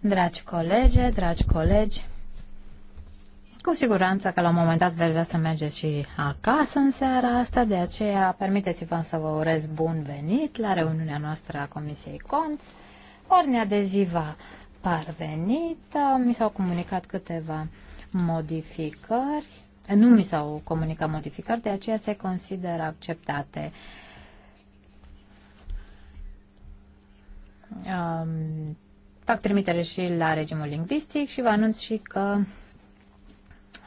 Dragi colege, dragi colegi, cu siguranță că la un moment dat veți vrea să mergeți și acasă în seara asta, de aceea permiteți-vă să vă urez bun venit la reuniunea noastră a Comisiei Cont. Ordinea de zi va parvenită, mi s-au comunicat câteva modificări, nu mi s-au comunicat modificări, de aceea se consideră acceptate. Uh, Um, fac trimitere și la regimul lingvistic și vă anunț și că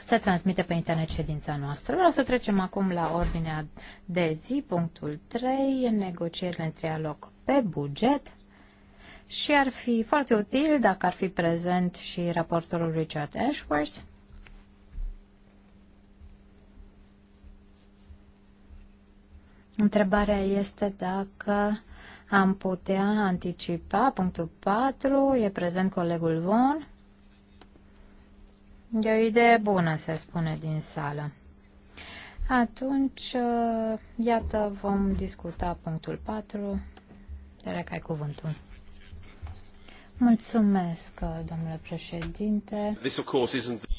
se transmite pe internet ședința noastră. Vreau să trecem acum la ordinea de zi, punctul 3, negocierile în trialog pe buget și ar fi foarte util dacă ar fi prezent și raportorul Richard Ashworth. Întrebarea este dacă am putea anticipa punctul 4, e prezent colegul Von. E o idee bună, se spune din sală. Atunci, uh, iată, vom discuta punctul 4. Derek, ai cuvântul. Mulțumesc, uh, domnule președinte. This, of course, isn't... the...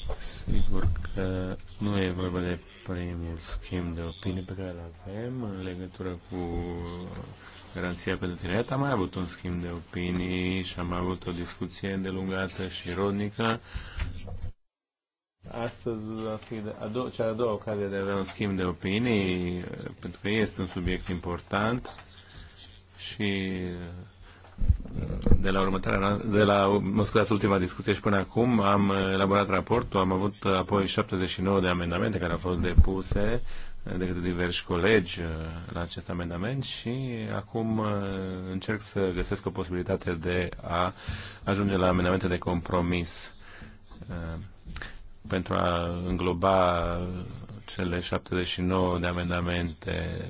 Sigur că nu e vorba de primul schimb de opinie pe care îl avem în legătură cu garanția pentru tineret, am mai avut un schimb de opinii și am avut o discuție îndelungată și rodnică. Astăzi va fi a doua, cea a doua ocazie de a avea un schimb de opinii, pentru că este un subiect important și uh, de la următoarea, de la, mă scuzați, ultima discuție și până acum am elaborat raportul, am avut apoi 79 de amendamente care au fost depuse de către diversi colegi uh, la acest amendament și uh, acum uh, încerc să găsesc o posibilitate de a ajunge la amendamente de compromis pentru a îngloba cele 79 de amendamente.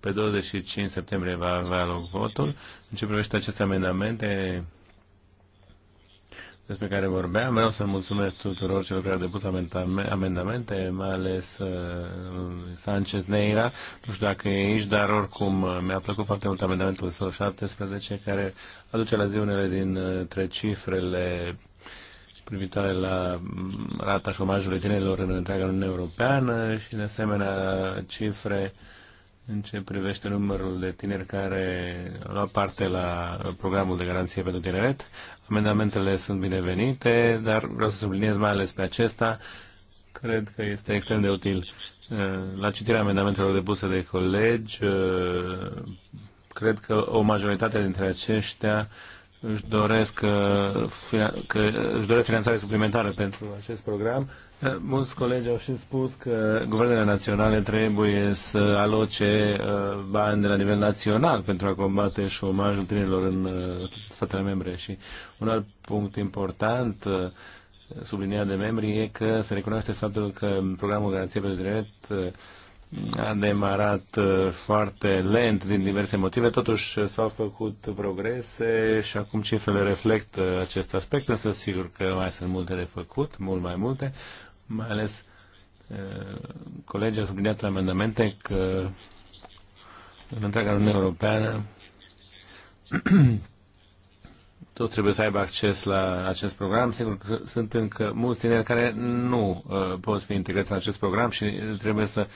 Pe 25 septembrie va avea loc votul. În ce privește aceste amendamente, despre care vorbeam. Vreau să mulțumesc tuturor celor care au depus amendamente, mai ales uh, Sanchez Neira. Nu știu dacă e aici, dar oricum uh, mi-a plăcut foarte mult amendamentul său 17, care aduce la zi unele dintre uh, cifrele privitoare la mm, rata șomajului tinerilor în întreaga Uniune Europeană și, de asemenea, cifre uh, în ce privește numărul de tineri care au luat parte la programul de garanție pentru tineret. Amendamentele sunt binevenite, dar vreau să subliniez mai ales pe acesta. Cred că este extrem de util. La citirea amendamentelor depuse de colegi, cred că o majoritate dintre aceștia își doresc, uh, că își doresc finanțare suplimentară pentru acest program Mulți colegi au și spus că guvernele naționale trebuie să aloce uh, bani de la nivel național pentru a combate șomajul tinerilor în uh, statele membre. Și un alt punct important uh, subliniat de membri e că se recunoaște faptul că programul Garanție pentru Drept a demarat foarte lent din diverse motive, totuși s-au făcut progrese și acum cifrele reflectă acest aspect, însă sigur că mai sunt multe de făcut, mult mai multe mai ales colegii au subliniat la amendamente că în întreaga Uniune Europeană toți trebuie să aibă acces la acest program. Sigur că sunt încă mulți tineri care nu uh, pot fi integrați în acest program și trebuie să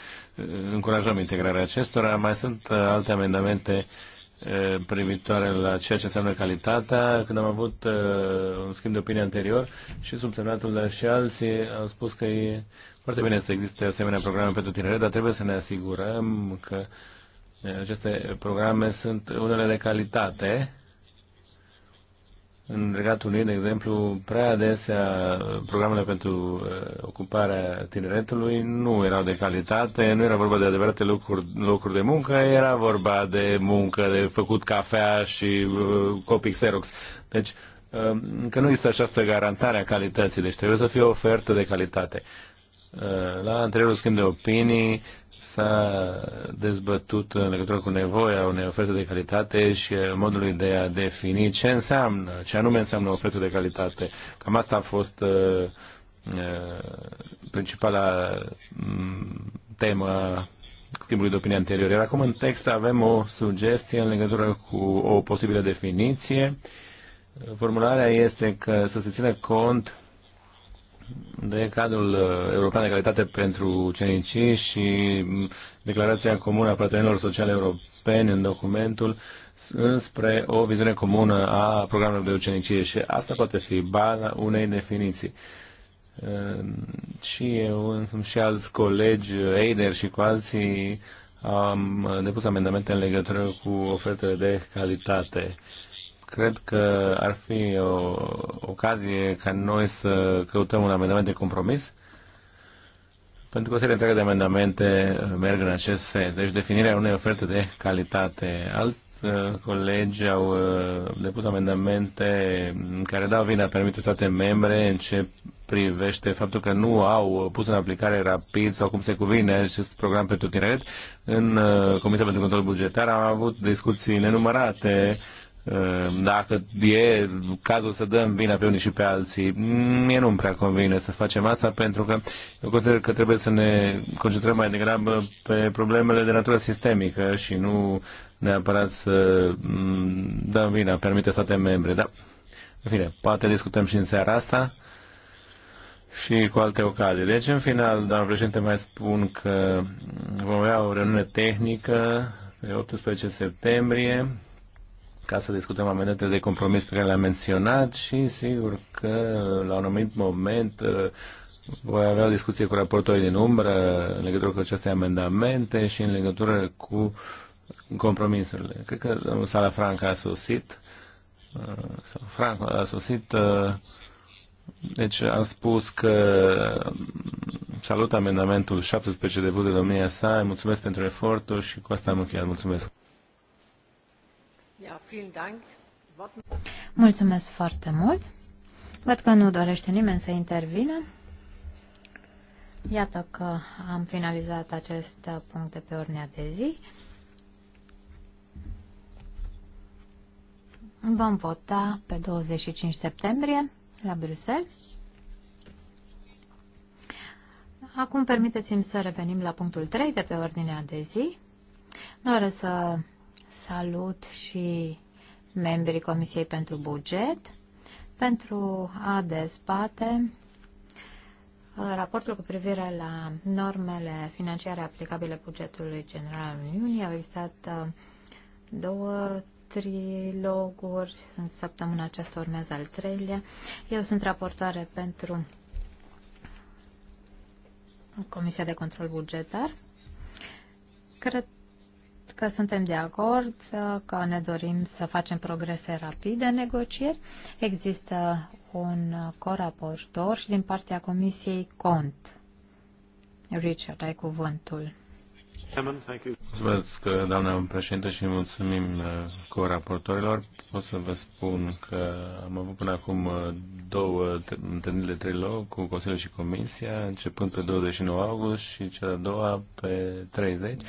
încurajăm integrarea acestora. Mai sunt uh, alte amendamente uh, Eh, privitoare la ceea ce înseamnă calitatea, când am avut eh, un schimb de opinie anterior și subsemnatul, dar și alții au spus că e foarte bine să existe asemenea programe pentru tineret, dar trebuie să ne asigurăm că eh, aceste programe sunt unele de calitate în Regatul Unit, de exemplu, prea adesea uh, programele pentru uh, ocuparea tineretului nu erau de calitate, nu era vorba de adevărate locuri, locuri de muncă, era vorba de muncă, de făcut cafea și uh, copii Xerox. Deci, uh, încă nu există această garantare a calității, deci trebuie să fie o ofertă de calitate. Uh, la anteriorul schimb de opinii, uh, s-a dezbătut în legătură cu nevoia unei oferte de calitate și modului de a defini ce înseamnă, ce anume înseamnă ofertă de calitate. Cam asta a fost uh, uh principala mm, temă schimbului de opinie anterior. Iar acum în text avem o sugestie în legătură cu o posibilă definiție. Formularea este că să se țină cont de cadrul uh, european de calitate pentru ucenicii și mm, declarația comună a partenerilor sociale europeni în documentul înspre o viziune comună a programelor de ucenicie și asta poate fi baza unei definiții. Uh, și eu și alți colegi, Eider și cu alții, am uh, depus amendamente în legătură cu ofertele de calitate cred că ar fi o ocazie ca noi să căutăm un amendament de compromis, pentru că o serie întreagă de amendamente merg în acest sens. Deci definirea unei oferte de calitate. Alți uh, colegi au uh, depus amendamente care dau vina pe anumite state membre în ce privește faptul că nu au pus în aplicare rapid sau cum se cuvine acest program pentru tineret. În uh, Comisia pentru Control Bugetar am avut discuții nenumărate uh, Ehm, dacă e cazul să dăm vina pe unii și pe alții, mm, mie nu-mi prea convine să facem asta pentru că eu consider că trebuie să ne concentrăm mai degrabă pe problemele de natură sistemică și nu neapărat să mm, dăm vina pe anumite state membre. Dar, în fine, poate discutăm și în seara asta și cu alte ocazii. Deci, în final, doamnă președinte, mai spun că vom avea o reuniune tehnică pe 18 septembrie ca să discutăm amendamentele de compromis pe care le-am menționat și sigur că la un anumit moment uh, voi avea o discuție cu raportorii din umbră în legătură cu aceste amendamente și în legătură cu compromisurile. Cred că domnul Sala Franca a sosit. Uh, sau a sosit. Uh, deci a spus că um, salut amendamentul 17 de de domnia sa, mulțumesc pentru efortul și cu asta am încheiat. Mulțumesc. Mulțumesc foarte mult. Văd că nu dorește nimeni să intervină. Iată că am finalizat acest punct de pe ordinea de zi. Vom vota pe 25 septembrie la Bruxelles. Acum permiteți-mi să revenim la punctul 3 de pe ordinea de zi. Doresc să salut și membrii Comisiei pentru Buget pentru a dezbate uh, raportul cu privire la normele financiare aplicabile bugetului general al Uniunii. Au existat uh, două triloguri în săptămâna aceasta urmează al treilea. Eu sunt raportoare pentru Comisia de Control Bugetar. Cred că suntem de acord, uh, că ne dorim să facem progrese rapide în negocieri. Există un coraportor și din partea Comisiei Cont. Richard, ai cuvântul. Mulțumesc, doamna președinte, și mulțumim uh, cu raportorilor O să vă spun că am avut până acum uh, două întâlniri de trilog cu Consiliul și Comisia, începând pe 29 august și cea de-a doua pe 30.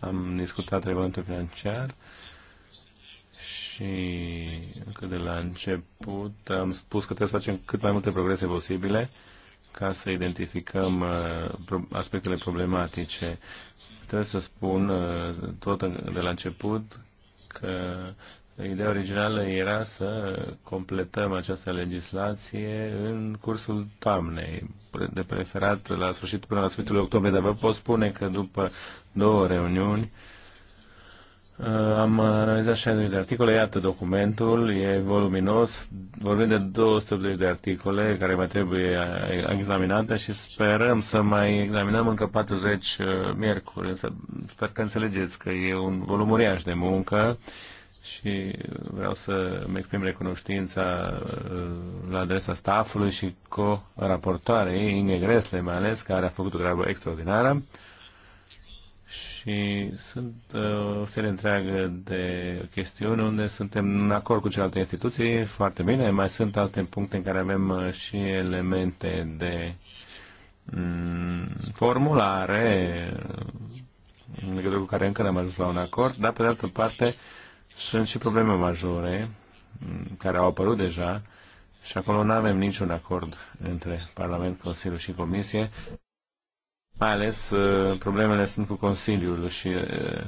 Am discutat regulamentul financiar și încă de la început am spus că trebuie să facem cât mai multe progrese posibile ca să identificăm uh, aspectele problematice. Trebuie să spun uh, tot de la început că ideea originală era să completăm această legislație în cursul toamnei, de preferat la sfârșitul până la sfârșitul octombrie, dar vă pot spune că după două reuniuni Uh, am analizat 60 de articole, iată documentul, e voluminos, vorbim de 280 de articole care mai trebuie uh, examinate și sperăm să mai examinăm încă 40 uh, miercuri, însă sper că înțelegeți că e un volum uriaș de muncă și vreau să-mi exprim recunoștința la adresa staffului și co-raportoarei, Inge Gresle mai ales, care a făcut o treabă extraordinară și sunt uh, o serie întreagă de chestiuni unde suntem în acord cu celelalte instituții, foarte bine, mai sunt alte puncte în care avem uh, și elemente de um, formulare uh, în legătură cu care încă n-am ajuns la un acord, dar pe de altă parte sunt și probleme majore mm, care au apărut deja și acolo nu avem niciun acord între Parlament, Consiliu și Comisie mai ales uh, problemele sunt cu Consiliul și uh,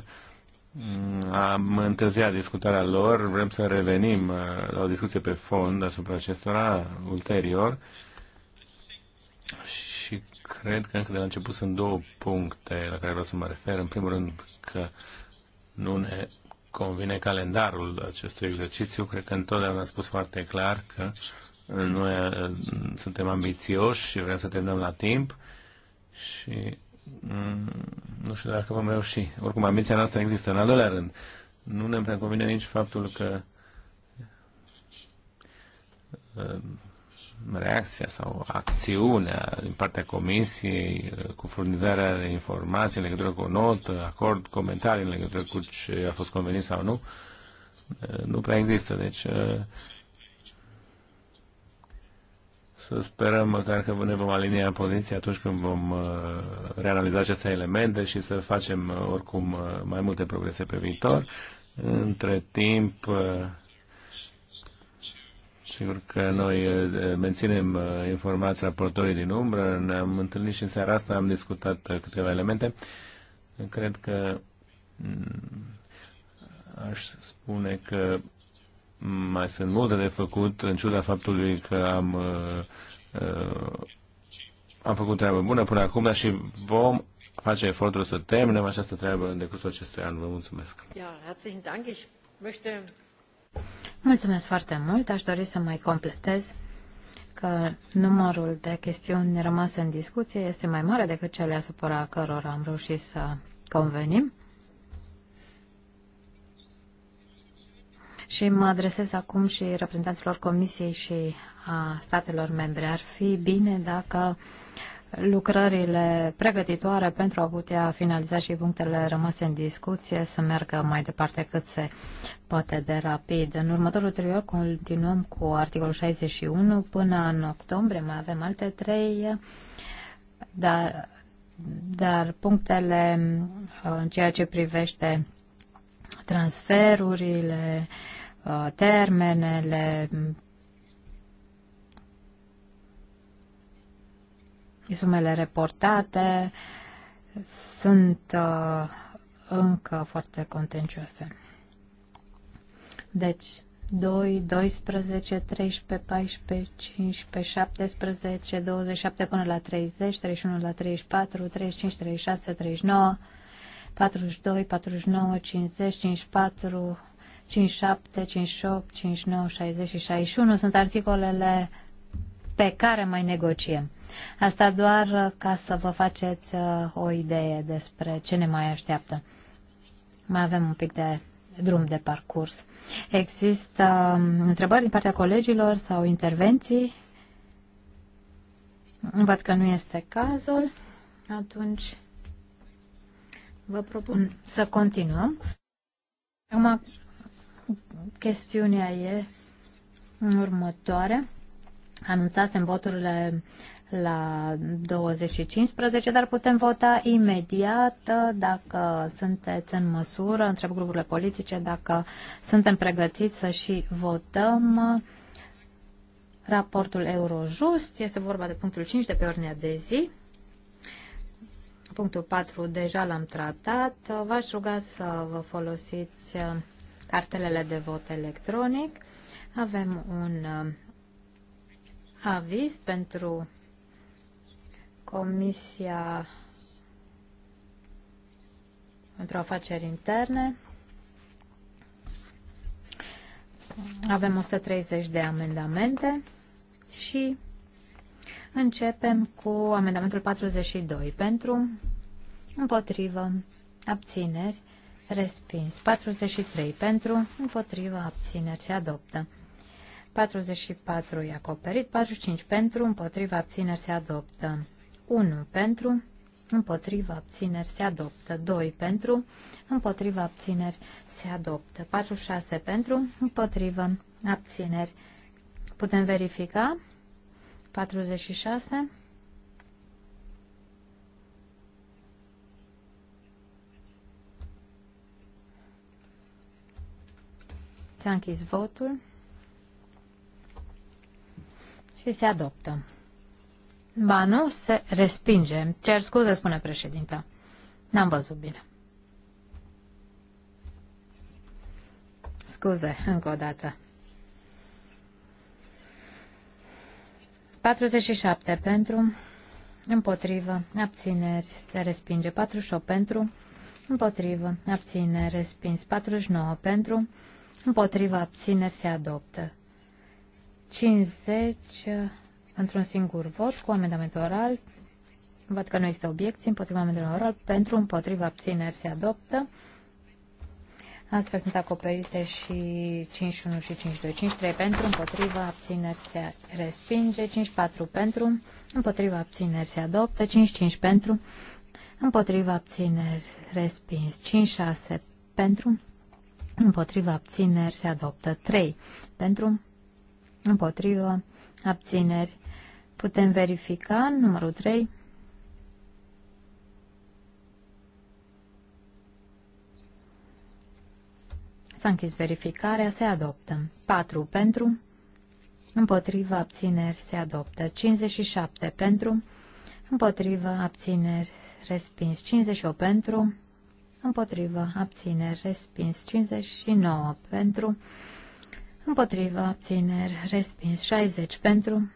am întârziat discutarea lor, vrem să revenim uh, la o discuție pe fond asupra acestora ulterior și cred că încă de la început sunt două puncte la care vreau să mă refer. În primul rând că nu ne convine calendarul acestui exercițiu. Cred că întotdeauna am spus foarte clar că noi suntem ambițioși și vrem să terminăm la timp și mm, nu știu dacă vom reuși. Oricum, ambiția noastră există. În al doilea rând, nu ne prea convine nici faptul că mm, reacția sau acțiunea din partea comisiei mm, cu furnizarea de informații în legătură cu o notă, acord, comentarii în legătură cu ce a fost convenit sau nu, nu prea există. Deci să sperăm măcar că ne vom alinia poziția atunci când vom uh, reanaliza aceste elemente și să facem uh, oricum uh, mai multe progrese pe viitor. Între timp, Sigur că noi menținem informația raportorii din umbră, ne-am întâlnit și în seara asta, am discutat câteva elemente. Cred că mm, aș spune că mai sunt multe de făcut, în ciuda faptului că am, uh, uh, am făcut treabă bună până acum, dar și vom face efortul să terminăm această treabă în decursul acestui an. Vă mulțumesc! Mulțumesc foarte mult! Aș dori să mai completez că numărul de chestiuni rămase în discuție este mai mare decât cele asupra cărora am reușit să convenim. și mă adresez acum și reprezentanților Comisiei și a statelor membre. Ar fi bine dacă lucrările pregătitoare pentru a putea finaliza și punctele rămase în discuție să meargă mai departe cât se poate de rapid. În următorul trio continuăm cu articolul 61 până în octombrie, mai avem alte trei, dar, dar punctele uh, în ceea ce privește transferurile, uh, termenele, sumele reportate sunt uh, încă foarte contencioase. Deci, 2, 12, 13, 14, 15, 17, 27 până la 30, 31 la 34, 35, 36, 39, 42, 49, 50, 54, 57, 58, 59, 60 și 61 sunt articolele pe care mai negociem. Asta doar uh, ca să vă faceți uh, o idee despre ce ne mai așteaptă. Mai avem un pic de drum de parcurs. Există um, întrebări din partea colegilor sau intervenții? Văd că nu este cazul. Atunci Vă propun mm, să continuăm. Acum, chestiunea e următoare. Anunțasem voturile la 20.15, dar putem vota imediat uh, dacă sunteți în măsură, întreb grupurile politice, dacă suntem pregătiți să și votăm raportul Eurojust. Este vorba de punctul 5 de pe ordinea de zi. Punctul 4 deja l-am tratat. V-aș ruga să vă folosiți uh, cartelele de vot electronic. Avem un uh, aviz pentru Comisia pentru afaceri interne. Avem 130 de amendamente și Începem cu amendamentul 42. Pentru, împotrivă, abțineri, respins. 43. Pentru, împotrivă, abțineri, se adoptă. 44 e acoperit, 45 pentru, împotriva abțineri se adoptă. 1 pentru, împotriva abțineri se adoptă. 2 pentru, împotriva abțineri se adoptă. 46 pentru, împotriva abțineri. Putem verifica? 46. S-a închis votul și se adoptă. Ba nu, se respinge. Cer scuze, spune președinta. N-am văzut bine. Scuze, încă o dată. 47 pentru, împotrivă, abțineri, se respinge. 48 pentru, împotrivă, abțineri, respins. 49 pentru, împotrivă, abțineri, se adoptă. 50 într-un singur vot cu amendament oral. Văd că nu există obiecții împotriva amendamentului oral. Pentru, împotriva, abțineri, se adoptă. Astfel sunt acoperite și 51 și 5-3 pentru, împotriva, abțineri se respinge. 54 pentru, împotriva, abțineri se adoptă. 55 pentru, împotriva, abțineri respins. 56 pentru, împotriva, abțineri se adoptă. 3 pentru, împotriva, abțineri. Putem verifica numărul 3. S-a închis verificarea, se adoptă. 4 pentru, împotriva abțineri se adoptă. 57 pentru, împotriva abțineri respins. 58 pentru, împotriva abțineri respins. 59 pentru, împotriva abțineri respins. 60 pentru,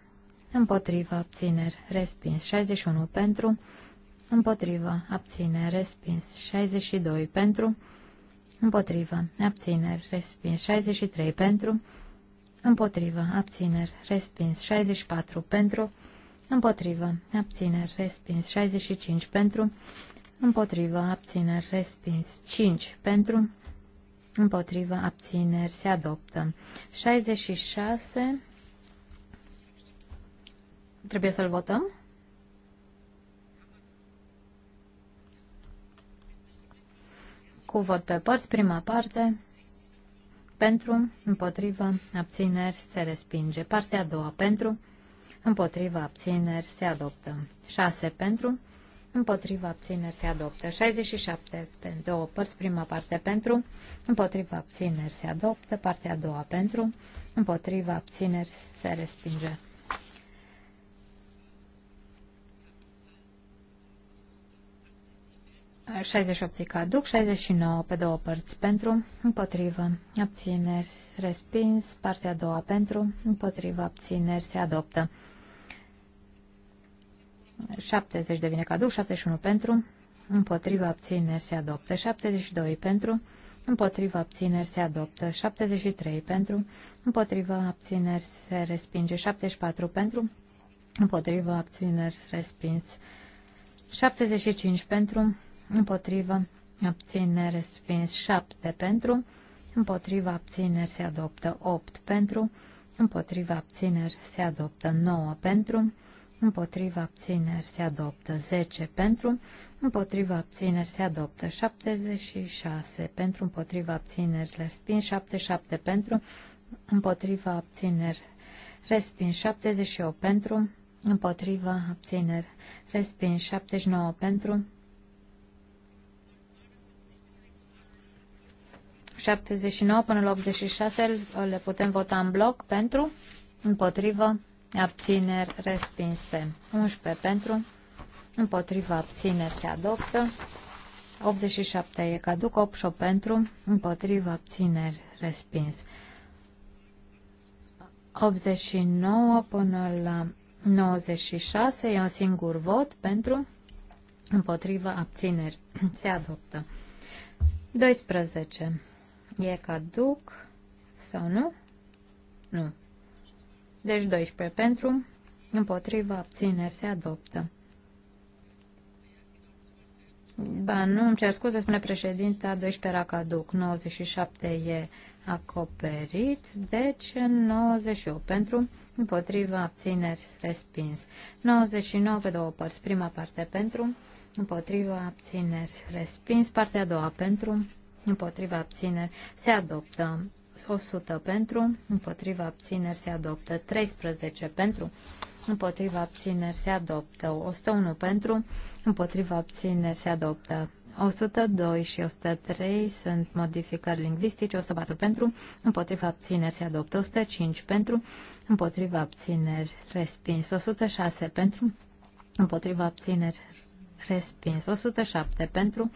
împotriva abțineri respins. 61 pentru, împotriva abțineri respins. 62 pentru, împotrivă, abțineri, respins. 63 pentru, împotrivă, abțineri, respins. 64 pentru, împotrivă, abțineri, respins. 65 pentru, împotrivă, abțineri, respins. 5 pentru, împotrivă, abțineri, se adoptă. 66 Trebuie să-l votăm? cu vot pe părți, prima parte, pentru, împotriva, abțineri, se respinge. Partea a doua, pentru, împotriva, abțineri, se adoptă. 6 pentru, împotriva, abțineri, se adoptă. 67 pe două părți, prima parte, pentru, împotriva, abțineri, se adoptă. Partea a doua, pentru, împotriva, abțineri, se respinge. 68 e caduc, 69 pe două părți pentru, împotrivă, abțineri, respins, partea a doua pentru, împotrivă, abțineri, se adoptă. 70 devine caduc, 71 pentru, împotrivă, abțineri, se adoptă, 72 pentru, împotrivă, abțineri, se adoptă, 73 pentru, împotrivă, abțineri, se respinge, 74 pentru, împotrivă, abțineri, respins, 75 pentru, împotrivă, abțineri, respins 7 pentru, împotriva abțineri se adoptă 8 pentru, împotriva abțineri se adoptă 9 pentru, împotriva abțineri se adoptă 10 pentru, împotriva abțineri se adoptă 76 pentru, împotriva abțineri respins 77 pentru, împotriva abțineri respins 78 pentru, împotriva abțineri respins 79 pentru, 79 până la 86 le putem vota în bloc pentru, împotrivă, abțineri respinse. 11 pentru, împotrivă, abțineri se adoptă. 87 e caduc, 88 pentru, împotrivă, abțineri respins. 89 până la 96 e un singur vot pentru, împotrivă, abțineri se adoptă. 12. E caduc sau nu? Nu. Deci 12 pentru, împotriva abțineri se adoptă. Ba, nu, îmi cer scuze, spune președinta, 12 era caduc, 97 e acoperit, deci 98 pentru, împotriva abțineri respins. 99 pe două părți, prima parte pentru, împotriva abțineri respins, partea a doua pentru, împotriva abțineri se adoptă. 100 pentru, împotriva abțineri se adoptă. 13 pentru, împotriva abțineri se adoptă. 101 pentru, împotriva abțineri se adoptă. 102 și 103 sunt modificări lingvistice, 104 pentru, împotriva abțineri se adoptă, 105 pentru, împotriva abțineri respins, 106 pentru, împotriva abțineri respins, 107 pentru,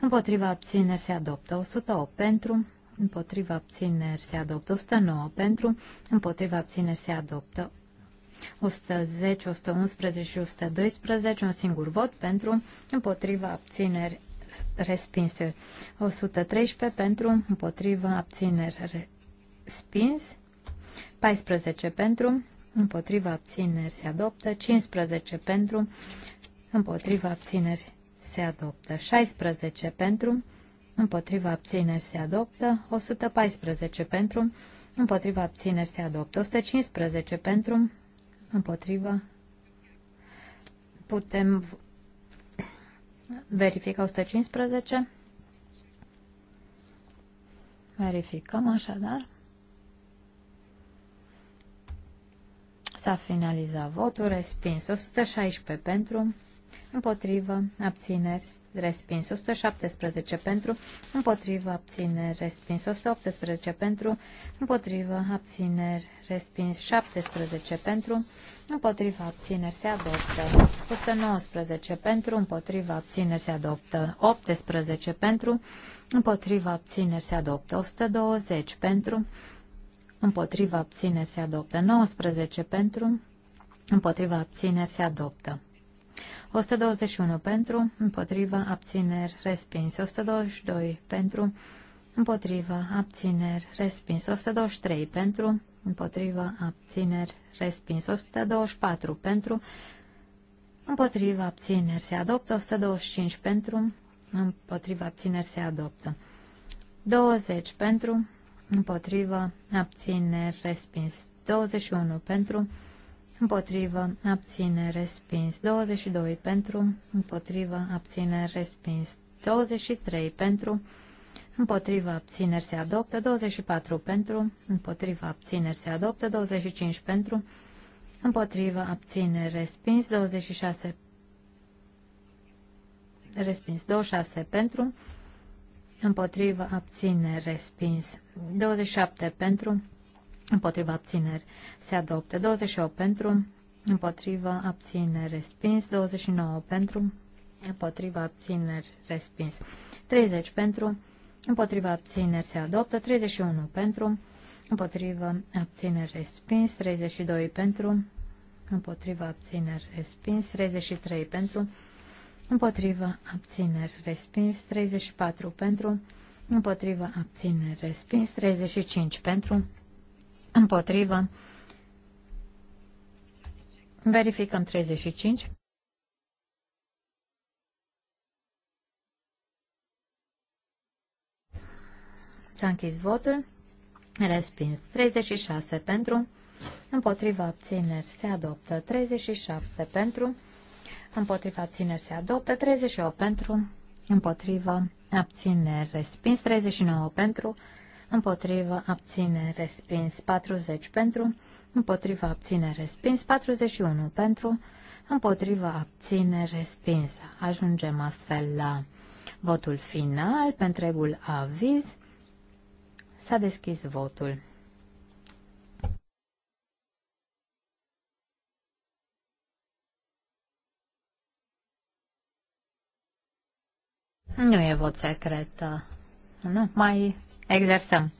împotriva abțineri se adoptă 108 pentru, împotriva abțineri se adoptă 109 pentru, împotriva abțineri se adoptă 110, 111 și 112, un singur vot pentru, împotriva abțineri respinse 113 pentru, împotriva abțineri respins 14 pentru, împotriva abțineri se adoptă 15 pentru, împotriva abțineri se adoptă. 16 pentru, împotriva abțineri se adoptă. 114 pentru, împotriva abțineri se adoptă. 115 pentru, împotriva. Putem verifica 115. Verificăm așadar. S-a finalizat votul, respins 116 pentru, împotrivă, abțineri, respins. 117 pentru, împotrivă, abțineri, respins. 118 pentru, împotrivă, abțineri, respins. 17 pentru, împotrivă, abțineri, se adoptă. 119 pentru, împotrivă, abțineri, se adoptă. 18 pentru, împotrivă, abțineri, se adoptă. 120 pentru, împotrivă, abțineri, se adoptă. 19 pentru, împotrivă, abțineri, se adoptă. 121 pentru, împotrivă, abțineri, respins. 122 pentru, împotrivă, abțineri, respins. 123 pentru, împotrivă, abțineri, respins. 124 pentru, împotrivă, abțineri, se adoptă. 125 pentru, împotrivă, abțineri, se adoptă. 20 pentru, împotrivă, abțineri, respins. 21 pentru, împotrivă, abține, respins. 22 pentru, împotrivă, abține, respins. 23 pentru, împotrivă, abțineri se adoptă. 24 pentru, împotrivă, abțineri se adoptă. 25 pentru, împotrivă, abține, respins. 26 respins. 26 pentru, împotrivă, abține, respins. 27 pentru, împotriva abțineri se adoptă. 28 pentru, împotriva abțineri respins. 29 pentru, împotriva abțineri respins. 30 pentru, împotriva abțineri se adoptă. 31 pentru, împotriva abțineri respins. 32 pentru, împotriva abțineri respins. 33 pentru, împotriva abțineri respins. 34 pentru, împotriva abțineri respins. 35 pentru, Împotrivă. Verificăm 35. S-a închis votul. Respins 36 pentru. Împotriva abțineri se adoptă 37 pentru. Împotriva abțineri se adoptă 38 pentru. Împotriva abțineri respins 39 pentru împotrivă, abține, respins. 40 pentru, împotrivă, abține, respins. 41 pentru, împotrivă, abține, respins. Ajungem astfel la votul final pe întregul aviz. S-a deschis votul. Nu e vot secret. Nu? Mai exersăm.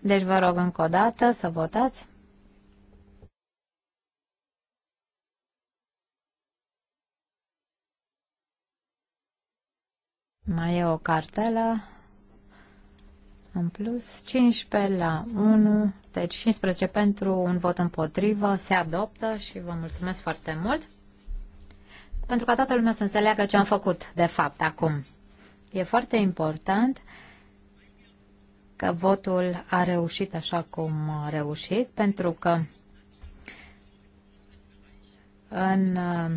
Deci vă rog încă o dată să votați. Mai e o cartelă în plus. 15 la 1, deci 15 pentru un vot împotrivă. Se adoptă și vă mulțumesc foarte mult. Pentru ca toată lumea să înțeleagă ce am făcut, de fapt, acum. E foarte important că votul a reușit așa cum a reușit, pentru că în uh,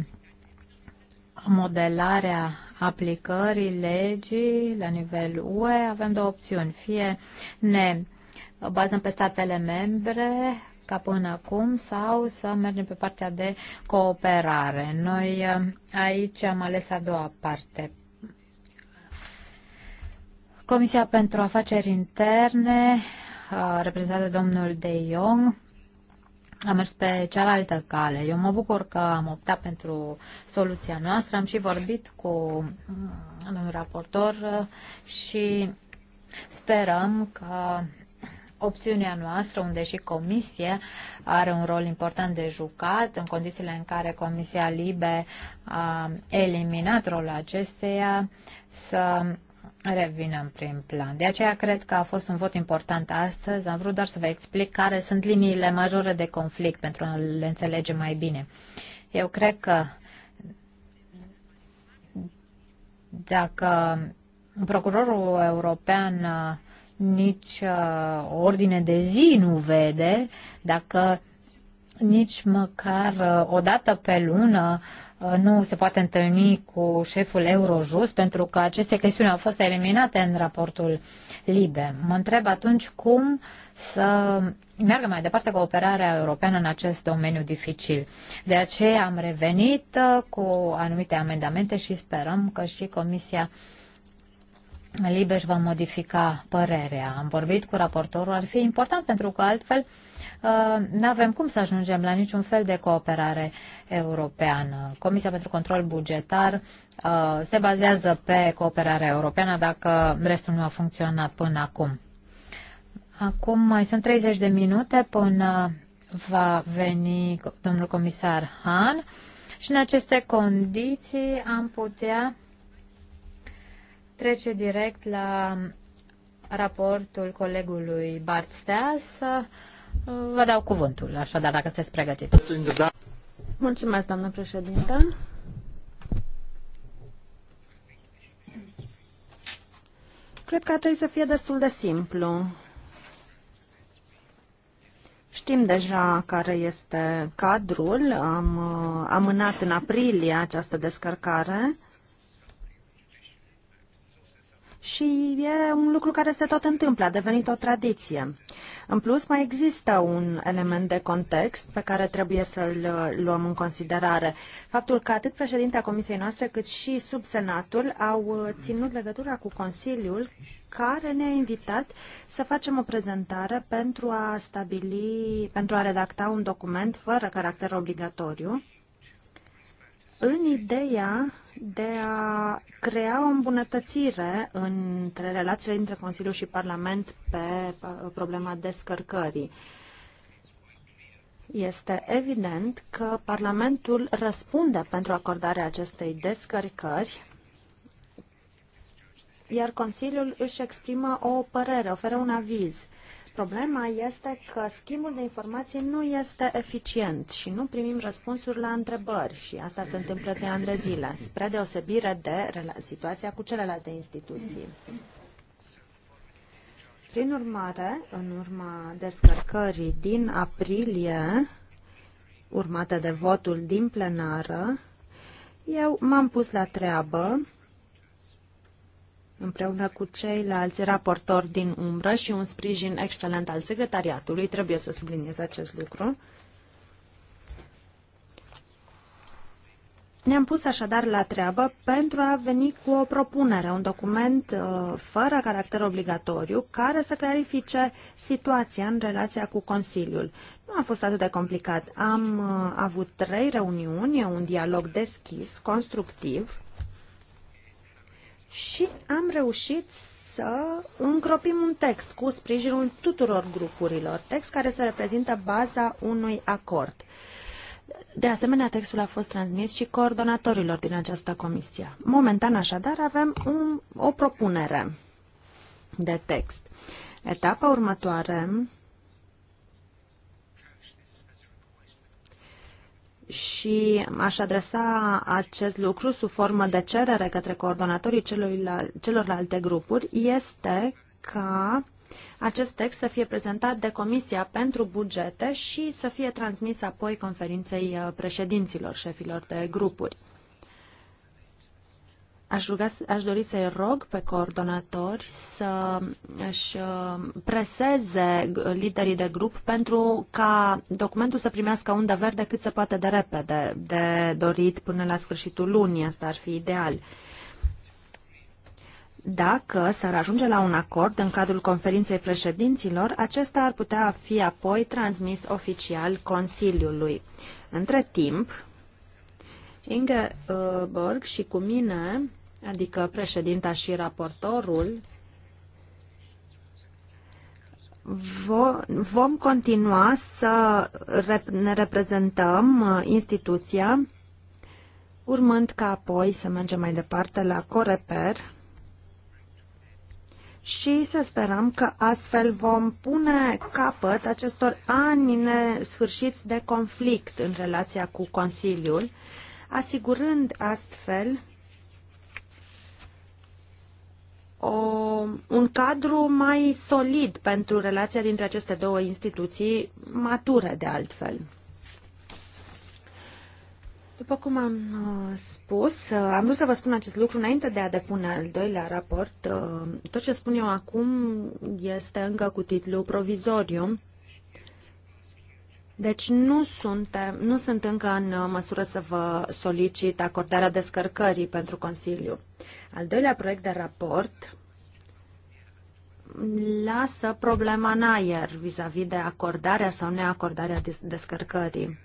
modelarea aplicării legii la nivel UE avem două opțiuni. Fie ne bazăm pe statele membre ca până acum sau să mergem pe partea de cooperare. Noi uh, aici am ales a doua parte, Comisia pentru Afaceri Interne, reprezentată de domnul De Jong, a mers pe cealaltă cale. Eu mă bucur că am optat pentru soluția noastră. Am și vorbit cu mm, un raportor uh, și sperăm că opțiunea noastră, unde și Comisia are un rol important de jucat, în condițiile în care Comisia Libe a eliminat rolul acesteia, să Revin în prim plan. De aceea cred că a fost un vot important astăzi. Am vrut doar să vă explic care sunt liniile majore de conflict pentru a le înțelege mai bine. Eu cred că dacă procurorul european uh, nici uh, ordine de zi nu vede, dacă nici măcar uh, o dată pe lună uh, nu se poate întâlni cu șeful Eurojust, pentru că aceste chestiuni au fost eliminate în raportul LIBE. Mă întreb atunci cum să meargă mai departe cooperarea europeană în acest domeniu dificil. De aceea am revenit uh, cu anumite amendamente și sperăm că și Comisia LIBE își va modifica părerea. Am vorbit cu raportorul, ar fi important pentru că altfel Uh, nu avem cum să ajungem la niciun fel de cooperare europeană. Comisia pentru Control Bugetar uh, se bazează pe cooperarea europeană dacă restul nu a funcționat până acum. Acum mai sunt 30 de minute până va veni domnul comisar Han și în aceste condiții am putea trece direct la raportul colegului Bart Vă dau cuvântul, așadar, dacă sunteți pregătiți. Mulțumesc, doamnă președintă. Cred că ar trebui să fie destul de simplu. Știm deja care este cadrul. Am uh, amânat în aprilie această descărcare și e un lucru care se tot întâmplă, a devenit o tradiție. În plus, mai există un element de context pe care trebuie să-l uh, luăm în considerare. Faptul că atât președintea Comisiei noastre cât și subsenatul au uh, ținut legătura cu Consiliul care ne-a invitat să facem o prezentare pentru a stabili, pentru a redacta un document fără caracter obligatoriu, în ideea de a crea o îmbunătățire între relațiile dintre Consiliu și Parlament pe problema descărcării. Este evident că Parlamentul răspunde pentru acordarea acestei descărcări, iar Consiliul își exprimă o părere, oferă un aviz. Problema este că schimbul de informații nu este eficient și nu primim răspunsuri la întrebări și asta se întâmplă de ani de zile, spre deosebire de situația cu celelalte instituții. Prin urmare, în urma descărcării din aprilie, urmată de votul din plenară, eu m-am pus la treabă împreună cu ceilalți raportori din umbră și un sprijin excelent al secretariatului. Trebuie să subliniez acest lucru. Ne-am pus așadar la treabă pentru a veni cu o propunere, un document uh, fără caracter obligatoriu, care să clarifice situația în relația cu Consiliul. Nu a fost atât de complicat. Am uh, avut trei reuniuni, un dialog deschis, constructiv, și am reușit să încropim un text cu sprijinul tuturor grupurilor, text care să reprezintă baza unui acord. De asemenea, textul a fost transmis și coordonatorilor din această comisie. Momentan, așadar, avem un, o propunere de text. Etapa următoare și aș adresa acest lucru sub formă de cerere către coordonatorii celorlalte grupuri este ca acest text să fie prezentat de Comisia pentru Bugete și să fie transmis apoi conferinței uh, președinților șefilor de grupuri. Aș, ruga, aș dori să-i rog pe coordonatori să își uh, preseze liderii de grup pentru ca documentul să primească undă verde cât se poate de repede, de dorit până la sfârșitul lunii, asta ar fi ideal. Dacă s-ar ajunge la un acord în cadrul conferinței președinților, acesta ar putea fi apoi transmis oficial Consiliului. Între timp, Borg și cu mine adică președinta și raportorul, vom continua să ne reprezentăm uh, instituția, urmând ca apoi să mergem mai departe la Coreper și să sperăm că astfel vom pune capăt acestor ani nesfârșiți de conflict în relația cu Consiliul, asigurând astfel o, un cadru mai solid pentru relația dintre aceste două instituții mature de altfel. După cum am uh, spus, uh, am vrut să vă spun acest lucru înainte de a depune al doilea raport. Uh, tot ce spun eu acum este încă cu titlu provizoriu deci nu, suntem, nu sunt încă în uh, măsură să vă solicit acordarea descărcării pentru Consiliu. Al doilea proiect de raport lasă problema în aer vis-a-vis -vis de acordarea sau neacordarea descărcării.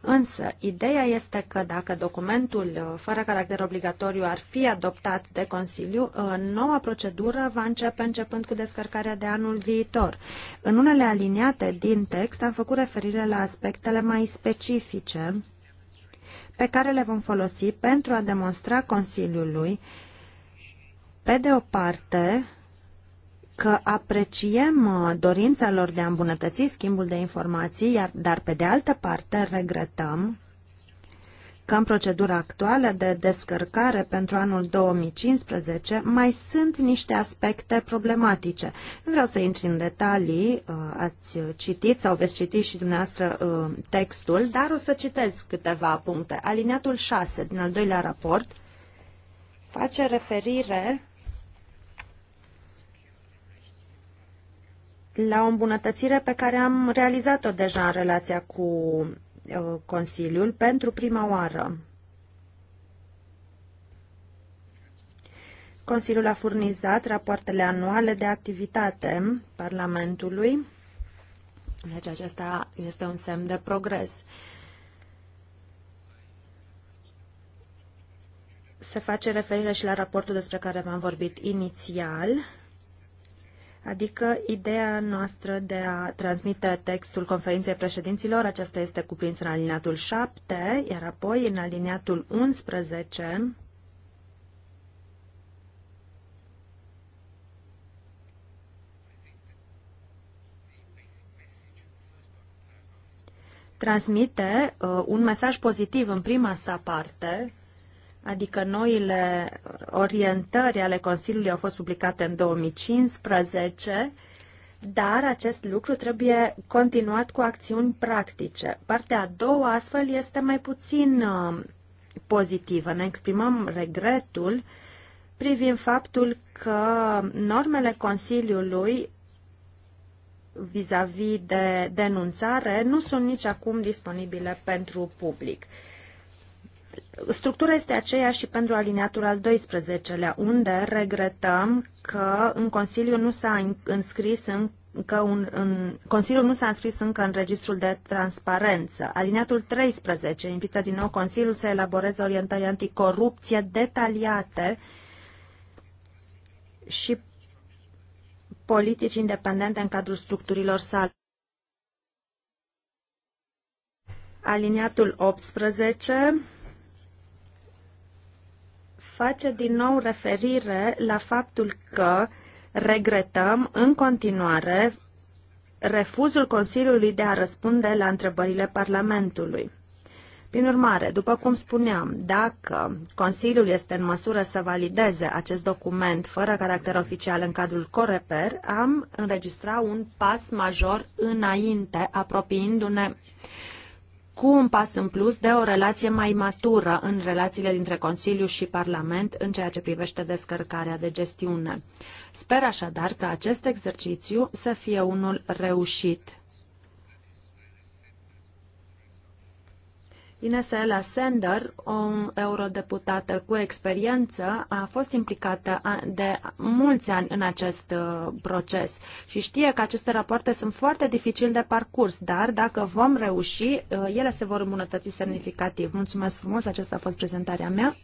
Însă, ideea este că dacă documentul uh, fără caracter obligatoriu ar fi adoptat de Consiliu, uh, noua procedură va începe începând cu descărcarea de anul viitor. În unele aliniate din text am făcut referire la aspectele mai specifice pe care le vom folosi pentru a demonstra Consiliului, pe de o parte, că apreciem uh, dorința lor de a îmbunătăți schimbul de informații, iar dar pe de altă parte regretăm că în procedura actuală de descărcare pentru anul 2015 mai sunt niște aspecte problematice. Nu vreau să intri în detalii, uh, ați citit sau veți citi și dumneavoastră uh, textul, dar o să citez câteva puncte. Aliniatul 6 din al doilea raport face referire la o îmbunătățire pe care am realizat-o deja în relația cu uh, Consiliul pentru prima oară. Consiliul a furnizat rapoartele anuale de activitate Parlamentului, deci acesta este un semn de progres. Se face referire și la raportul despre care v-am vorbit inițial Adică ideea noastră de a transmite textul conferinței președinților, aceasta este cuprins în aliniatul 7, iar apoi în aliniatul 11, transmite uh, un mesaj pozitiv în prima sa parte adică noile orientări ale Consiliului au fost publicate în 2015, dar acest lucru trebuie continuat cu acțiuni practice. Partea a doua, astfel, este mai puțin uh, pozitivă. Ne exprimăm regretul privind faptul că normele Consiliului vis-a-vis -vis de denunțare nu sunt nici acum disponibile pentru public. Structura este aceeași și pentru aliniatul al 12-lea, unde regretăm că în Consiliu nu s-a înscris în încă un, în, Consiliul nu s-a înscris încă în registrul de transparență. Alineatul 13 invită din nou Consiliul să elaboreze orientări anticorupție detaliate și politici independente în cadrul structurilor sale. Aliniatul 18 face din nou referire la faptul că regretăm în continuare refuzul Consiliului de a răspunde la întrebările Parlamentului. Prin urmare, după cum spuneam, dacă Consiliul este în măsură să valideze acest document fără caracter oficial în cadrul Coreper, am înregistrat un pas major înainte, apropiindu-ne cu un pas în plus de o relație mai matură în relațiile dintre Consiliu și Parlament în ceea ce privește descărcarea de gestiune. Sper așadar că acest exercițiu să fie unul reușit Ines Ela Sender, o eurodeputată cu experiență, a fost implicată de mulți ani în acest uh, proces și știe că aceste rapoarte sunt foarte dificil de parcurs, dar dacă vom reuși, uh, ele se vor îmbunătăți semnificativ. Mulțumesc frumos, aceasta a fost prezentarea mea.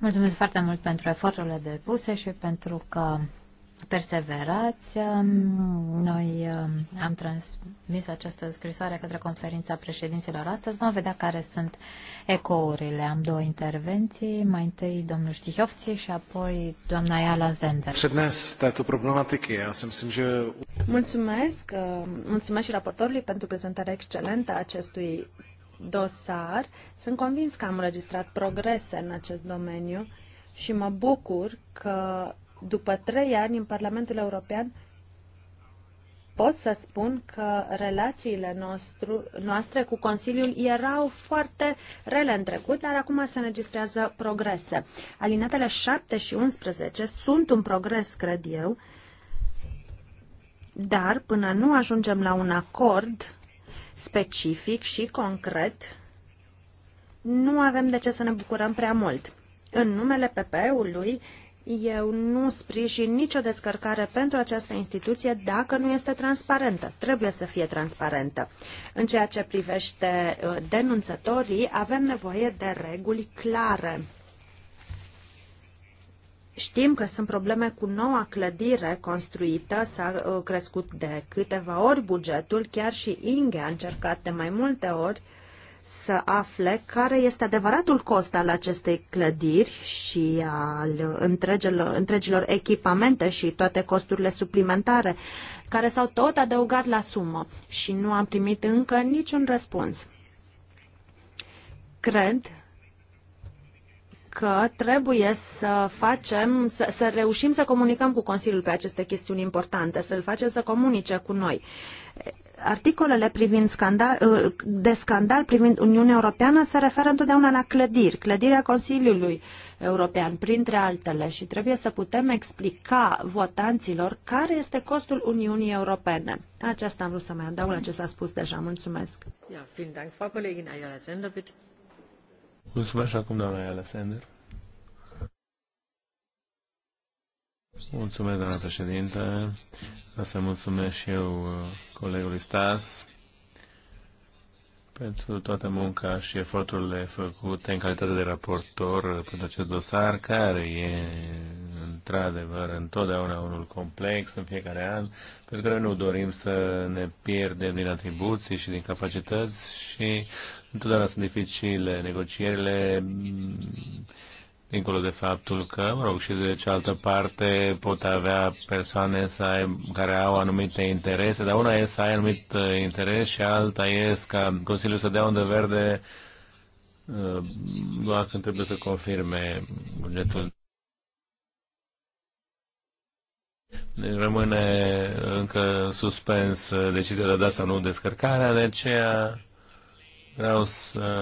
Mulțumesc foarte mult pentru eforturile depuse și pentru că perseverați. Noi am transmis această scrisoare către conferința președinților astăzi. Vom vedea care sunt ecourile. Am două intervenții. Mai întâi domnul Stihovci și apoi doamna Iala Zender. Mulțumesc. Uh, mulțumesc și raportorului pentru prezentarea excelentă a acestui dosar. Sunt convins că am înregistrat progrese în acest domeniu și mă bucur că după trei ani în Parlamentul European, pot să spun că relațiile nostru, noastre cu Consiliul erau foarte rele în trecut, dar acum se înregistrează progrese. Alinatele 7 și 11 sunt un progres, cred eu, dar până nu ajungem la un acord specific și concret, nu avem de ce să ne bucurăm prea mult. În numele PP-ului, eu nu sprijin nicio descărcare pentru această instituție dacă nu este transparentă. Trebuie să fie transparentă. În ceea ce privește uh, denunțătorii, avem nevoie de reguli clare. Știm că sunt probleme cu noua clădire construită, s-a uh, crescut de câteva ori bugetul, chiar și Inge a încercat de mai multe ori să afle care este adevăratul cost al acestei clădiri și al întregilor, întregilor echipamente și toate costurile suplimentare care s-au tot adăugat la sumă și nu am primit încă niciun răspuns. Cred că trebuie să facem, să, să reușim să comunicăm cu Consiliul pe aceste chestiuni importante, să-l facem să comunice cu noi articolele privind scandal, uh, de scandal privind Uniunea Europeană se referă întotdeauna la clădiri, clădirea Consiliului European, printre altele, și trebuie să putem explica votanților care este costul Uniunii Europene. Aceasta am vrut să mai adaug la ce s-a spus deja. Mulțumesc. Mulțumesc acum, doamna Alexander. Mulțumesc, doamna președintă. Să mulțumesc și eu uh, colegului Stas pentru toată munca și eforturile făcute în calitate de raportor pentru acest dosar, care e într-adevăr întotdeauna unul complex în fiecare an, pentru că noi nu dorim să ne pierdem din atribuții și din capacități și întotdeauna sunt dificile negocierile dincolo de faptul că, mă rog, și de cealaltă parte pot avea persoane să ai, care au anumite interese, dar una e să ai anumit uh, interes și alta e ca Consiliul să dea unde verde uh, doar când trebuie să confirme bugetul. Rămâne încă suspens uh, decizia de a da sau nu descărcarea, de aceea vreau să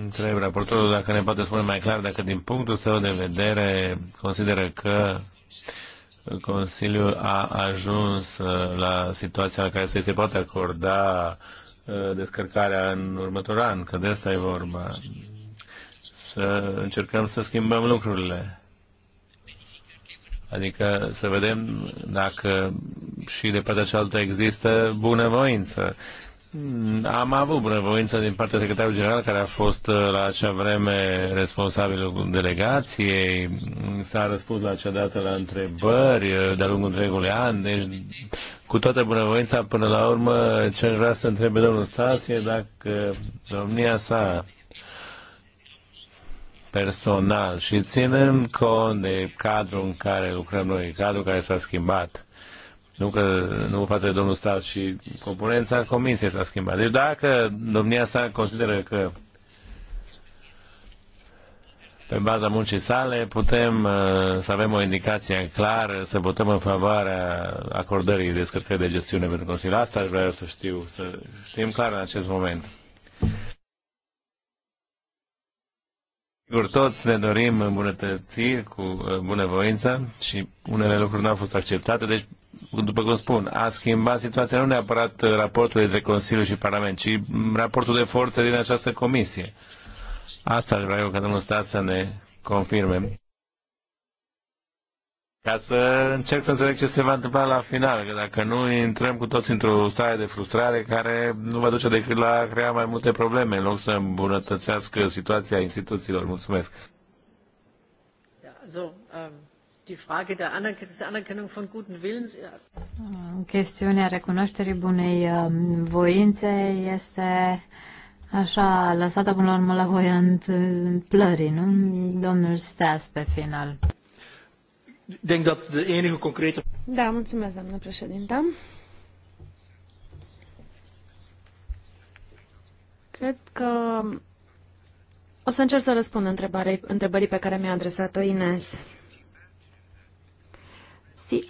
Întreb raportorul dacă ne poate spune mai clar dacă din punctul său de vedere consideră că Consiliul a ajuns la situația la care să se poate acorda uh, descărcarea în următorul an, că de asta e vorba. Să încercăm să schimbăm lucrurile. Adică să vedem dacă și de partea cealaltă există bunăvoință. Mm, am avut bunăvoință din partea secretarului general care a fost uh, la acea vreme responsabilul delegației, s-a răspuns la acea dată la întrebări uh, de-a lungul întregului an, deci cu toată bunăvoința până la urmă ce vrea să întrebe domnul Stasie dacă domnia sa personal și ținem cont de cadrul în care lucrăm noi, cadrul care s-a schimbat nu că nu face domnul stat și componența comisiei s-a schimbat. Deci dacă domnia sa consideră că pe baza muncii sale putem uh, să avem o indicație clară, să votăm în favoarea acordării descărcării de gestiune pentru Consiliul. Asta aș vrea să știu, să știm clar în acest moment. Sigur, toți ne dorim îmbunătățiri cu uh, bunăvoință și unele lucruri nu au fost acceptate, deci după cum spun, a schimbat situația nu neapărat raportul dintre Consiliu și Parlament, ci raportul de forță din această comisie. Asta vreau eu ca domnul stat să ne confirme. Ca să încerc să înțeleg ce se va întâmpla la final, că dacă nu intrăm cu toți într-o stare de frustrare care nu va duce decât la a crea mai multe probleme, în loc să îmbunătățească situația instituțiilor. Mulțumesc! Yeah, so, um... Chestiunea recunoașterii bunei um, voințe este așa lăsată până la urmă la voia întâmplării, nu? Domnul Steas pe final. Denk dat de enige concrete... Da, mulțumesc, doamnă președintă. Cred că o să încerc să răspund întrebării pe care mi-a adresat-o Ines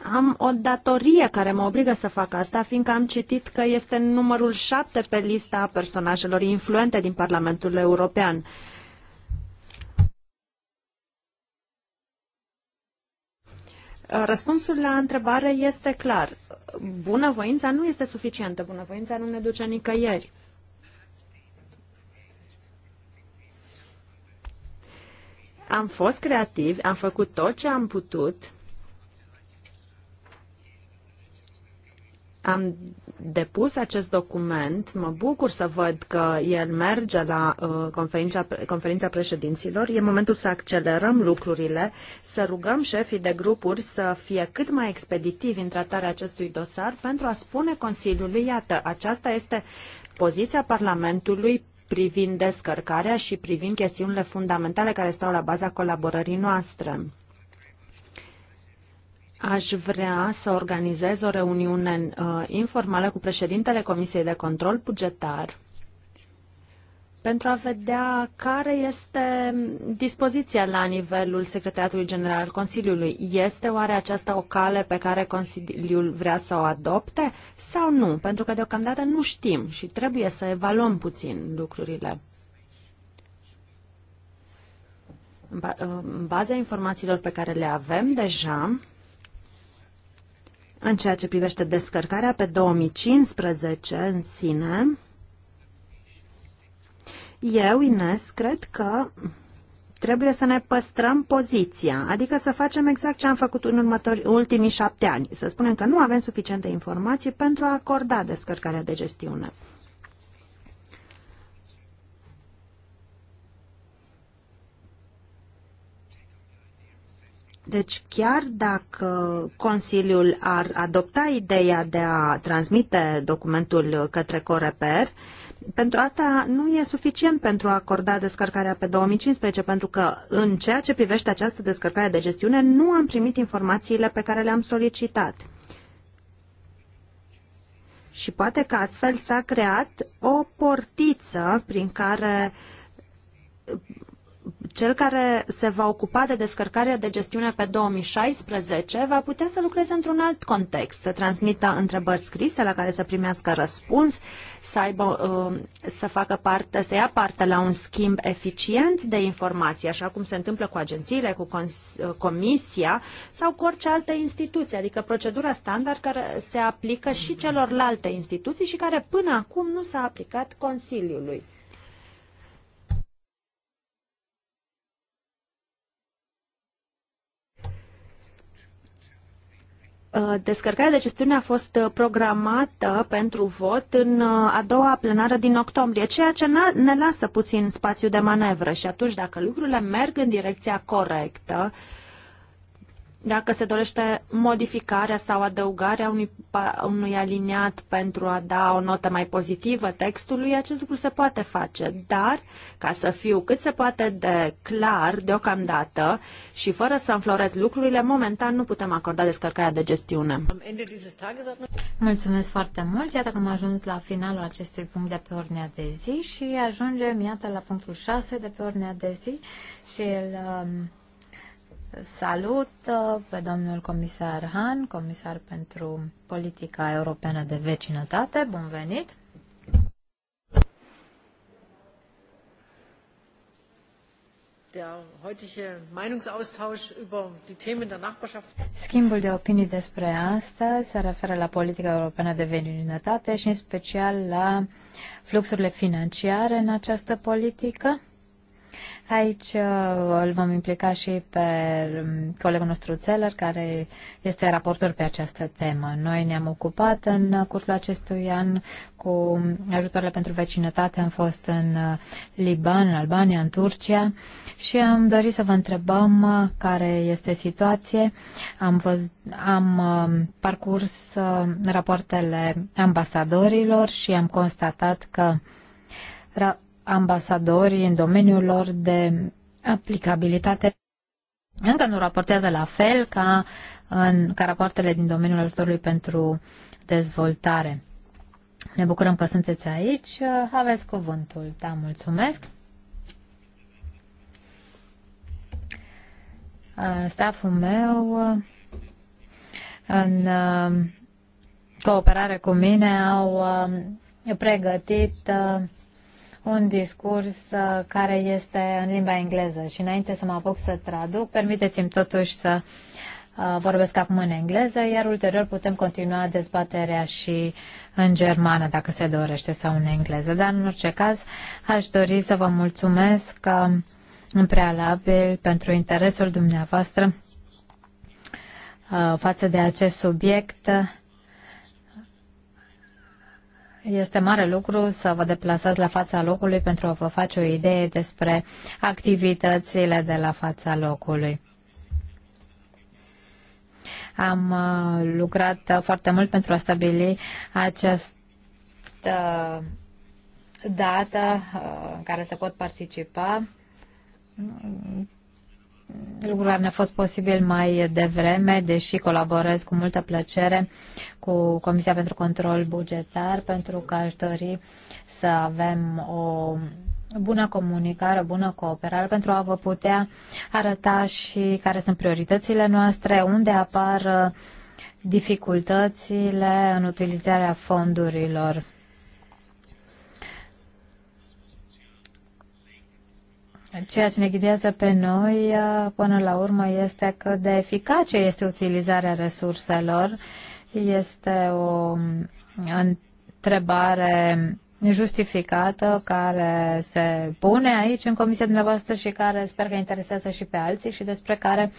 am o datorie care mă obligă să fac asta, fiindcă am citit că este numărul șapte pe lista personajelor influente din Parlamentul European. Răspunsul la întrebare este clar. Bunăvoința nu este suficientă. Bunăvoința nu ne duce nicăieri. Am fost creativi, am făcut tot ce am putut am depus acest document. Mă bucur să văd că el merge la uh, conferința, conferința președinților. E momentul să accelerăm lucrurile, să rugăm șefii de grupuri să fie cât mai expeditivi în tratarea acestui dosar pentru a spune Consiliului, iată, aceasta este poziția Parlamentului privind descărcarea și privind chestiunile fundamentale care stau la baza colaborării noastre. Aș vrea să organizez o reuniune uh, informală cu președintele Comisiei de Control Bugetar pentru a vedea care este dispoziția la nivelul Secretariatului General al Consiliului. Este oare aceasta o cale pe care Consiliul vrea să o adopte sau nu? Pentru că deocamdată nu știm și trebuie să evaluăm puțin lucrurile. În uh, baza informațiilor pe care le avem deja, în ceea ce privește descărcarea pe 2015 în sine, eu, Ines, cred că trebuie să ne păstrăm poziția, adică să facem exact ce am făcut în următorii, ultimii șapte ani. Să spunem că nu avem suficiente informații pentru a acorda descărcarea de gestiune. Deci chiar dacă Consiliul ar adopta ideea de a transmite documentul către Coreper, pentru asta nu e suficient pentru a acorda descărcarea pe 2015, pentru că în ceea ce privește această descărcare de gestiune nu am primit informațiile pe care le-am solicitat. Și poate că astfel s-a creat o portiță prin care cel care se va ocupa de descărcarea de gestiune pe 2016 va putea să lucreze într-un alt context, să transmită întrebări scrise la care să primească răspuns, să, aibă, uh, să facă parte, să ia parte la un schimb eficient de informații, așa cum se întâmplă cu agențiile, cu uh, comisia sau cu orice altă instituție, adică procedura standard care se aplică și celorlalte instituții și care până acum nu s-a aplicat Consiliului. Uh, descărcarea de gestiune a fost uh, programată pentru vot în uh, a doua plenară din octombrie, ceea ce ne lasă puțin spațiu de manevră și atunci dacă lucrurile merg în direcția corectă, uh, dacă se dorește modificarea sau adăugarea unui, unui aliniat pentru a da o notă mai pozitivă textului, acest lucru se poate face. Dar, ca să fiu cât se poate de clar deocamdată și fără să înflorez lucrurile, momentan nu putem acorda descărcarea de gestiune. Mulțumesc foarte mult. Iată că am ajuns la finalul acestui punct de pe ordinea de zi și ajungem, iată, la punctul 6 de pe ordinea de zi și el salut uh, pe domnul comisar Han, comisar pentru politica europeană de vecinătate. Bun venit! Schimbul de opinii despre asta se referă la politica europeană de vecinătate și în special la fluxurile financiare în această politică. Aici uh, îl vom implica și pe um, colegul nostru Țeler, care este raportor pe această temă. Noi ne-am ocupat în cursul acestui an cu ajutoarele pentru vecinătate. Am fost în uh, Liban, în Albania, în Turcia și am dorit să vă întrebăm uh, care este situație. Am, văz, am um, parcurs rapoartele ambasadorilor și am constatat că ambasadori în domeniul lor de aplicabilitate încă nu raportează la fel ca, în, ca rapoartele din domeniul ajutorului pentru dezvoltare. Ne bucurăm că sunteți aici. Aveți cuvântul. Da, mulțumesc. Staful meu în cooperare cu mine au pregătit un discurs uh, care este în limba engleză și înainte să mă apuc să traduc, permiteți-mi totuși să uh, vorbesc acum în engleză, iar ulterior putem continua dezbaterea și în germană, dacă se dorește, sau în engleză. Dar, în orice caz, aș dori să vă mulțumesc uh, în prealabil pentru interesul dumneavoastră față de acest subiect este mare lucru să vă deplasați la fața locului pentru a vă face o idee despre activitățile de la fața locului. Am uh, lucrat foarte mult pentru a stabili această dată uh, în care se pot participa lucrurile ne-a fost posibil mai devreme, deși colaborez cu multă plăcere cu Comisia pentru Control Bugetar, pentru că aș dori să avem o bună comunicare, bună cooperare pentru a vă putea arăta și care sunt prioritățile noastre, unde apar dificultățile în utilizarea fondurilor Ceea ce ne ghidează pe noi uh, până la urmă este că de eficace este utilizarea resurselor. Este o um, întrebare justificată care se pune aici în comisia dumneavoastră și care sper că interesează și pe alții și despre care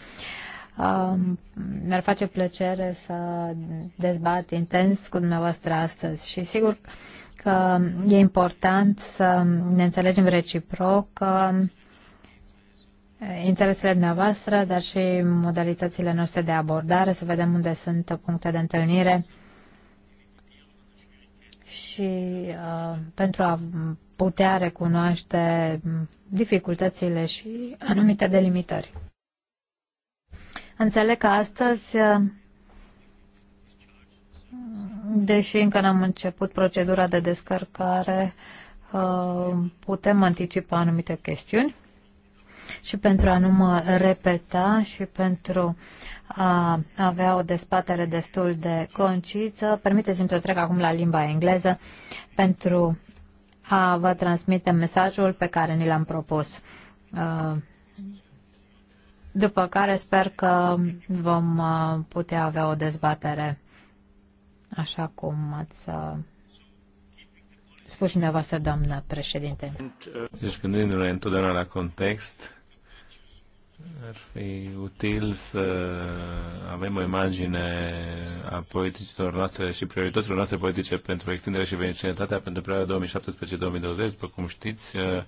um, mi-ar face plăcere să dezbat intens cu dumneavoastră astăzi. Și sigur că e important să ne înțelegem reciproc că um, Eh, interesele dumneavoastră, dar și modalitățile noastre de abordare, să vedem unde sunt puncte de întâlnire și uh, pentru a putea recunoaște dificultățile și anumite delimitări. Înțeleg că astăzi, eh, deși încă n-am început procedura de descărcare, putem anticipa anumite chestiuni și pentru a nu mă repeta și pentru a avea o despatere destul de conciță, permiteți-mi să trec acum la limba engleză pentru a vă transmite mesajul pe care ni l-am propus. Uh, după care sper că vom uh, putea avea o dezbatere așa cum ați uh, spus și dumneavoastră, doamnă președinte. Deci gândindu-ne întotdeauna la context, ar fi util să avem o imagine a politicilor noastre și priorităților noastre politice pentru extindere și vecinătatea pentru perioada 2017-2020. După cum știți, uh,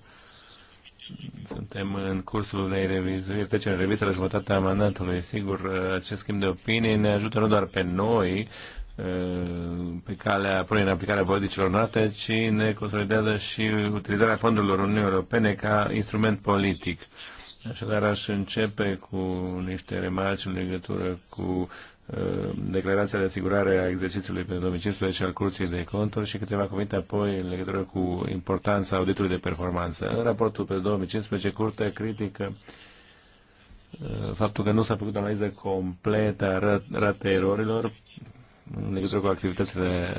suntem în cursul unei revizuiri, trecem în revistă la jumătatea mandatului. Sigur, uh, acest schimb de opinie ne ajută nu doar pe noi, uh, pe calea pune în aplicare politicilor noastre, ci ne consolidează și utilizarea fondurilor Uniunii Europene ca instrument politic Așadar, aș începe cu niște remarci în legătură cu uh, declarația de asigurare a exercițiului pe 2015 al Curții de Conturi și câteva cuvinte apoi în legătură cu importanța auditului de performanță. În raportul pe 2015, Curtea critică uh, faptul că nu s-a făcut o analiză completă a ratei erorilor în legătură cu activitățile,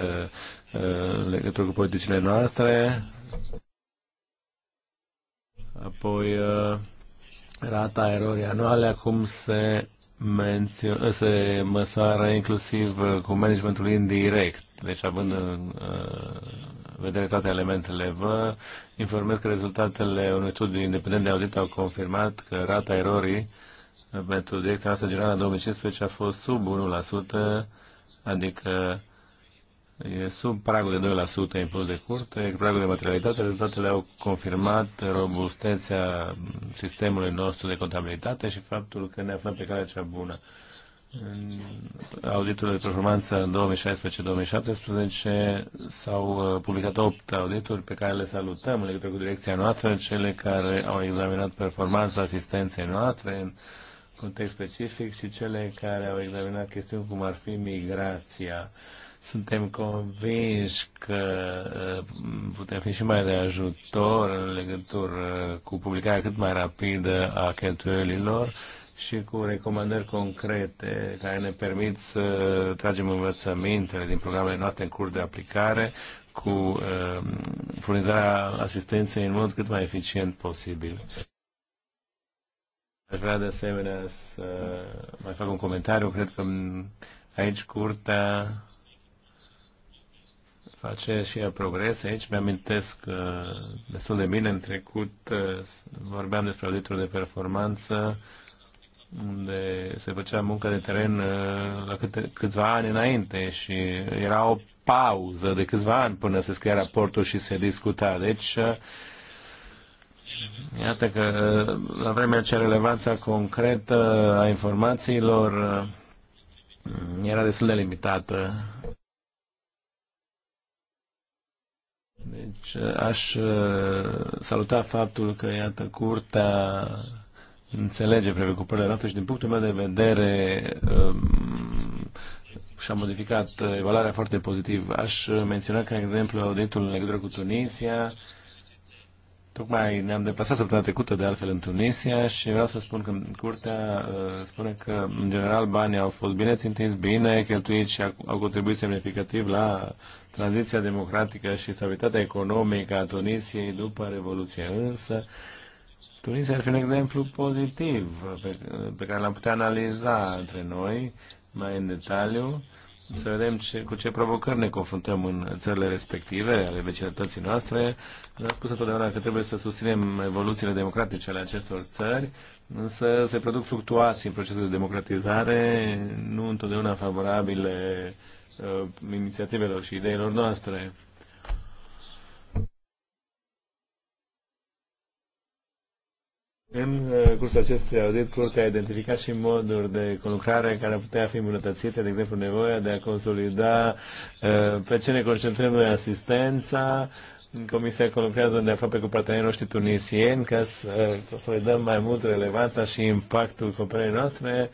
uh, în legătură cu politicile noastre. Apoi, rata erorii anuale acum se, mențio- se măsoară inclusiv cu managementul indirect. Deci, având în uh, vedere toate elementele, vă informez că rezultatele unui studiu independent de audit au confirmat că rata erorii pentru direcția noastră generală în 2015 a fost sub 1%, adică E sub pragul de 2% impus de curte, pragul de materialitate, rezultatele au confirmat robustețea sistemului nostru de contabilitate și faptul că ne aflăm pe calea cea bună. În auditul de performanță în 2016-2017 s-au uh, publicat 8 audituri pe care le salutăm în legătură cu direcția noastră, cele care au examinat performanța asistenței noastre în context specific și cele care au examinat chestiuni cum ar fi migrația suntem convinși că uh, putem fi și mai de ajutor în legătură cu publicarea cât mai rapidă a cheltuielilor și cu recomandări concrete care ne permit să tragem învățămintele din programele noastre în curs de aplicare cu uh, furnizarea asistenței în mod cât mai eficient posibil. Aș vrea de asemenea să mai fac un comentariu. Cred că aici curtea face și el progrese aici. Mi-amintesc uh, destul de bine în trecut uh, vorbeam despre auditul de performanță unde se făcea muncă de teren uh, la câte, câțiva ani înainte și era o pauză de câțiva ani până se scria raportul și se discuta. Deci, iată că la vremea aceea relevanța concretă a informațiilor era destul de limitată. Deci uh, aș uh, saluta faptul că, iată, curtea înțelege preocupările noastre și din punctul meu de vedere um, și-a modificat evaluarea foarte pozitiv. Aș uh, menționa ca exemplu auditul în legătură cu Tunisia. Tocmai ne-am deplasat săptămâna trecută de altfel în Tunisia și vreau să spun că curtea uh, spune că în general banii au fost bine țintiți, bine cheltuiți și au contribuit semnificativ la tranziția democratică și stabilitatea economică a Tunisiei după Revoluție. Însă, Tunisia ar fi un exemplu pozitiv pe, pe care l-am putea analiza între noi mai în detaliu, să vedem ce, cu ce provocări ne confruntăm în țările respective, ale vecinătății noastre. Am spus întotdeauna că trebuie să susținem evoluțiile democratice ale acestor țări, însă se produc fluctuații în procesul de democratizare, nu întotdeauna favorabile uh, uh, inițiativelor și ideilor noastre. În uh, cursul acestui audit, Curtea a identificat și moduri de lucrare care ar putea fi îmbunătățite, de exemplu nevoia de a consolida uh, pe ce ne concentrăm noi asistența. Comisia conlucrează de aproape cu partenerii noștri tunisieni ca să uh, consolidăm mai mult relevanța și impactul cooperării noastre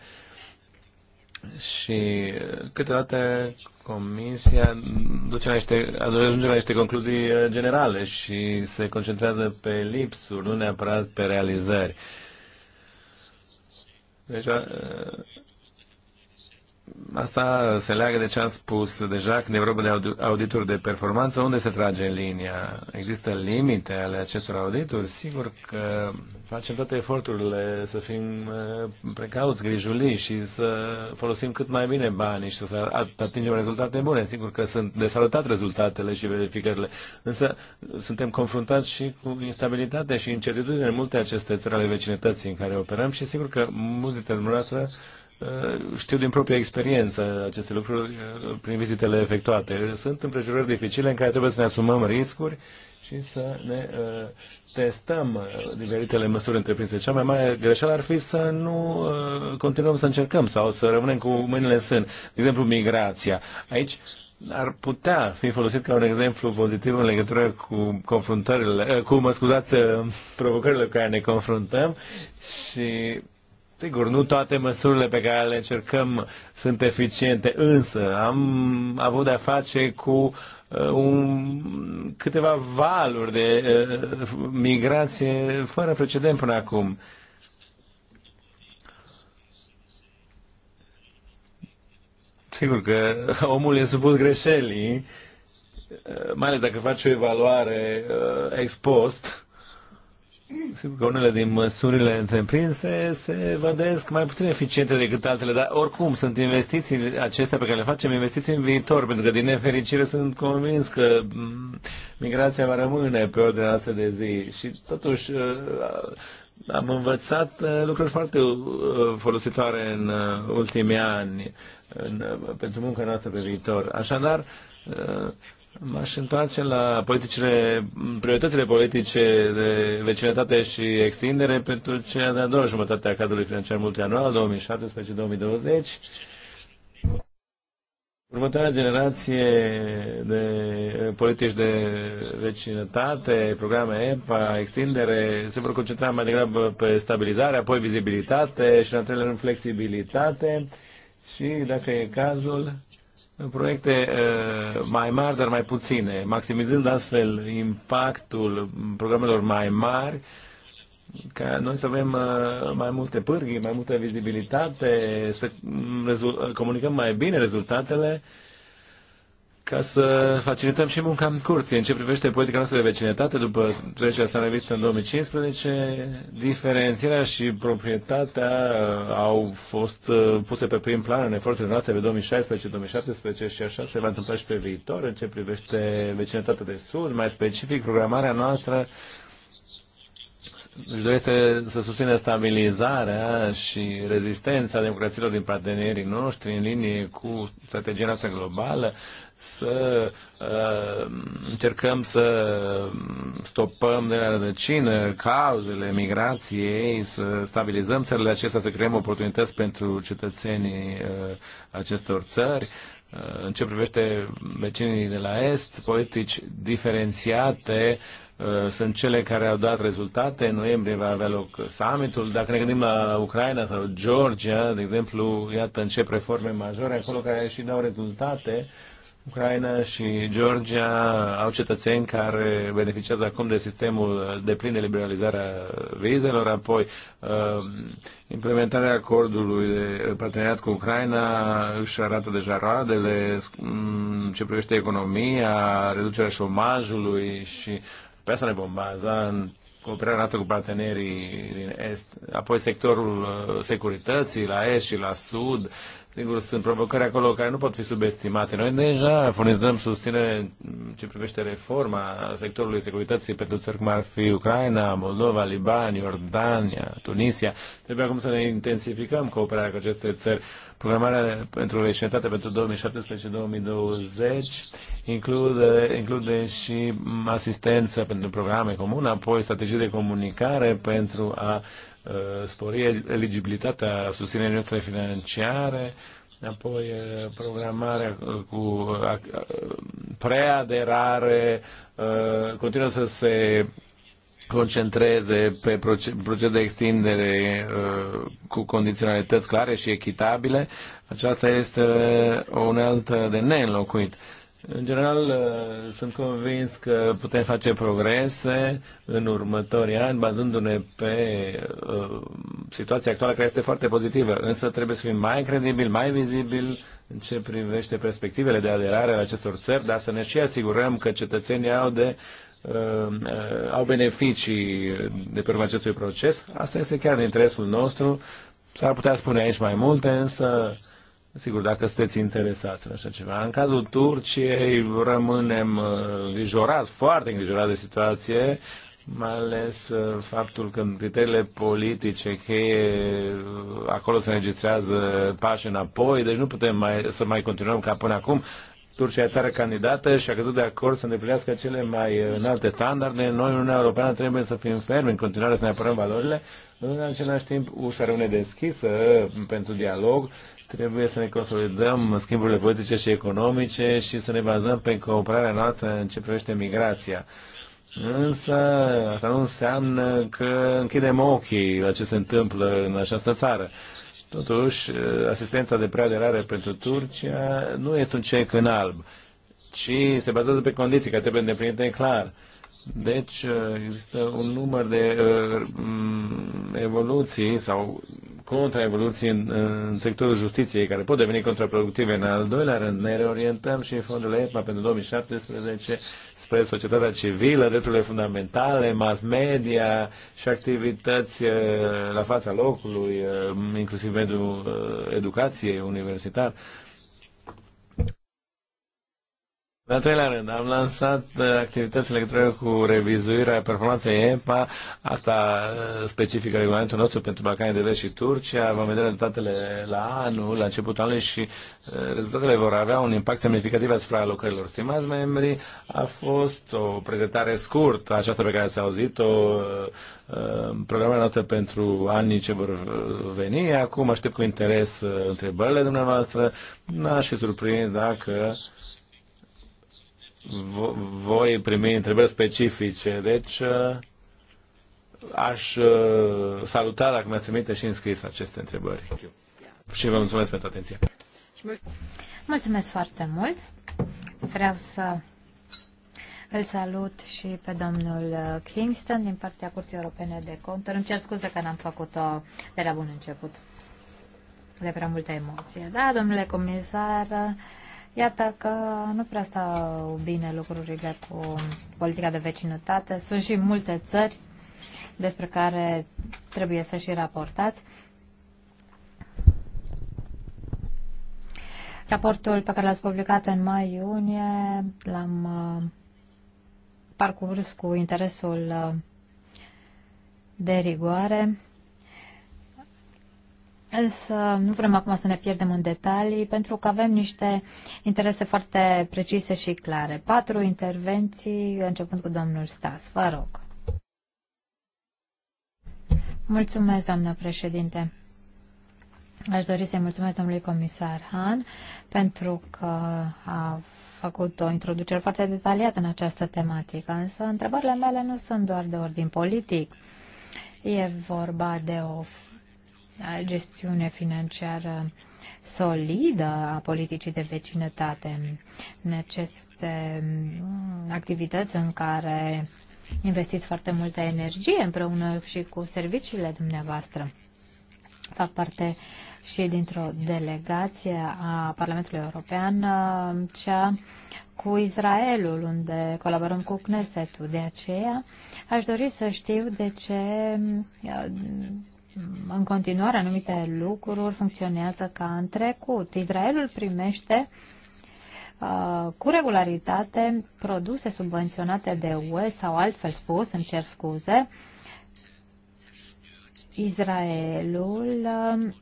și câteodată Comisia duce la niște, ajunge la niște concluzii uh, generale și se concentrează pe lipsuri, nu neapărat pe realizări. Deci uh, asta se leagă de ce am spus deja când e vorba de audituri de performanță. Unde se trage linia? Există limite ale acestor audituri? Sigur că facem toate eforturile să fim eh, precauți, grijuli și să folosim cât mai bine banii și să atingem rezultate bune. Sigur că sunt de salutat rezultatele și verificările, însă suntem confruntați și cu instabilitate și incertitudine în multe aceste țări ale vecinătății în care operăm și sigur că mulți dintre dumneavoastră Eh, știu din propria experiență aceste lucruri eh, prin vizitele efectuate. Sunt împrejurări dificile în care trebuie să ne asumăm riscuri și să ne eh, testăm diferitele măsuri întreprinse. Cea mai mare greșeală ar fi să nu continuăm să încercăm sau să rămânem cu mâinile în sân. De exemplu, migrația. Aici ar putea fi folosit ca un exemplu pozitiv în legătură cu confruntările, cu, mă scuzați, provocările cu care ne confruntăm și Sigur, nu toate măsurile pe care le încercăm sunt eficiente, însă am avut de-a face cu uh, un, câteva valuri de uh, migrație fără precedent până acum. Sigur că omul e supus greșelii, uh, mai ales dacă face o evaluare uh, ex post, Sigur că unele din măsurile întreprinse se vădesc mai puțin eficiente decât altele, dar oricum sunt investiții acestea pe care le facem, investiții în viitor, pentru că din nefericire sunt convins că mm, migrația va rămâne pe ordinea noastră de zi și totuși uh, uh, am învățat uh, lucruri foarte folositoare în ultimii ani în, pentru munca noastră pe viitor. Așadar, M-aș întoarce la politicile, prioritățile politice de vecinătate și extindere pentru cea de-a doua jumătate a cadrului financiar multianual 2017-2020. Următoarea generație de politici de vecinătate, programe EPA, extindere, se vor concentra mai degrabă pe stabilizare, apoi vizibilitate și, în al treilea rând, flexibilitate și, dacă e cazul, în proiecte uh, mai mari, dar mai puține, maximizând astfel impactul programelor mai mari, ca noi să avem uh, mai multe pârghii, mai multă vizibilitate, să mm, comunicăm mai bine rezultatele ca să facilităm și munca în curții. În ce privește politica noastră de vecinătate, după trecerea sa în în 2015, diferențierea și proprietatea au fost uh, puse pe prim plan în eforturile noastre pe 2016-2017 și așa se va întâmpla și pe viitor în ce privește vecinătatea de sud, mai specific programarea noastră își dorește să susțină stabilizarea și rezistența democrațiilor din partenerii noștri în linie cu strategia noastră globală, să uh, încercăm să stopăm de la rădăcină cauzele migrației, să stabilizăm țările acestea, să creăm oportunități pentru cetățenii uh, acestor țări. Uh, în ce privește vecinii de la Est, politici diferențiate uh, sunt cele care au dat rezultate. În noiembrie va avea loc summitul. Dacă ne gândim la Ucraina sau Georgia, de exemplu, iată încep reforme majore acolo care și dau rezultate. Uh, Ucraina și Georgia au cetățeni care beneficiază acum de sistemul de plină liberalizare a vizelor, apoi uh, implementarea acordului de parteneriat cu Ucraina își arată deja roadele mm, ce privește economia, reducerea șomajului și pe asta ne vom baza în cooperarea noastră cu partenerii din Est, apoi sectorul uh, securității la Est și la Sud, Sigur, sunt provocări acolo care nu pot fi subestimate. Noi deja furnizăm susținere ce privește reforma sectorului securității pentru țări cum ar fi Ucraina, Moldova, Liban, Iordania, Tunisia. Trebuie acum să ne intensificăm cooperarea cu aceste țări. Programarea pentru vecinătate pentru 2017-2020 include, include și asistență pentru programe comune, apoi strategii de comunicare pentru a uh, Uh, spori eligibilitatea susținerii noastre financiare, apoi uh, programarea uh, cu preaderare, continuă să se concentreze pe proces de extindere cu condiționalități clare și echitabile. Aceasta este o unealtă de neînlocuit. În general, uh, sunt convins că putem face progrese în următorii ani, bazându-ne pe uh, situația actuală, care este foarte pozitivă. Însă trebuie să fim mai credibili, mai vizibili în ce privește perspectivele de aderare la acestor țări, dar să ne și asigurăm că cetățenii au de uh, au beneficii de pe urma acestui proces. Asta este chiar interesul nostru. S-ar putea spune aici mai multe, însă uh, Sigur, dacă sunteți interesați în așa ceva. În cazul Turciei rămânem uh, îngrijorați, foarte îngrijorați de situație, mai ales uh, faptul că în criteriile politice cheie uh, acolo se înregistrează pași înapoi, deci nu putem mai, să mai continuăm ca până acum. Turcia e țară candidată și a căzut de acord să îndeplinească cele mai înalte standarde. Noi, în Uniunea Europeană, trebuie să fim fermi în continuare să ne apărăm valorile. În același timp, ușa rămâne deschisă pentru dialog Trebuie să ne consolidăm schimburile politice și economice și să ne bazăm pe cooperarea noastră în ce privește migrația. Însă asta nu înseamnă că închidem ochii la ce se întâmplă în această țară. Totuși, asistența de preaderare pentru Turcia nu este un cec în alb, ci se bazează pe condiții care trebuie îndeplinite clar. Deci uh, există un număr de uh, evoluții sau contraevoluții în, în sectorul justiției care pot deveni contraproductive. În al doilea rând, ne reorientăm și fondurile ESMA pentru 2017 spre societatea civilă, drepturile fundamentale, mass media și activități uh, la fața locului, inclusiv mediul educației universitar. În treilea rând, am lansat uh, activități legătură cu revizuirea performanței EPA, asta uh, specifică regulamentul nostru pentru Balcanii de Vest și Turcia. Vom vedea rezultatele la anul, la începutul anului și uh, rezultatele vor avea un impact semnificativ asupra alocărilor. Stimați membri, a fost o prezentare scurtă, aceasta pe care ați auzit-o, programarea noastră pentru anii ce vor veni. Acum aștept cu interes întrebările dumneavoastră. N-aș fi surprins dacă voi primi întrebări specifice, deci uh, aș uh, saluta dacă mi-ați trimite și înscris aceste întrebări. Și vă mulțumesc pentru atenție. Mulțumesc foarte mult. Vreau să îl salut și pe domnul uh, Kingston din partea Curții Europene de Conturi. Îmi cer scuze că n-am făcut-o de la bun început, de prea multă emoție. Da, domnule comisar, Iată că nu prea stau bine lucrurile cu politica de vecinătate. Sunt și multe țări despre care trebuie să și raportați. Raportul pe care l-ați publicat în mai-iunie l-am uh, parcurs cu interesul uh, de rigoare. Însă nu vrem acum să ne pierdem în detalii, pentru că avem niște interese foarte precise și clare. Patru intervenții, începând cu domnul Stas. Vă rog. Mulțumesc, doamnă președinte. Aș dori să-i mulțumesc domnului comisar Han pentru că a făcut o introducere foarte detaliată în această tematică, însă întrebările mele nu sunt doar de ordin politic. E vorba de o gestiune financiară solidă a politicii de vecinătate. În aceste activități în care investiți foarte multă energie împreună și cu serviciile dumneavoastră. Fac parte și dintr-o delegație a Parlamentului European, cea cu Israelul, unde colaborăm cu Knessetul. De aceea aș dori să știu de ce în continuare anumite lucruri funcționează ca în trecut. Israelul primește uh, cu regularitate produse subvenționate de UE sau altfel spus, îmi cer scuze, Israelul uh,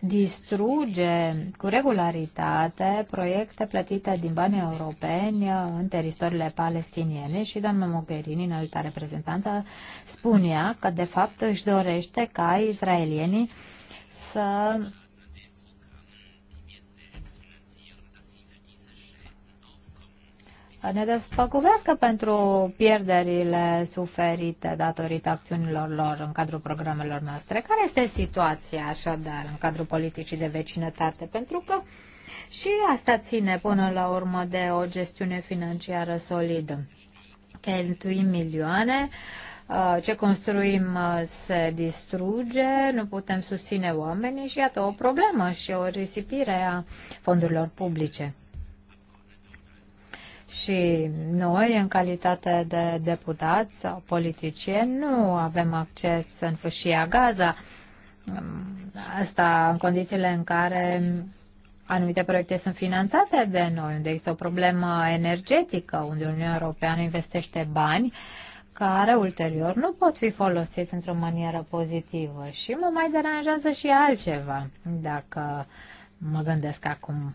distruge cu regularitate proiecte plătite din bani europeni uh, în teritoriile palestiniene și doamna Mogherini, înalta reprezentantă, spunea că de fapt își dorește ca israelienii să ne despăcuvească pentru pierderile suferite datorită acțiunilor lor în cadrul programelor noastre. Care este situația așadar în cadrul politicii de vecinătate? Pentru că și asta ține până la urmă de o gestiune financiară solidă. Cheltuim milioane, uh, ce construim uh, se distruge, nu putem susține oamenii și iată o problemă și o risipire a fondurilor publice. Și noi, în calitate de deputați sau politicieni, nu avem acces în fâșia Gaza. Mm, Asta în condițiile în care anumite proiecte sunt finanțate de noi, unde există o problemă energetică, unde Uniunea Europeană investește bani care ulterior nu pot fi folosiți într-o manieră pozitivă. Și mă mai deranjează și altceva, dacă mă gândesc acum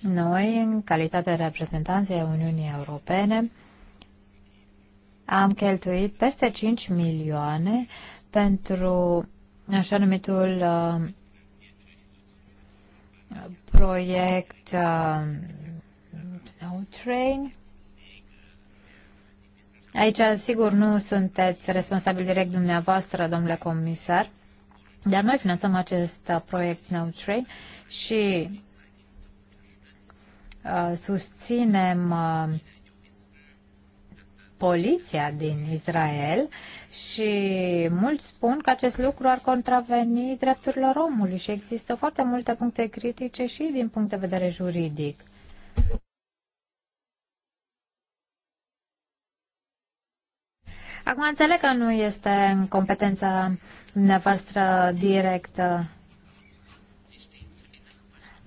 noi, în calitate de reprezentanți ai Uniunii Europene, am cheltuit peste 5 milioane pentru așa numitul uh, proiect uh, Train. Aici, sigur, nu sunteți responsabil direct dumneavoastră, domnule comisar, dar noi finanțăm acest uh, proiect Snow Train și Uh, susținem uh, poliția din Israel și mulți spun că acest lucru ar contraveni drepturilor omului și există foarte multe puncte critice și din punct de vedere juridic. Acum înțeleg că nu este în competența dumneavoastră directă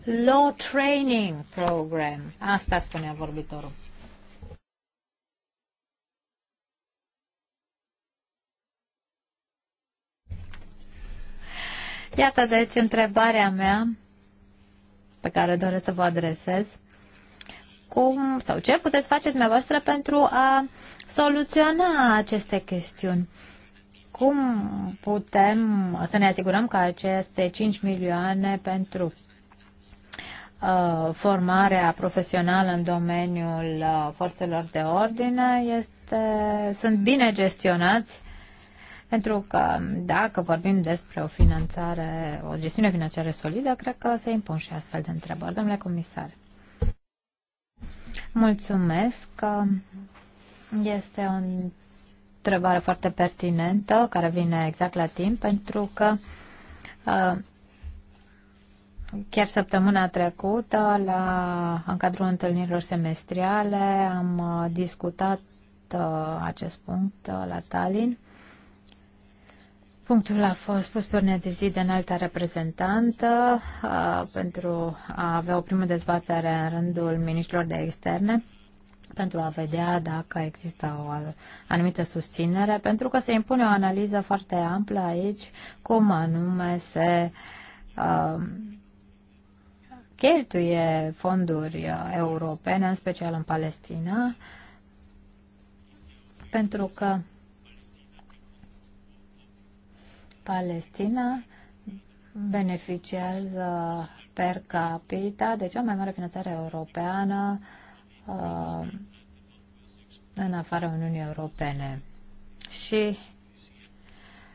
Law Training Program. Asta spunea vorbitorul. Iată deci întrebarea mea pe care doresc să vă adresez. Cum sau ce puteți face dumneavoastră pentru a soluționa aceste chestiuni? Cum putem să ne asigurăm că aceste 5 milioane pentru Uh, formarea profesională în domeniul uh, forțelor de ordine este, sunt bine gestionați pentru că dacă vorbim despre o finanțare, o gestiune financiară solidă, cred că se impun și astfel de întrebări. Domnule comisar, mulțumesc. Este o întrebare foarte pertinentă care vine exact la timp pentru că uh, Chiar săptămâna trecută, la, în cadrul întâlnirilor semestriale, am uh, discutat uh, acest punct uh, la Tallinn. Punctul a fost pus pe ordine de zi de înalta reprezentantă a, pentru a avea o primă dezbatere în rândul ministrilor de externe pentru a vedea dacă există o anumită susținere, pentru că se impune o analiză foarte amplă aici, cum anume se uh, cheltuie fonduri uh, europene, în special în Palestina, pentru că Palestina beneficiază per capita de cea mai mare finanțare europeană uh, în afara Uniunii Europene. Și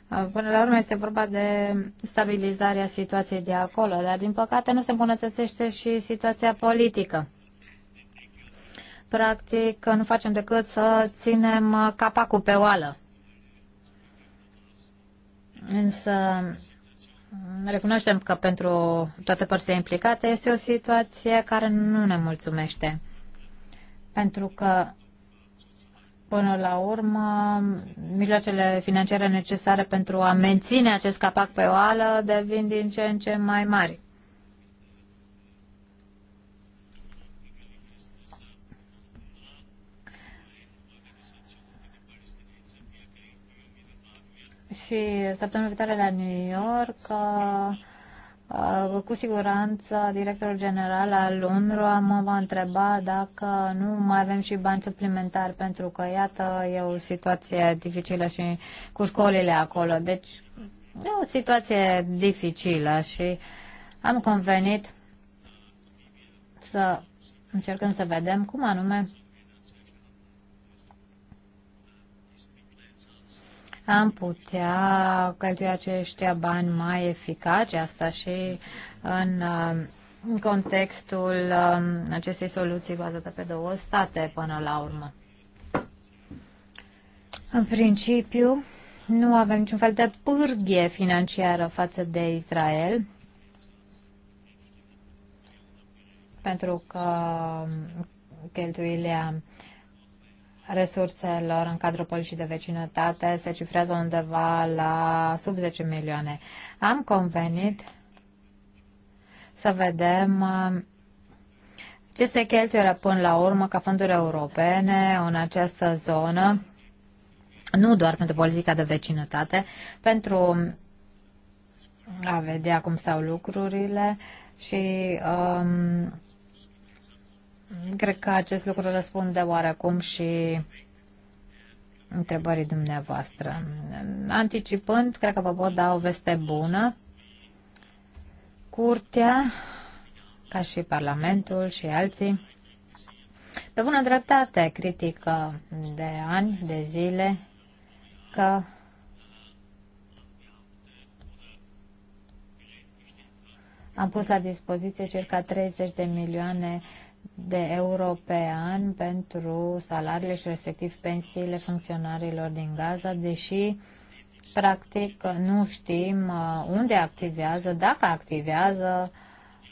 Până la urmă este vorba de stabilizarea situației de acolo, dar din păcate nu se îmbunătățește și situația politică. Practic, nu facem decât să ținem capacul pe oală. Însă, recunoaștem că pentru toate părțile implicate este o situație care nu ne mulțumește. Pentru că până la urmă, mijloacele financiare necesare pentru a menține acest capac pe oală devin din ce în ce mai mari. Și săptămâna viitoare la New York uh, Uh, cu siguranță, directorul general al UNRWA mă va întreba dacă nu mai avem și bani suplimentari, pentru că, iată, e o situație dificilă și cu școlile acolo. Deci, e o situație dificilă și am convenit să încercăm să vedem cum anume am putea cheltui aceștia bani mai eficace, asta și în în contextul um, acestei soluții bazate pe două state până la urmă. În principiu, nu avem niciun fel de pârghie financiară față de Israel, pentru că cheltuielile resurselor în cadrul politicii de vecinătate se cifrează undeva la sub 10 milioane. Am convenit să vedem uh, ce se cheltuie până la urmă ca fonduri europene în această zonă, nu doar pentru politica de vecinătate, pentru a vedea cum stau lucrurile și um, Cred că acest lucru răspunde oarecum și întrebării dumneavoastră. Anticipând, cred că vă pot da o veste bună. Curtea, ca și Parlamentul și alții, pe bună dreptate critică de ani, de zile, că am pus la dispoziție circa 30 de milioane de euro pe an pentru salariile și respectiv pensiile funcționarilor din Gaza, deși practic nu știm uh, unde activează, dacă activează,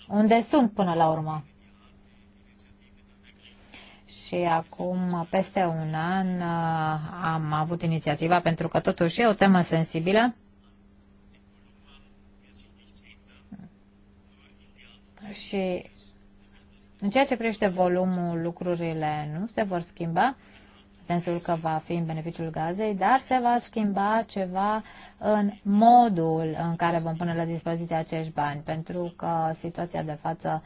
unde sunt până la urmă. Și acum, peste un an, uh, am avut inițiativa, pentru că totuși e o temă sensibilă, și în ceea ce privește volumul, lucrurile nu se vor schimba, în sensul că va fi în beneficiul gazei, dar se va schimba ceva în modul în care vom pune la dispoziție acești bani, pentru că situația de față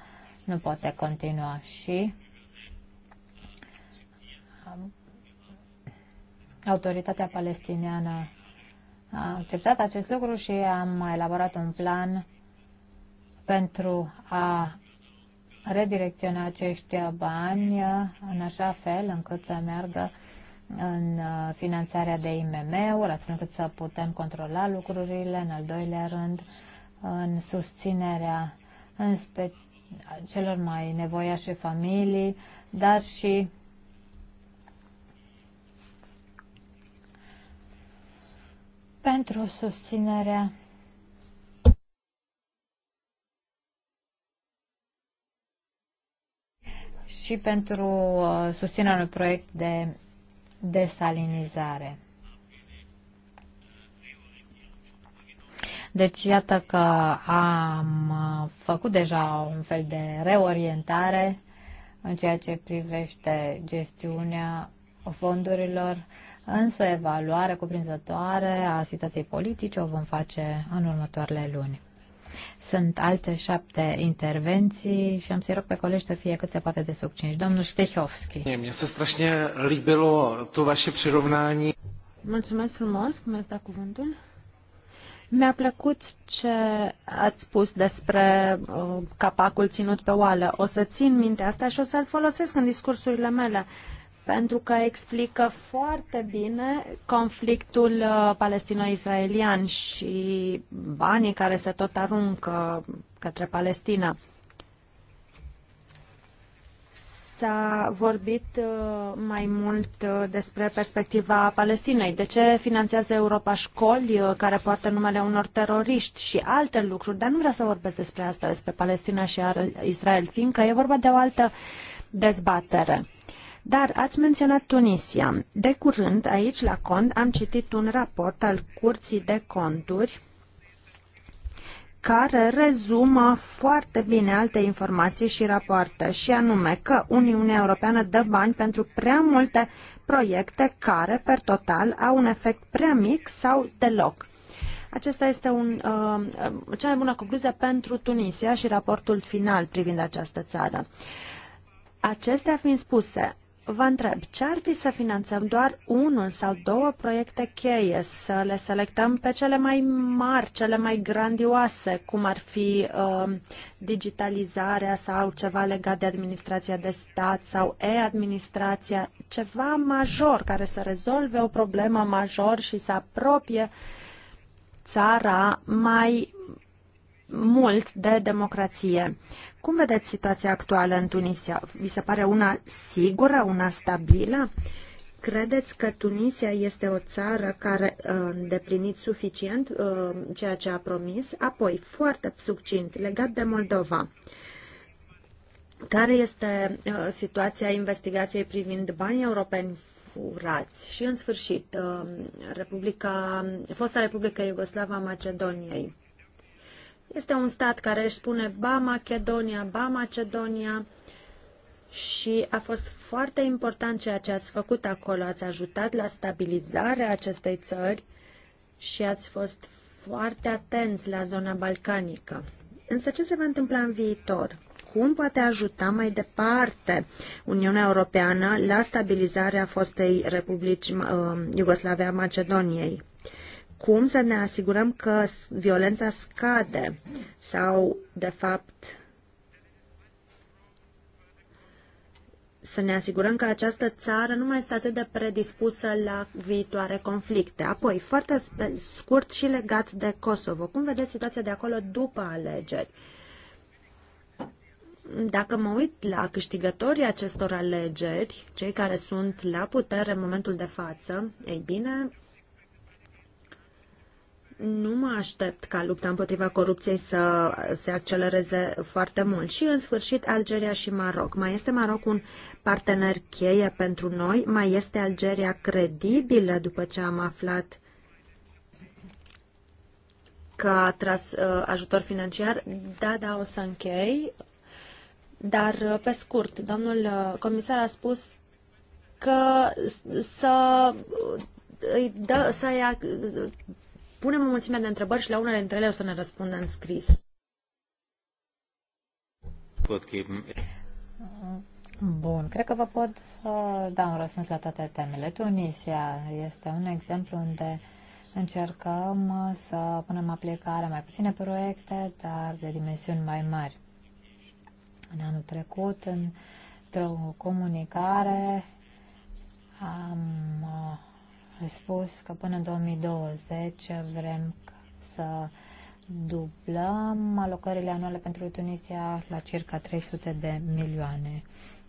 nu poate continua și autoritatea palestiniană a acceptat acest lucru și am elaborat un plan pentru a redirecționa acești bani în așa fel încât să meargă în finanțarea de IMM-uri, astfel încât să putem controla lucrurile, în al doilea rând, în susținerea în celor mai nevoiașe familii, dar și pentru susținerea și pentru uh, susținerea unui proiect de desalinizare. Deci iată că am uh, făcut deja un fel de reorientare în ceea ce privește gestiunea fondurilor, însă o evaluare cuprinzătoare a situației politice o vom face în următoarele luni. Sunt alte șapte intervenții și am să rog pe colegi să fie cât se poate de succinși. Domnul Ștehovski. Mie se strașnie líbilo to vaše přirovnání. Mulțumesc frumos, mi ați dat cuvântul. Mi-a plăcut ce ați spus despre uh, capacul ținut pe oală. O să țin minte asta și o să-l folosesc în discursurile mele. Uh, pentru că explică foarte bine conflictul uh, palestino-israelian și banii care se tot aruncă către Palestina. S-a vorbit uh, mai mult uh, despre perspectiva Palestinei. De ce finanțează Europa școli care poartă numele unor teroriști și alte lucruri? Dar nu vreau să vorbesc despre asta, despre Palestina și Israel, fiindcă e vorba de o altă dezbatere. Uh, dar ați menționat Tunisia. De curând, aici la cont, am citit un raport al Curții de Conturi care rezumă foarte bine alte informații și rapoarte, și anume că Uniunea Europeană dă bani pentru prea multe proiecte care, per total, au un efect prea mic sau deloc. Acesta este un, uh, cea mai bună concluzie pentru Tunisia și raportul final privind această țară. Acestea fiind spuse, vă întreb, ce ar fi să finanțăm doar unul sau două proiecte cheie, să le selectăm pe cele mai mari, cele mai grandioase, cum ar fi uh, digitalizarea sau ceva legat de administrația de stat sau e-administrația, ceva major care să rezolve o problemă major și să apropie țara mai mult de democrație. Uh, cum vedeți situația actuală în Tunisia? Vi se pare una sigură, una stabilă? Credeți că Tunisia este o țară care a uh, îndeplinit suficient uh, ceea ce a promis? Apoi, foarte succint, legat de Moldova. Care este uh, situația investigației privind banii europeni furați? Și, în sfârșit, Republica, fosta Republică Iugoslava Macedoniei. Este un stat care își spune ba Macedonia, ba Macedonia și a fost foarte important ceea ce ați făcut acolo. Ați ajutat la stabilizarea acestei țări și ați fost foarte atent la zona balcanică. Însă ce se va întâmpla în viitor? Cum poate ajuta mai departe Uniunea Europeană la stabilizarea fostei Republici uh, Iugoslavia Macedoniei? cum să ne asigurăm că violența scade sau, de fapt, să ne asigurăm că această țară nu mai este atât de predispusă la viitoare conflicte. Apoi, foarte scurt și legat de Kosovo, cum vedeți situația de acolo după alegeri? Dacă mă uit la câștigătorii acestor alegeri, cei care sunt la putere în momentul de față, ei bine, nu mă aștept ca lupta împotriva corupției să se accelereze foarte mult. Și, în sfârșit, Algeria și Maroc. Mai este Maroc un partener cheie pentru noi? Mai este Algeria credibilă după ce am aflat că a tras uh, ajutor financiar? Da, da, o să închei. Dar, uh, pe scurt, domnul uh, comisar a spus că să îi dă, să ia punem o mulțime de întrebări și la unele dintre ele o să ne răspundă în scris. Bun, cred că vă pot să uh, da un răspuns la toate temele. Tunisia este un exemplu unde încercăm uh, să punem aplicare mai puține proiecte, dar de dimensiuni mai mari. În anul trecut, într-o comunicare, am uh, spus că până în 2020 vrem să dublăm alocările anuale pentru Tunisia la circa 300 de milioane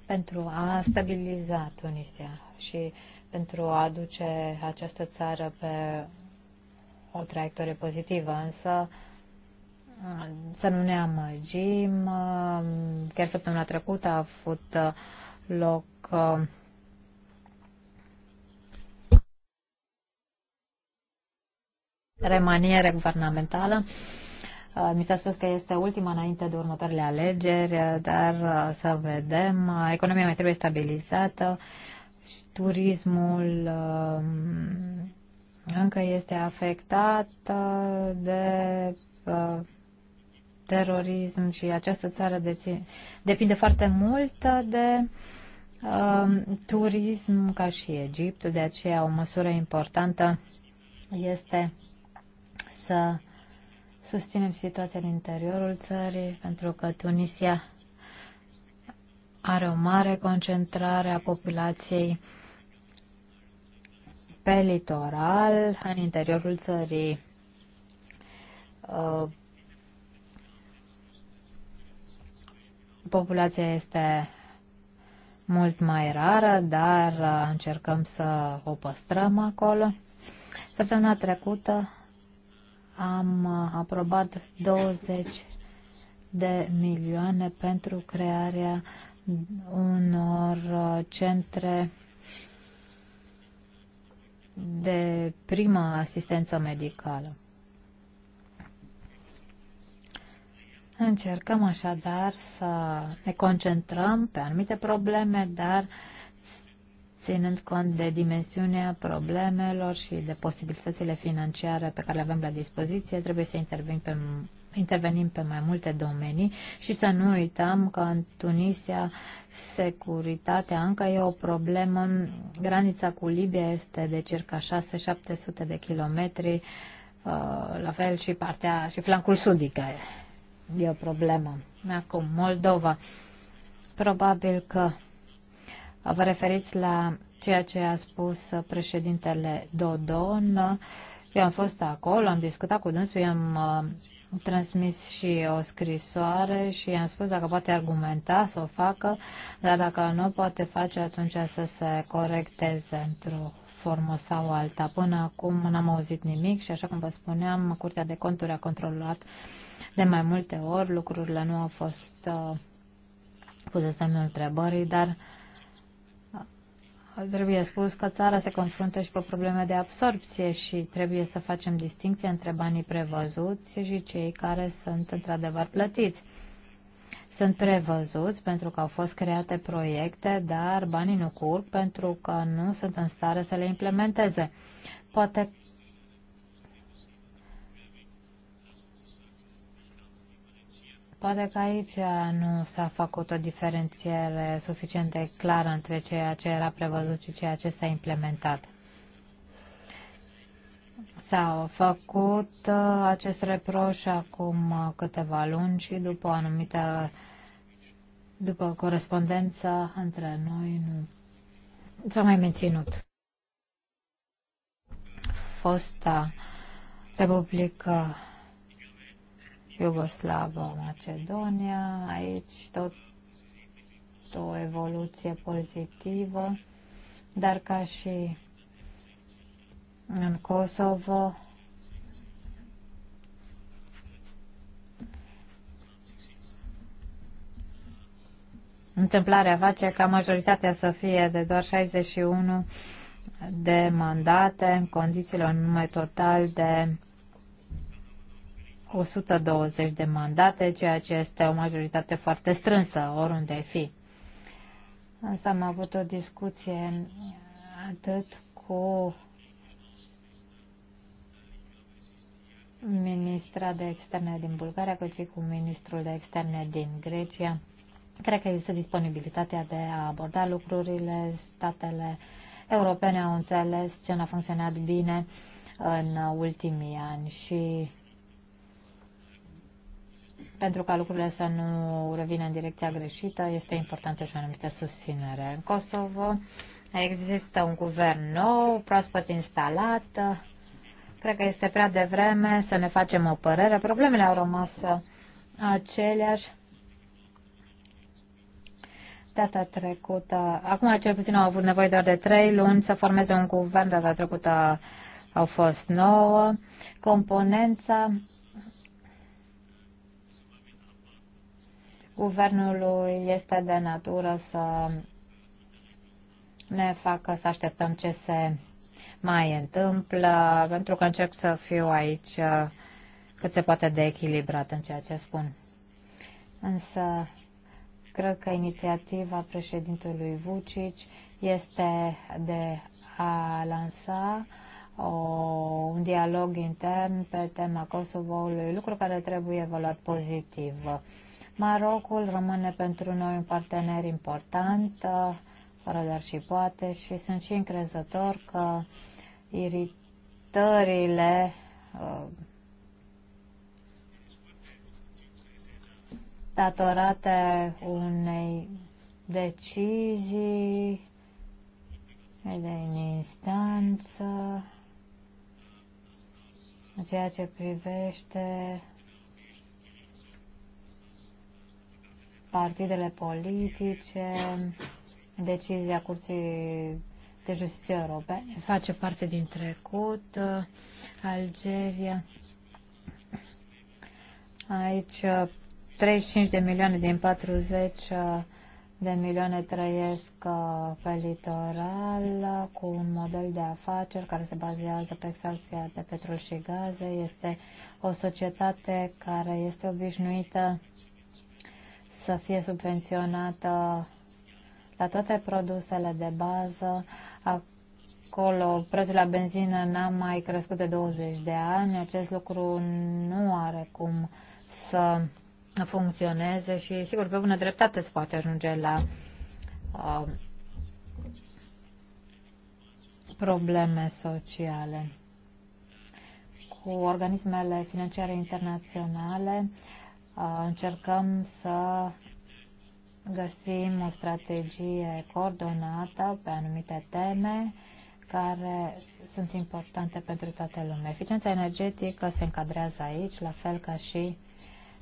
pentru a stabiliza Tunisia și pentru a aduce această țară pe o traiectorie pozitivă, însă să nu ne amăgim. Chiar săptămâna trecută a avut loc remaniere guvernamentală. Uh, mi s-a spus că este ultima înainte de următoarele alegeri, uh, dar uh, să vedem. Economia mai trebuie stabilizată și turismul încă este afectat de terorism și această țară deține, depinde foarte mult de turism ca și Egiptul, de aceea o măsură importantă este să susținem situația în interiorul țării, pentru că Tunisia are o mare concentrare a populației pe litoral, în interiorul țării. Uh, populația este mult mai rară, dar uh, încercăm să o păstrăm acolo. Săptămâna trecută am uh, aprobat 20 de milioane pentru crearea unor uh, centre de primă asistență medicală. Încercăm așadar să ne concentrăm pe anumite probleme, dar uh, ținând cont de dimensiunea problemelor și de posibilitățile financiare pe care le avem la dispoziție, trebuie să intervenim pe, intervenim pe mai multe domenii și să nu uităm că în Tunisia securitatea încă e o problemă. Granița cu Libia este de circa 6-700 de kilometri, uh, la fel și partea și flancul sudic e o problemă. Acum, Moldova. Probabil că Vă referiți la ceea ce a spus președintele Dodon. Eu am fost acolo, am discutat cu dânsul, i-am uh, transmis și o scrisoare și i-am spus dacă poate argumenta să o facă, dar dacă nu poate face, atunci să se corecteze într-o formă sau alta. Până acum n-am auzit nimic și, așa cum vă spuneam, Curtea de Conturi a controlat de mai multe ori, lucrurile nu au fost uh, puse semnul întrebării, dar uh, trebuie spus că țara se confruntă și cu probleme de absorpție și trebuie să facem distinție între banii prevăzuți și cei care sunt într-adevăr plătiți. Sunt prevăzuți pentru că au fost create proiecte, dar banii nu curg pentru că nu sunt în stare să le implementeze. Poate Poate că aici uh, nu s-a făcut o diferențiere suficient de clară între ceea ce era prevăzut și ceea ce s-a implementat. S-a făcut uh, acest reproș acum uh, câteva luni și după o anumită după corespondență între noi nu s-a mai menținut. Fosta Republică Iugoslavă, Macedonia. Aici tot o evoluție pozitivă, dar ca și în Kosovo, Întâmplarea face ca majoritatea să fie de doar 61 de mandate în condițiile un numai total de 120 de mandate, ceea ce este o majoritate foarte strânsă, oriunde ai fi. Însă am avut o discuție atât cu ministra de externe din Bulgaria, cât și cu ministrul de externe din Grecia. Cred că există disponibilitatea de a aborda lucrurile. Statele europene au înțeles ce n-a funcționat bine în ultimii ani și pentru ca lucrurile să nu revină în direcția greșită, este importantă și o anumită susținere. În Kosovo există un guvern nou, proaspăt instalat. Cred că este prea devreme să ne facem o părere. Problemele au rămas aceleași. Data trecută, acum cel puțin au avut nevoie doar de trei luni să formeze un guvern, data trecută au fost nouă. Componența guvernului este de natură să ne facă să așteptăm ce se mai întâmplă, pentru că încerc să fiu aici uh, cât se poate de echilibrat în ceea ce spun. Însă, cred că inițiativa președintelui Vucic este de a lansa o, un dialog intern pe tema Kosovo-ului, lucru care trebuie evaluat pozitiv. Marocul rămâne pentru noi un partener important, uh, fără dar și poate, și sunt și încrezător că iritările uh, datorate unei decizii de instanță, în ceea ce privește partidele politice, decizia Curții de Justiție Europene face parte din trecut. Algeria. Aici 35 de milioane din 40 de milioane trăiesc uh, pe litoral cu un model de afaceri care se bazează pe extracția de petrol și gaze. Este o societate care este obișnuită să fie subvenționată la toate produsele de bază. Acolo prețul la benzină n-a mai crescut de 20 de ani. Acest lucru nu are cum să funcționeze și, sigur, pe bună dreptate se poate ajunge la uh, probleme sociale. Cu organismele financiare internaționale încercăm să găsim o strategie coordonată pe anumite teme care sunt importante pentru toată lumea. Eficiența energetică se încadrează aici, la fel ca și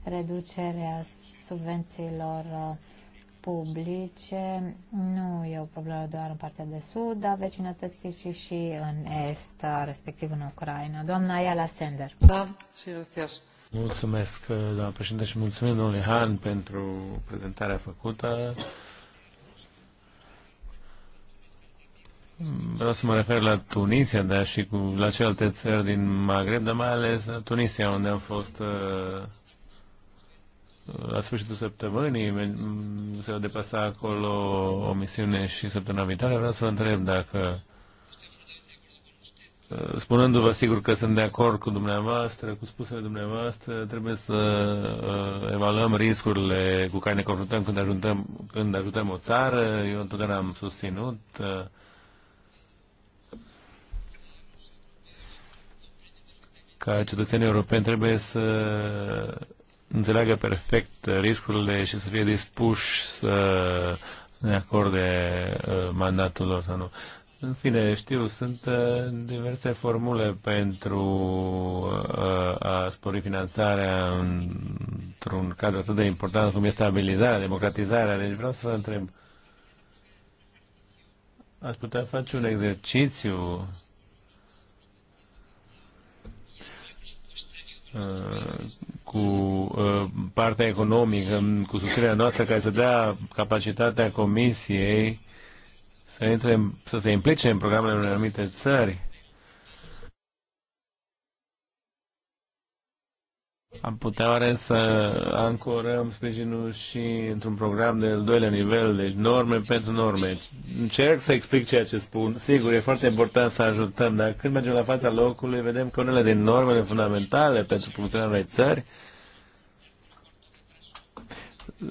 reducerea subvențiilor publice. Nu e o problemă doar în partea de sud a vecinătății, ci și în est, respectiv în Ucraina. Doamna Iala Sender. Da, și gracias. Mulțumesc, uh, doamna președinte, și mulțumesc domnului Han pentru prezentarea făcută. Vreau să mă refer la Tunisia, dar și cu, la celelalte țări din Maghreb, dar mai ales la Tunisia, unde am fost uh, la sfârșitul săptămânii, se va depăsa acolo o misiune și săptămâna viitoare. Vreau să vă întreb dacă Uh, spunându-vă sigur că sunt de acord cu dumneavoastră, cu spusele dumneavoastră, trebuie să uh, evaluăm riscurile cu care ne confruntăm când ajutăm, când ajutăm o țară. Eu întotdeauna am susținut uh, ca cetățenii europeni trebuie să înțeleagă perfect riscurile și să fie dispuși să ne acorde uh, mandatul lor sau nu. Uh, în fine, știu, sunt uh, diverse formule pentru uh, a spori finanțarea într-un cadru atât de important cum e stabilizarea, democratizarea. Deci vreau să vă întreb, ați putea face un exercițiu uh, cu partea economică, cu susținerea noastră, care să dea capacitatea Comisiei să, intre, să se implice în programele unei anumite țări. Am putea oare să ancorăm sprijinul și într-un program de doilea nivel, deci norme pentru norme. Încerc să explic ceea ce spun. Sigur, e foarte important să ajutăm, dar când mergem la fața locului, vedem că unele din normele fundamentale pentru funcționarea unei țări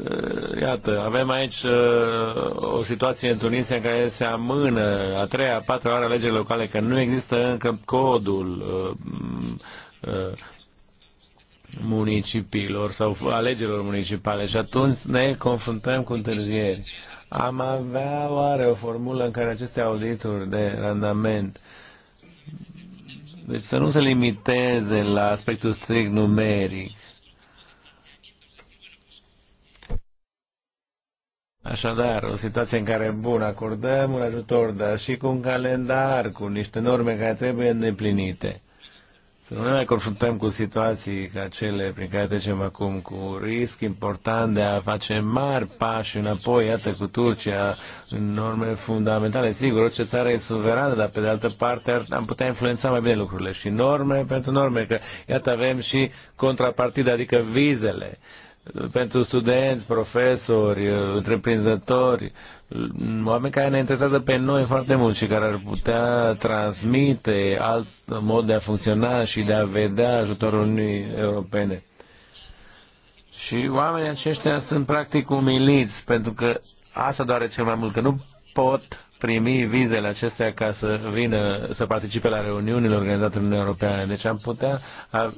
Eh, iată, avem aici eh, o situație în Tunisia în care se amână a treia, a patra oară alegerile locale, că nu există încă codul eh, municipiilor sau alegerilor municipale și atunci ne confruntăm cu întârzieri. Am avea oare o formulă în care aceste audituri de randament deci să nu se limiteze la aspectul strict numeric, Așadar, o situație în care, bun, acordăm un ajutor, dar și cu un calendar, cu niște norme care trebuie îndeplinite. Să nu ne mai confruntăm cu situații ca cele prin care trecem acum, cu risc important de a face mari pași înapoi, iată, cu Turcia, în norme fundamentale. Sigur, orice țară e suverană, dar pe de altă parte am putea influența mai bine lucrurile și norme pentru norme, că iată avem și contrapartida, adică vizele pentru studenți, profesori, întreprinzători, oameni care ne interesează pe noi foarte mult și care ar putea transmite alt mod de a funcționa și de a vedea ajutorul Uniunii Europene. Și oamenii aceștia sunt practic umiliți, pentru că asta doare cel mai mult, că nu pot primi vizele acestea ca să vină, să participe la reuniunile organizate în Uniunea Europeană. Deci am putea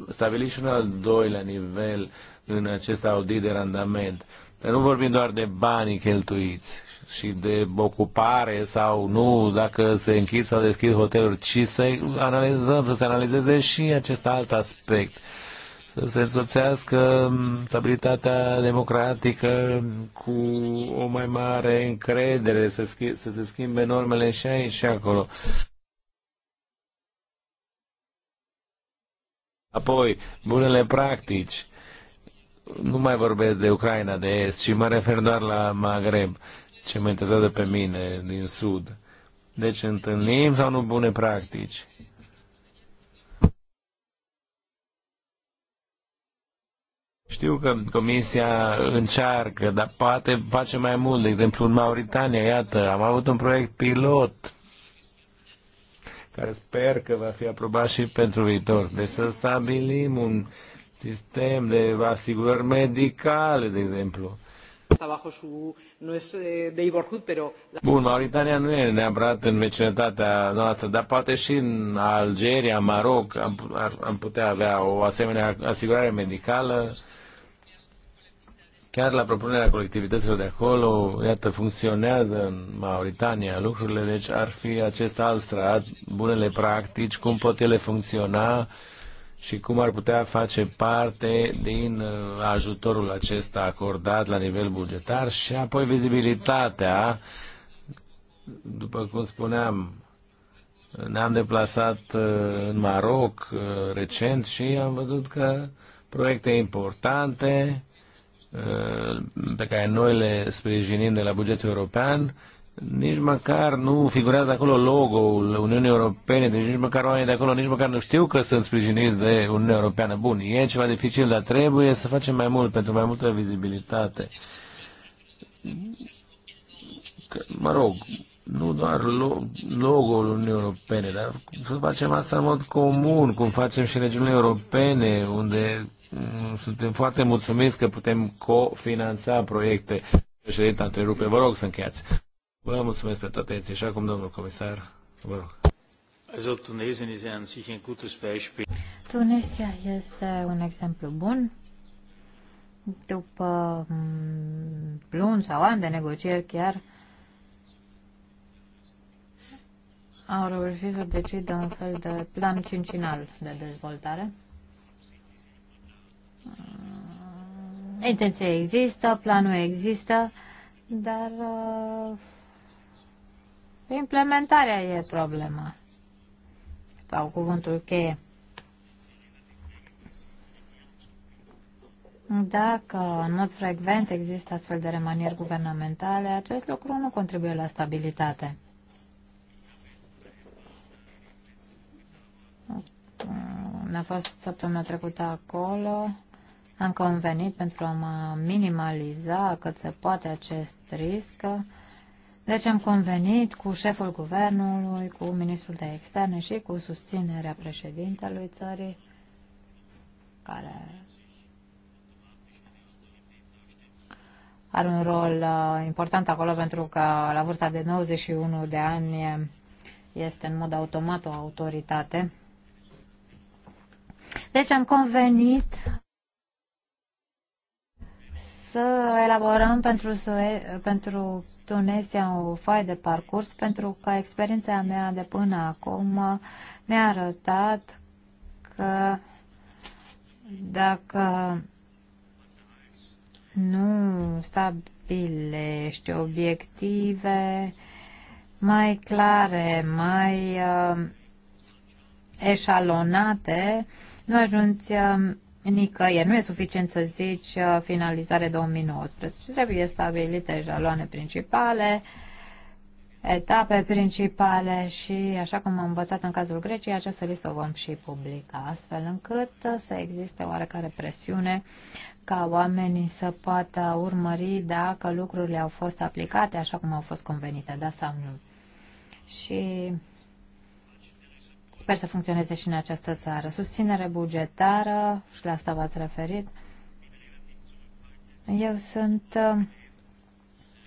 stabili și un al doilea nivel în acest audit de randament. Dar nu vorbim doar de banii cheltuiți și de ocupare sau nu, dacă se închid sau deschid hoteluri, ci să analizăm, să se analizeze și acest alt aspect. Să se însoțească stabilitatea democratică cu o mai mare încredere, să, schi- să se schimbe normele și aici și acolo. Apoi, bunele practici nu mai vorbesc de Ucraina de Est, ci mă refer doar la Maghreb, ce mă interesează pe mine din Sud. Deci întâlnim sau nu bune practici? Știu că Comisia încearcă, dar poate face mai mult. De exemplu, în Mauritania, iată, am avut un proiect pilot care sper că va fi aprobat și pentru viitor. Deci să stabilim un sistem de asigurări medicale, de exemplu. Eh, Bun, Mauritania nu e neapărat în vecinătatea noastră, dar poate și în Algeria, Maroc, am, ar, am putea avea o asemenea asigurare medicală. Chiar la propunerea colectivităților de acolo, iată, funcționează în Mauritania lucrurile, deci ar fi acest alt strat, bunele practici, cum pot ele funcționa, uh, și cum ar putea face parte din uh, ajutorul acesta acordat la nivel bugetar și apoi vizibilitatea, după cum spuneam, ne-am deplasat uh, în Maroc uh, recent și am văzut că proiecte importante pe care noi le sprijinim de la bugetul european nici măcar nu figurează acolo logo-ul Uniunii Europene, deci nici măcar oamenii de acolo nici măcar nu știu că sunt sprijiniți de Uniunea Europeană. Bun, e ceva dificil, dar trebuie să facem mai mult pentru mai multă vizibilitate. Că, mă rog, nu doar logo-ul Uniunii Europene, dar să facem asta în mod comun, cum facem și în regiunile europene, unde mm, suntem foarte mulțumiți că putem cofinanța proiecte. Președinte, întrerupe, vă rog să încheiați. Vă mulțumesc pentru atenție și acum, domnul comisar, vă rog. Also, Tunesien ist an sich ein gutes Beispiel. Tunisia este un exemplu bun. După mm, luni sau ani de negocieri chiar, au reușit să decidă un fel de plan cincinal de dezvoltare. Mm, intenția există, planul există, dar uh, Implementarea e problema. Sau cuvântul cheie. Dacă în mod frecvent există astfel de remanieri guvernamentale, acest lucru nu contribuie la stabilitate. Ne-a fost săptămâna trecută acolo, am convenit pentru a mă minimaliza cât se poate acest risc deci am convenit cu șeful guvernului, cu ministrul de externe și cu susținerea președintelui țării, care are un rol uh, important acolo pentru că la vârsta de 91 de ani este în mod automat o autoritate. Deci am convenit să elaborăm pentru, Sue- pentru Tunisia o foaie de parcurs, pentru că experiența mea de până acum mi-a arătat că dacă nu stabilești obiective mai clare, mai uh, eșalonate, nu ajungi uh, nicăieri. Nu e suficient să zici uh, finalizare 2019. Trebuie stabilite jaloane principale, etape principale și, așa cum am învățat în cazul Greciei, această listă o vom și publica, astfel încât să existe oarecare presiune ca oamenii să poată urmări dacă lucrurile au fost aplicate așa cum au fost convenite, da sau nu. Și Sper să funcționeze și în această țară. Susținere bugetară, și la asta v-ați referit. Eu sunt uh,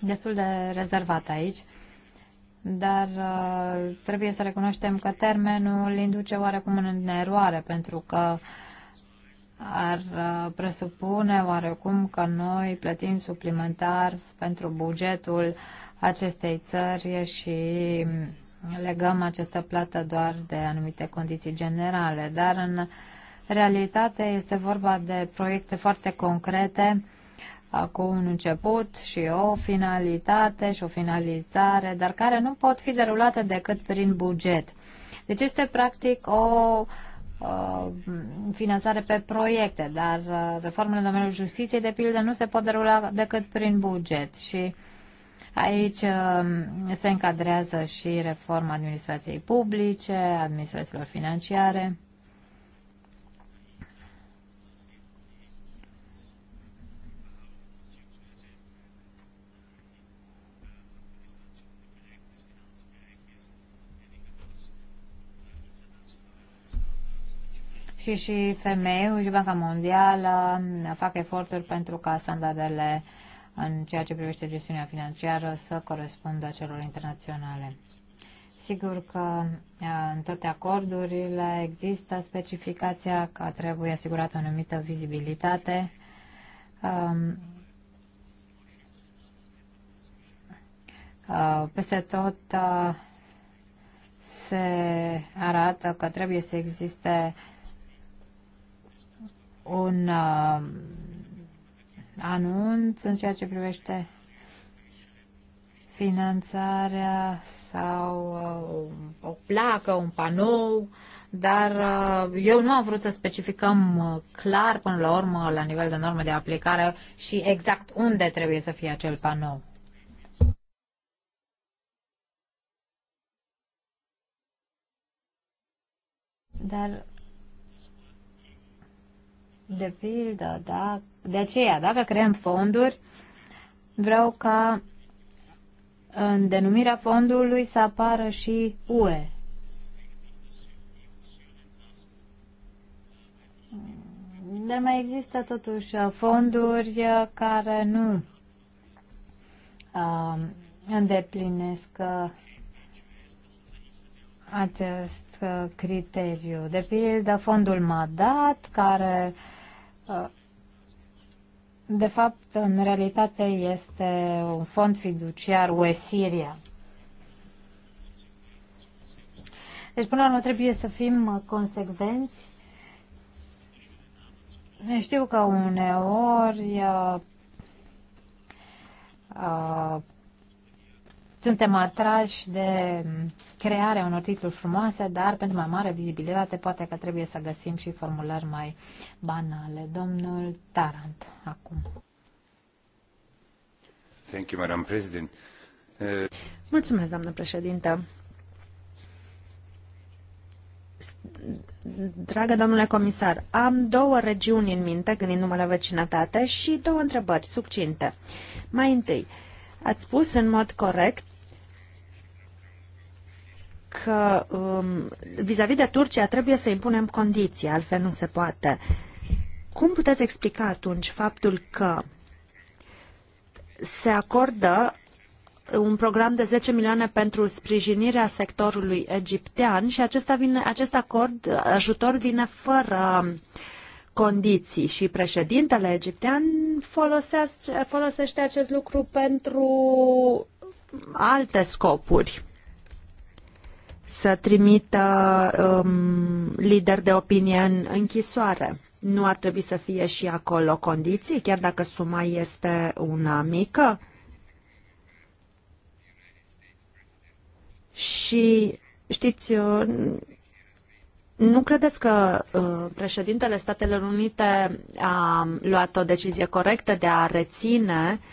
destul de rezervat aici, dar uh, trebuie să recunoaștem că termenul induce oarecum în eroare, pentru că ar uh, presupune oarecum că noi plătim suplimentar pentru bugetul uh, acestei țări și legăm această plată doar de anumite condiții generale, dar în realitate este vorba de proiecte foarte concrete cu un început și o finalitate și o finalizare, dar care nu pot fi derulate decât prin buget. Deci este practic o uh, finanțare pe proiecte, dar uh, reformele în domeniul justiției, de pildă, nu se pot derula decât prin buget și Aici um, se încadrează și reforma administrației publice, administrațiilor financiare. și și femei Banca Mondială uh, fac eforturi pentru ca standardele în ceea ce privește gestiunea financiară să corespundă celor internaționale. Sigur că în toate acordurile există specificația că trebuie asigurată o anumită vizibilitate. Peste tot se arată că trebuie să existe un anunț în ceea ce privește finanțarea sau uh, o placă, un panou, dar uh, eu nu am vrut să specificăm uh, clar până la urmă, la nivel de norme de aplicare și exact unde trebuie să fie acel panou. Dar de pildă, da? De aceea, dacă creăm fonduri, vreau ca în denumirea fondului să apară și UE. Dar mai există totuși fonduri care nu um, uh, îndeplinesc acest uh, criteriu. De pildă, fondul MADAT, care uh, Uh, de fapt, în realitate, este un fond fiduciar UE Siria. Deci, până la urmă, trebuie să fim consecvenți. Știu că uneori uh, uh, suntem atrași de crearea unor titluri frumoase, dar pentru mai mare vizibilitate poate că trebuie să găsim și formulări mai banale. Domnul Tarant, acum. Thank you, Madam President. Mulțumesc, doamnă președintă. Dragă domnule comisar, am două regiuni în minte, gândindu-mă la vecinătate, și două întrebări succinte. Mai întâi, Ați spus în mod corect că um, vis-a-vis um, -vis de Turcia trebuie să impunem condiții, altfel nu se poate. Cum puteți explica atunci faptul că se acordă un program de 10 milioane pentru sprijinirea sectorului egiptean și acesta vine, acest acord, ajutor vine fără condiții și președintele egiptean folosește, folosește acest lucru pentru alte scopuri să trimită um, lideri de opinie în închisoare. Nu ar trebui să fie și acolo condiții, chiar dacă suma este una mică? Și știți, uh, nu credeți că uh, președintele Statelor Unite a luat o decizie corectă de a reține uh,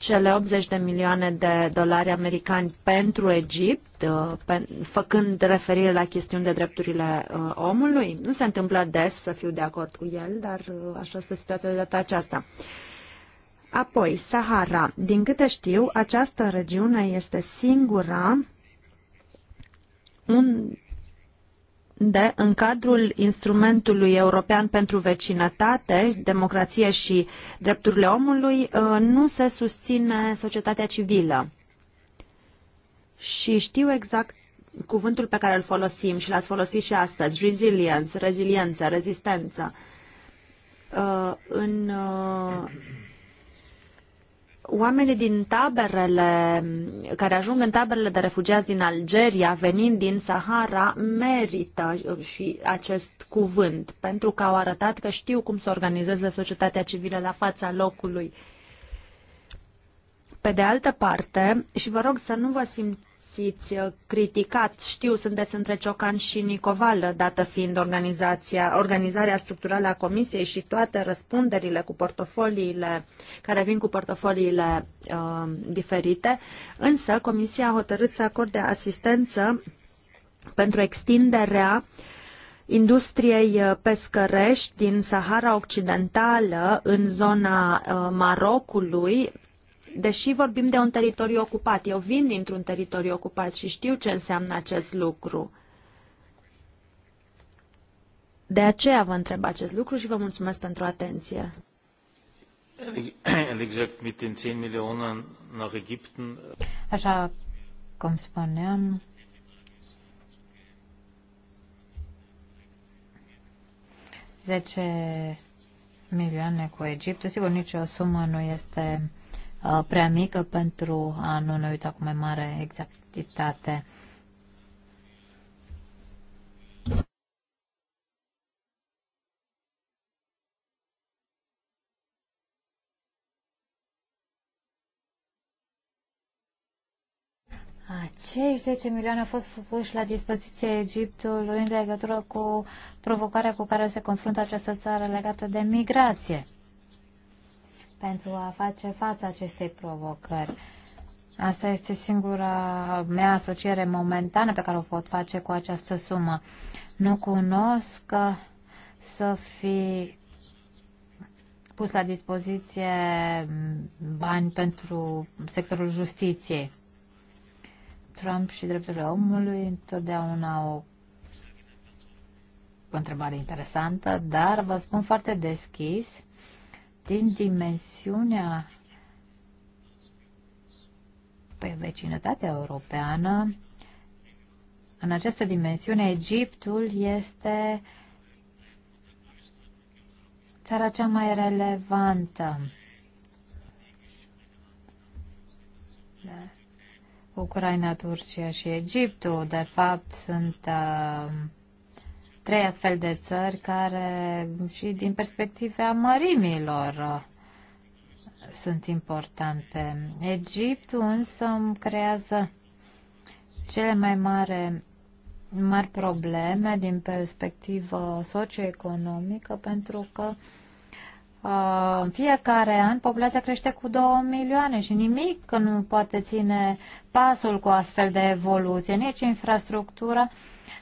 cele 80 de milioane de dolari americani pentru Egipt, uh, făcând referire la chestiuni de drepturile uh, omului. Nu se întâmplă des să fiu de acord cu el, dar uh, așa este situația de data aceasta. Apoi, Sahara. Din câte știu, această regiune este singura un, de în cadrul instrumentului european pentru vecinătate, democrație și drepturile omului, ă, nu se susține societatea civilă. Și știu exact cuvântul pe care îl folosim și l-ați folosit și astăzi, resilience, reziliență, rezistență. Ă, în ă, Oamenii din taberele, care ajung în taberele de refugiați din Algeria, venind din Sahara, merită și acest cuvânt, pentru că au arătat că știu cum să organizeze societatea civilă la fața locului. Pe de altă parte, și vă rog să nu vă simți ați criticat. Știu, sunteți între Ciocan și Nicovală, dată fiind organizația, organizarea structurală a Comisiei și toate răspunderile cu portofoliile, care vin cu portofoliile uh, diferite. Însă, Comisia a hotărât să acorde asistență pentru extinderea industriei uh, pescărești din Sahara Occidentală în zona uh, Marocului, deși vorbim de un teritoriu ocupat. Eu vin dintr-un teritoriu ocupat și știu ce înseamnă acest lucru. De aceea vă întreb acest lucru și vă mulțumesc pentru atenție. Äh, Așa cum spuneam, zece milioane cu Egiptul. Sigur, nicio sumă nu este Uh, prea mică pentru a nu ne uita cu mai mare exactitate. Acești 10 milioane au fost puși la dispoziție Egiptului în legătură cu provocarea cu care se confruntă această țară legată de migrație pentru a face față acestei provocări. Asta este singura mea asociere momentană pe care o pot face cu această sumă. Nu cunosc să fi pus la dispoziție bani pentru sectorul justiției. Trump și drepturile omului întotdeauna o întrebare interesantă, dar vă spun foarte deschis din dimensiunea pe vecinătatea europeană, în această dimensiune, Egiptul este țara cea mai relevantă. Ucraina, Turcia și Egiptul, de fapt, sunt uh, trei astfel de țări care și din perspectiva mărimilor sunt importante. Egiptul însă creează cele mai mare mari probleme din perspectivă socioeconomică pentru că în uh, fiecare an populația crește cu 2 milioane și nimic nu poate ține pasul cu astfel de evoluție, nici infrastructura,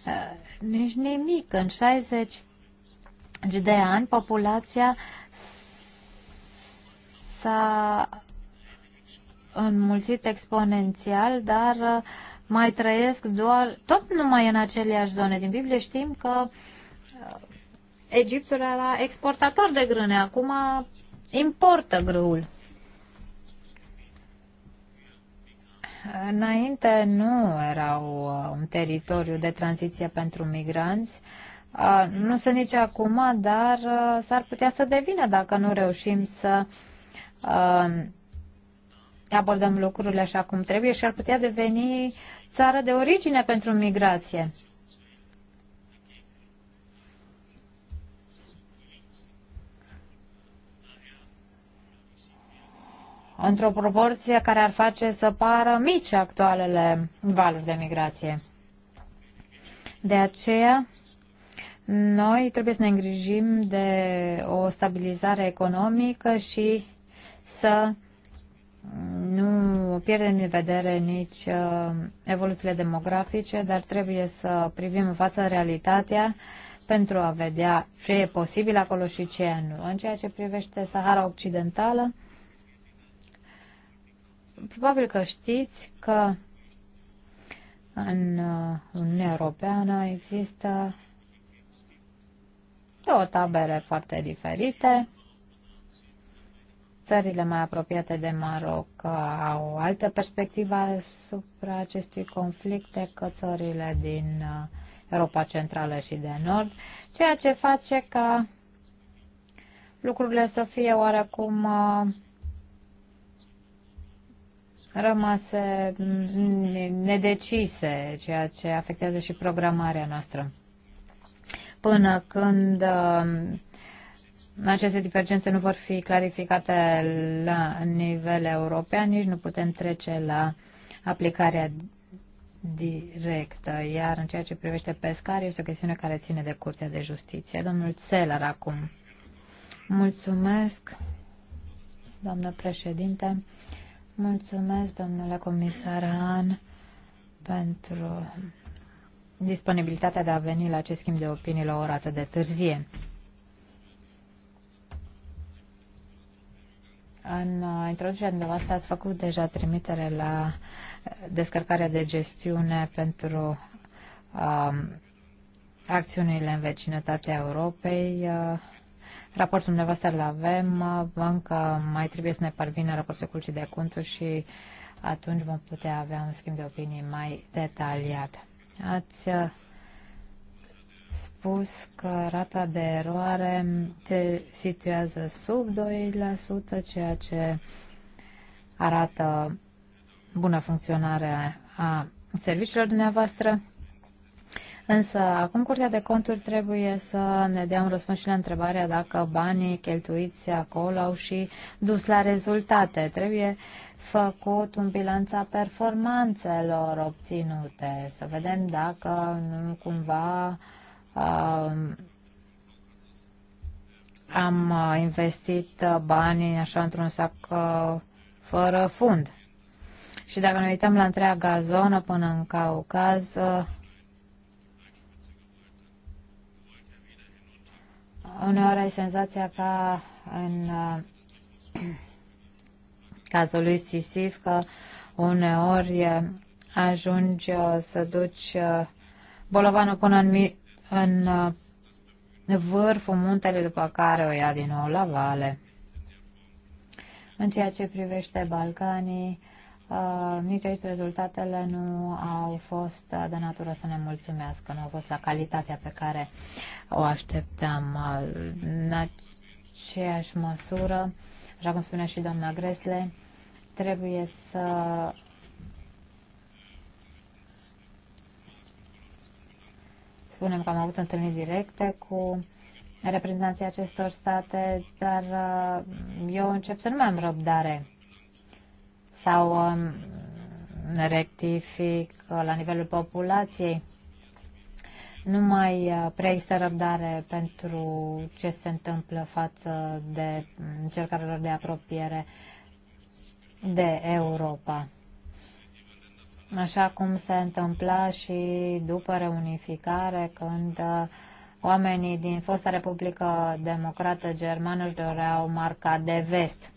uh, nici nimic. În 60 de ani, populația s-a înmulțit exponențial, dar uh, mai trăiesc doar, tot numai în aceleași zone. Din Biblie știm că uh, Egiptul era exportator de grâne, acum uh, importă grâul. Înainte nu erau uh, un teritoriu de tranziție pentru migranți, uh, nu sunt nici acum, dar uh, s-ar putea să devină dacă nu reușim să abordăm lucrurile așa cum trebuie și ar putea deveni țară de origine pentru migrație. într-o proporție care ar face să pară mici actualele valuri de migrație. De aceea, noi trebuie să ne îngrijim de o stabilizare economică și să nu pierdem din vedere nici uh, evoluțiile demografice, dar trebuie să privim în față realitatea pentru a vedea ce e posibil acolo și ce nu. În ceea ce privește Sahara Occidentală, Probabil că știți că în uh, Uniunea Europeană există două tabere foarte diferite. Țările mai apropiate de Maroc uh, au o altă perspectivă asupra acestui conflict decât țările din uh, Europa Centrală și de Nord, ceea ce face ca lucrurile să fie oarecum uh, rămase mm, nedecise, ceea ce afectează și programarea noastră. Până când um, aceste divergențe nu vor fi clarificate la nivel european, nici nu putem trece la aplicarea directă. Iar în ceea ce privește pescari, este o chestiune care ține de Curtea de Justiție. Domnul Țelar acum. Mulțumesc, doamnă președinte. Mulțumesc, domnule comisar Han, pentru disponibilitatea de a veni la acest schimb de opinii la o atât de târzie. În introducerea dumneavoastră ați făcut deja trimitere la descărcarea de gestiune pentru um, acțiunile în vecinătatea Europei. Uh, Raportul dumneavoastră îl avem, încă mai trebuie să ne parvină raportul Curții de Conturi și atunci vom putea avea un schimb de opinii mai detaliat. Ați uh, spus că rata de eroare se situează sub 2%, ceea ce arată bună funcționare a serviciilor dumneavoastră. Însă, acum Curtea de Conturi trebuie să ne dea un răspuns și la întrebarea dacă banii cheltuiți acolo au și dus la rezultate. Trebuie făcut un bilanț a performanțelor obținute, să vedem dacă nu cumva um, am investit banii așa într-un sac uh, fără fund. Și dacă ne uităm la întreaga zonă până în Caucaz, uh, Uneori ai senzația ca în uh, cazul lui Sisif că uneori uh, ajungi uh, să duci bolovanul până în, în vârful muntelui, după care o ia din nou la vale. În ceea ce privește Balcanii, Uh, nici aici rezultatele nu au fost de natură să ne mulțumească, nu au fost la calitatea pe care o așteptam. Uh, în aceeași măsură, așa cum spunea și doamna Gresle, trebuie să spunem că am avut întâlniri directe cu reprezentanții acestor state, dar uh, eu încep să nu mai am răbdare sau um, rectific la nivelul populației. Nu mai uh, preexistă răbdare pentru ce se întâmplă față de încercărilor de apropiere de Europa. Așa cum se întâmpla și după reunificare, când uh, oamenii din fosta Republică Democrată Germană își doreau marca de vest.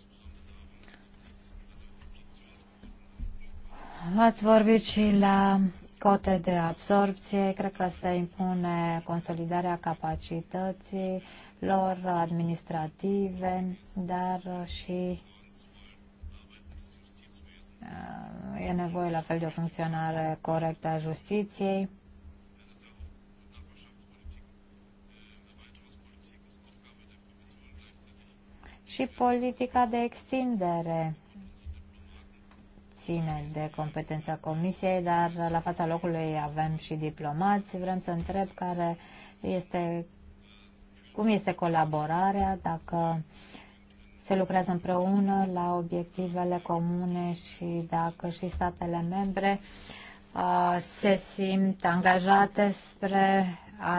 Ați vorbit și la cote de absorpție, cred că se impune consolidarea capacității lor administrative, dar și uh, e nevoie la fel de o funcționare corectă a justiției. Și politica de extindere ține de competența comisiei, dar la fața locului avem și diplomați. Vrem să întreb care este, cum este colaborarea, dacă se lucrează împreună la obiectivele comune și dacă și statele membre uh, se simt angajate spre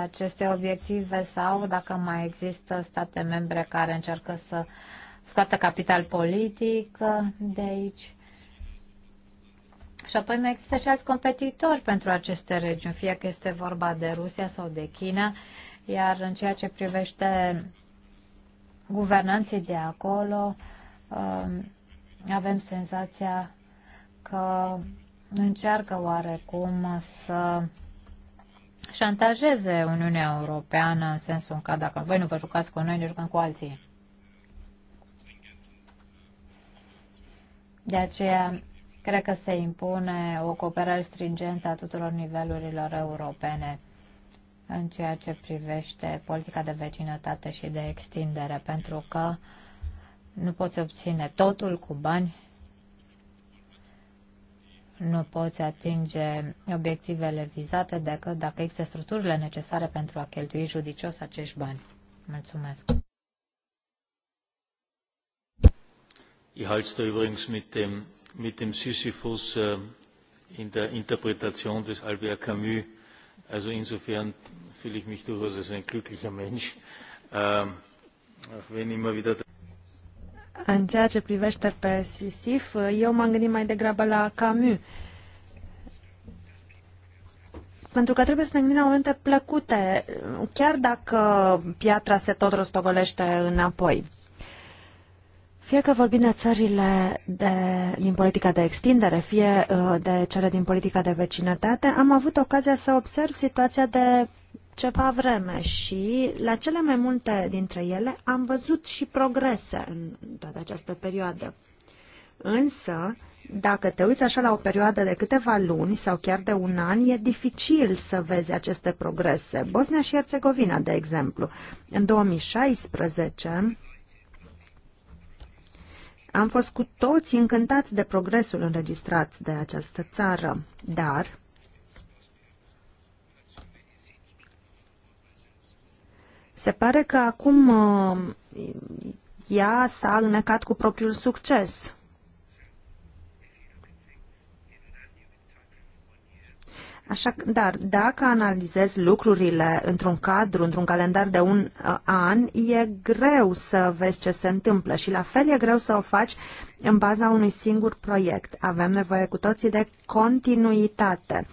aceste obiective sau dacă mai există state membre care încearcă să scoată capital politic de aici. Și apoi mai există și alți competitori pentru aceste regiuni, fie că este vorba de Rusia sau de China, iar în ceea ce privește guvernanții de acolo, um, avem senzația că încearcă oarecum să șantajeze Uniunea Europeană în sensul că dacă voi nu vă jucați cu noi, ne jucăm cu alții. De aceea Cred că se impune o cooperare stringentă a tuturor nivelurilor europene în ceea ce privește politica de vecinătate și de extindere, pentru că nu poți obține totul cu bani, nu poți atinge obiectivele vizate decât dacă există structurile necesare pentru a cheltui judicios acești bani. Mulțumesc. Ich halte es da übrigens mit dem mit dem Sisyphus äh, in der Interpretation des Albert Camus. Also insofern fühle ich mich durchaus als ein glücklicher Mensch, ähm, auch wenn immer wieder în ceea ce privește pe Sisif, eu m-am gândit mai degrabă la Camus. Pentru că trebuie să ne gândim la momente plăcute, chiar dacă piatra se tot rostogolește înapoi. Fie că vorbim de țările de, din politica de extindere, fie uh, de cele din politica de vecinătate, am avut ocazia să observ situația de ceva vreme și la cele mai multe dintre ele am văzut și progrese în toată această perioadă. Însă, dacă te uiți așa la o perioadă de câteva luni sau chiar de un an, e dificil să vezi aceste progrese. Bosnia și Herțegovina, de exemplu. În 2016, am fost cu toți încântați de progresul înregistrat de această țară, dar se pare că acum uh, ea s-a alunecat cu propriul succes. Așa, dar dacă analizezi lucrurile într-un cadru, într-un calendar de un uh, an, e greu să vezi ce se întâmplă și la fel e greu să o faci în baza unui singur proiect. Avem nevoie cu toții de continuitate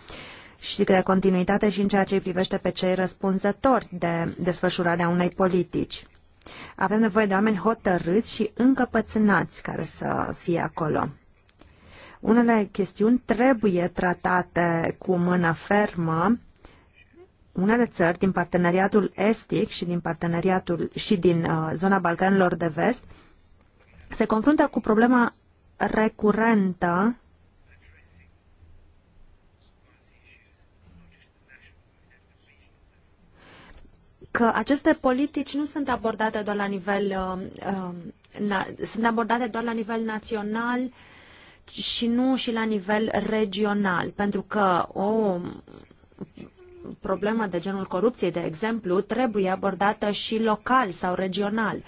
și de continuitate și în ceea ce îi privește pe cei răspunzători de desfășurarea unei politici. Avem nevoie de oameni hotărâți și încăpățânați care să fie acolo. Unele chestiuni trebuie tratate cu mână fermă. Unele țări din parteneriatul estic și din, parteneriatul, și din uh, zona Balcanilor de vest se confruntă cu problema recurentă că aceste politici nu sunt abordate doar la nivel uh, uh, na, sunt abordate doar la nivel național și nu și la nivel regional, pentru că o problemă de genul corupției, de exemplu, trebuie abordată și local sau regional.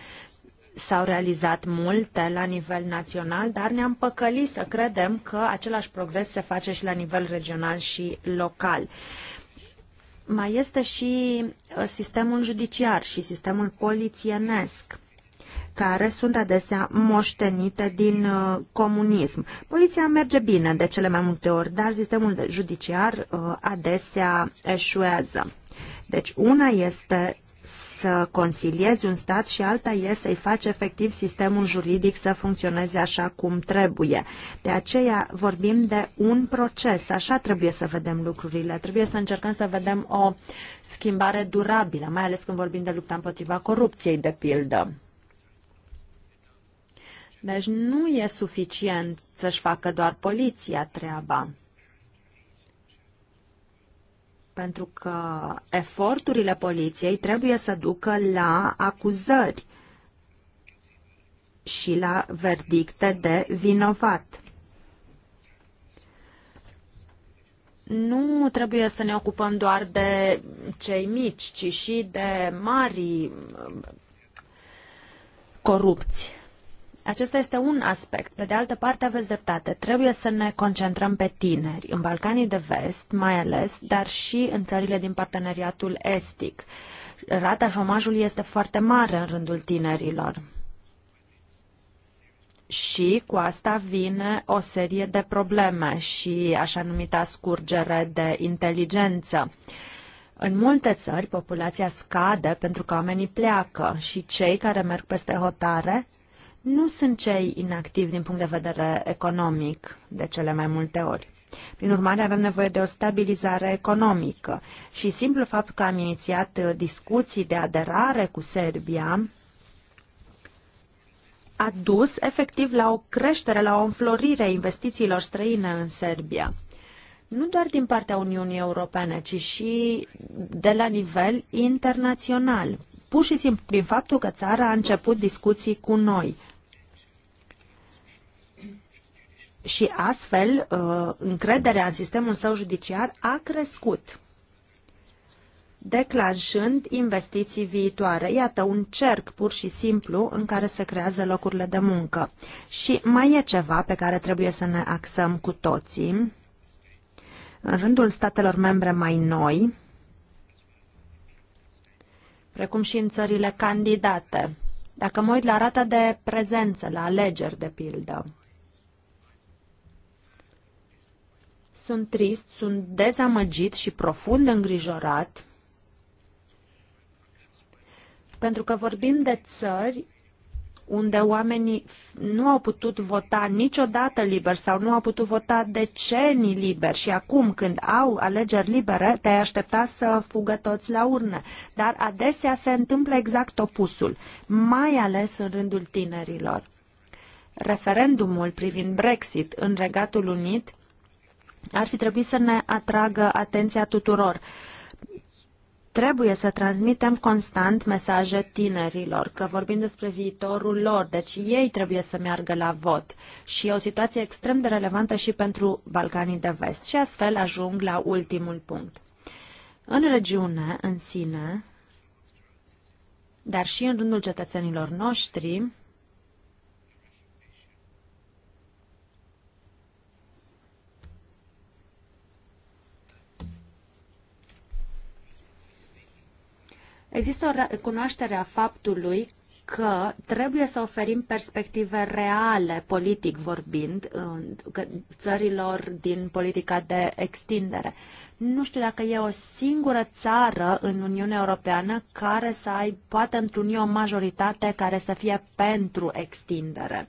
S-au realizat multe la nivel național, dar ne-am păcălit să credem că același progres se face și la nivel regional și local. Mai este și uh, sistemul judiciar și sistemul polițienesc care sunt adesea moștenite din uh, comunism. Poliția merge bine de cele mai multe ori, dar sistemul judiciar uh, adesea eșuează. Deci una este să consiliezi un stat și alta e să-i faci efectiv sistemul juridic să funcționeze așa cum trebuie. De aceea vorbim de un proces, așa trebuie să vedem lucrurile, trebuie să încercăm să vedem o schimbare durabilă, mai ales când vorbim de lupta împotriva corupției, de pildă. Deci nu e suficient să-și facă doar poliția treaba. Pentru că eforturile poliției trebuie să ducă la acuzări și la verdicte de vinovat. Nu trebuie să ne ocupăm doar de cei mici, ci și de mari um, corupți. Acesta este un aspect. Pe de altă parte, aveți dreptate. Trebuie să ne concentrăm pe tineri, în Balcanii de Vest, mai ales, dar și în țările din parteneriatul estic. Rata șomajului este foarte mare în rândul tinerilor. Și cu asta vine o serie de probleme și așa numita scurgere de inteligență. În multe țări, populația scade pentru că oamenii pleacă și cei care merg peste hotare nu sunt cei inactivi din punct de vedere economic de cele mai multe ori. Prin urmare, avem nevoie de o stabilizare economică și simplul fapt că am inițiat uh, discuții de aderare cu Serbia a dus efectiv la o creștere, la o înflorire a investițiilor străine în Serbia. Nu doar din partea Uniunii Europene, ci și de la nivel internațional. Pur și simplu prin faptul că țara a început discuții cu noi. și astfel uh, încrederea în sistemul său judiciar a crescut, declanșând investiții viitoare. Iată un cerc pur și simplu în care se creează locurile de muncă. Și mai e ceva pe care trebuie să ne axăm cu toții. În rândul statelor membre mai noi, precum și în țările candidate, dacă mă uit la rata de prezență la alegeri, de pildă, Sunt trist, sunt dezamăgit și profund îngrijorat pentru că vorbim de țări unde oamenii nu au putut vota niciodată liber sau nu au putut vota decenii liber și acum când au alegeri libere te-ai aștepta să fugă toți la urne. Dar adesea se întâmplă exact opusul, mai ales în rândul tinerilor. Referendumul privind Brexit în Regatul Unit ar fi trebuit să ne atragă atenția tuturor. Trebuie să transmitem constant mesaje tinerilor, că vorbim despre viitorul lor, deci ei trebuie să meargă la vot. Și e o situație extrem de relevantă și pentru Balcanii de Vest. Și astfel ajung la ultimul punct. În regiune, în sine, dar și în rândul cetățenilor noștri, Există o recunoaștere a faptului că trebuie să oferim perspective reale, politic vorbind, țărilor din politica de extindere. Nu știu dacă e o singură țară în Uniunea Europeană care să ai, poate întruni o majoritate care să fie pentru extindere.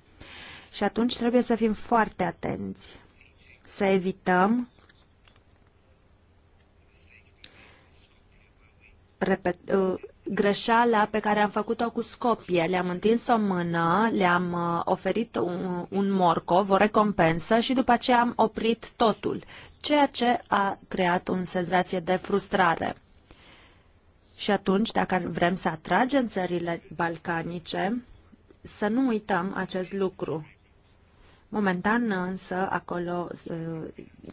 Și atunci trebuie să fim foarte atenți, să evităm repet, uh, greșeala pe care am făcut-o cu Scopie. Le-am întins o mână, le-am uh, oferit un, un morcov, o recompensă și după aceea am oprit totul, ceea ce a creat o senzație de frustrare. Și atunci, dacă vrem să atragem țările balcanice, să nu uităm acest lucru. Momentan însă acolo uh,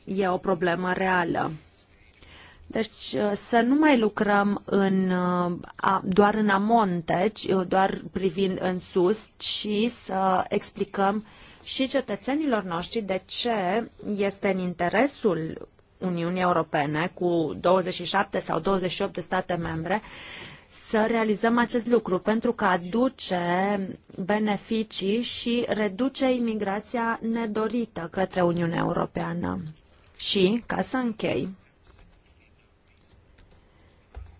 e o problemă reală. Deci uh, să nu mai lucrăm în, uh, doar în amonte, uh, doar privind în sus, ci să explicăm și cetățenilor noștri de ce este în interesul Uniunii Europene cu 27 sau 28 de state membre să realizăm acest lucru pentru că aduce beneficii și reduce imigrația nedorită către Uniunea Europeană. Și, ca să închei,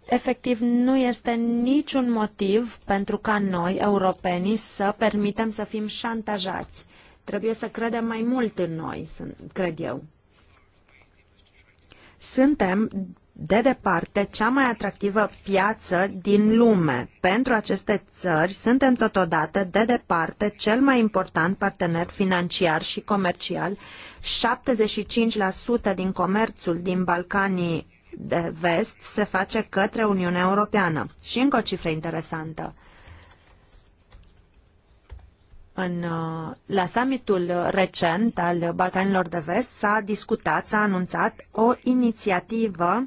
efectiv nu este niciun motiv pentru ca noi, europenii, să permitem să fim șantajați. Trebuie să credem mai mult în noi, cred eu. Suntem de departe cea mai atractivă piață din lume. Pentru aceste țări suntem totodată de departe cel mai important partener financiar și comercial. 75% din comerțul din Balcanii de vest se face către Uniunea Europeană. Și încă o cifră interesantă. În, uh, la summitul recent al Balcanilor de Vest s-a discutat, s-a anunțat o inițiativă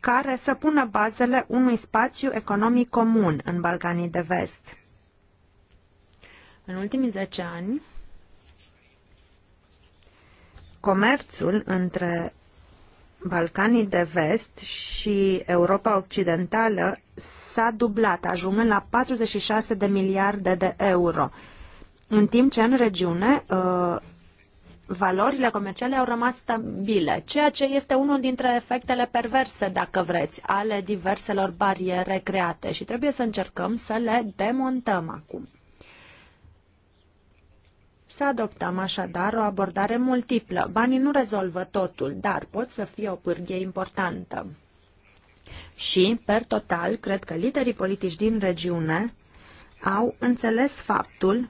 care să pună bazele unui spațiu economic comun în Balcanii de Vest. În ultimii 10 ani, comerțul între Balcanii de vest și Europa Occidentală s-a dublat, ajungând la 46 de miliarde de euro. În timp ce în regiune uh, valorile comerciale au rămas stabile, ceea ce este unul dintre efectele perverse, dacă vreți, ale diverselor bariere create și trebuie să încercăm să le demontăm acum. Să adoptăm așadar o abordare multiplă. Banii nu rezolvă totul, dar pot să fie o pârghie importantă. Și, per total, cred că liderii politici din regiune au înțeles faptul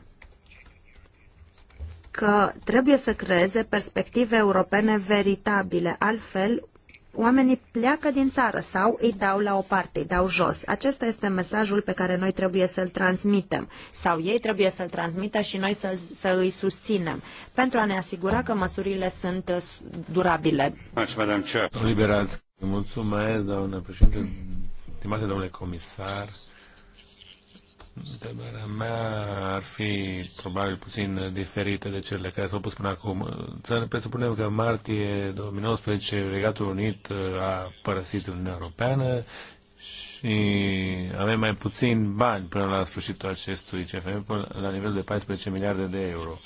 că trebuie să creeze perspective europene veritabile, altfel oamenii pleacă din țară sau îi dau la o parte, îi dau jos. Acesta este mesajul pe care noi trebuie să-l transmitem sau ei trebuie să-l transmită și noi să, să îi susținem pentru a ne asigura că măsurile sunt uh, durabile. Mulțumesc, doamnă președinte, stimate domnule comisar. Întrebarea mea ar fi probabil puțin diferită de cele care s-au pus până acum. Să presupunem că în martie 2019 Regatul Unit uh, a părăsit Uniunea Europeană și avem mai puțin bani până la sfârșitul acestui CFM, la nivel de 14 miliarde de euro.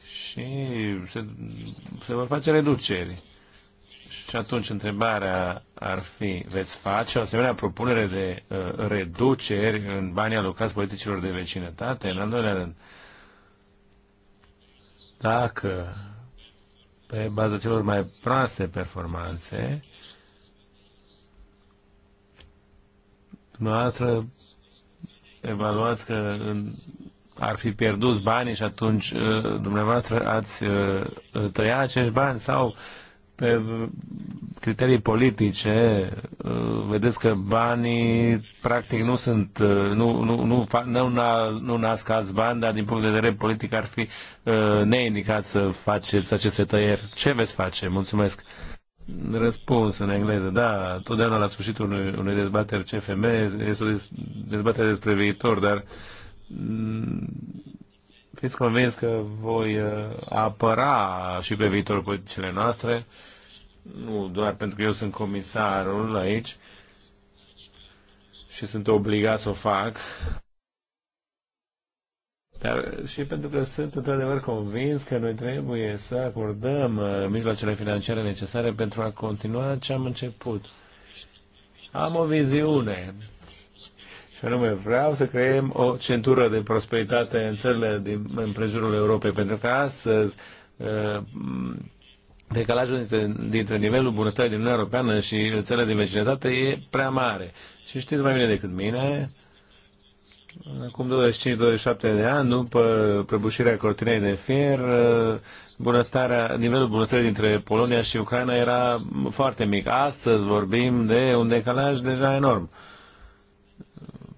Și se, se vor face reduceri și atunci întrebarea ar fi, veți face o asemenea propunere de uh, reduceri în banii alocați politicilor de vecinătate? În al doilea rând, dacă pe baza celor mai proaste performanțe, dumneavoastră evaluați că în, ar fi pierdut banii și atunci uh, dumneavoastră ați uh, tăia acești bani sau uh, pe criterii politice, uh, vedeți că banii practic nu sunt, uh, nu, nu, nu, nu, nu nasc alți bani, dar din punct de vedere politic ar fi uh, neindicat să faceți aceste tăieri. Ce veți face? Mulțumesc! Răspuns în engleză, da, totdeauna la sfârșitul unei, unei dezbateri CFM este o dezbatere despre viitor, dar mm, fiți convins că voi apăra și pe viitor politicile noastre nu doar pentru că eu sunt comisarul aici și sunt obligat să o fac, dar și pentru că sunt într-adevăr convins că noi trebuie să acordăm uh, mijloacele financiare necesare pentru a continua ce am început. Am o viziune și anume, vreau să creăm o centură de prosperitate în țările din împrejurul Europei, pentru că astăzi uh, decalajul dintre, dintre nivelul bunăstării din Uniunea Europeană și țările din vecinătate e prea mare. Și știți mai bine decât mine, acum 25-27 de ani, după prăbușirea cortinei de fier, bunătarea, nivelul bunăstării dintre Polonia și Ucraina era foarte mic. Astăzi vorbim de un decalaj deja enorm.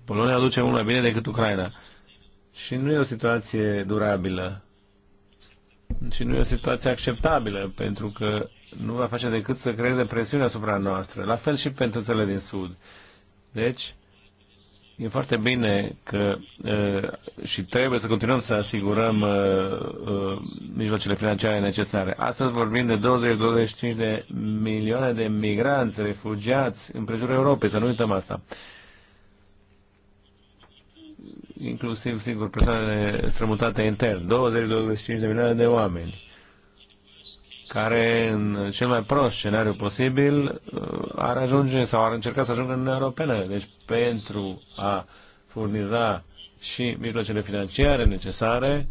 Polonia duce mult mai bine decât Ucraina. Și nu e o situație durabilă și nu e o situație acceptabilă, pentru că nu va face decât să creeze presiune asupra noastră, la fel și pentru țările din Sud. Deci, e foarte bine că și trebuie să continuăm să asigurăm mijloacele financiare necesare. Astăzi vorbim de 20-25 de milioane de migranți, refugiați în prejurul Europei, să nu uităm asta inclusiv, sigur, persoanele strămutate intern, 20-25 de milioane de oameni care în cel mai prost scenariu posibil uh, ar ajunge sau ar încerca să ajungă în Uniunea Europeană. Deci pentru a furniza și mijloacele financiare necesare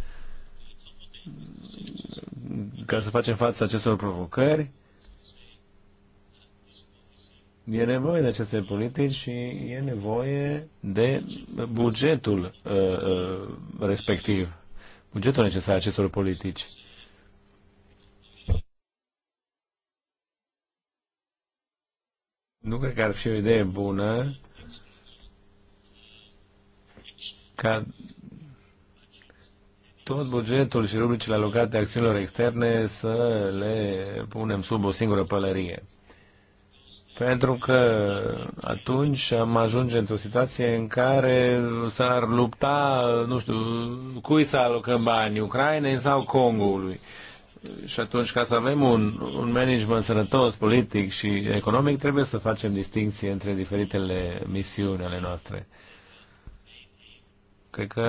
ca să facem față acestor provocări, E nevoie de aceste politici și e nevoie de bugetul uh, uh, respectiv, bugetul necesar acestor politici. Nu cred că ar fi o idee bună ca tot bugetul și rubricile alocate acțiunilor externe să le punem sub o singură pălărie. Pentru că atunci am ajunge într-o situație în care s-ar lupta, nu știu, cui să alocăm bani, Ucrainei sau Congoului. Și atunci, ca să avem un, un management sănătos, politic și economic, trebuie să facem distinție între diferitele misiuni ale noastre. Cred că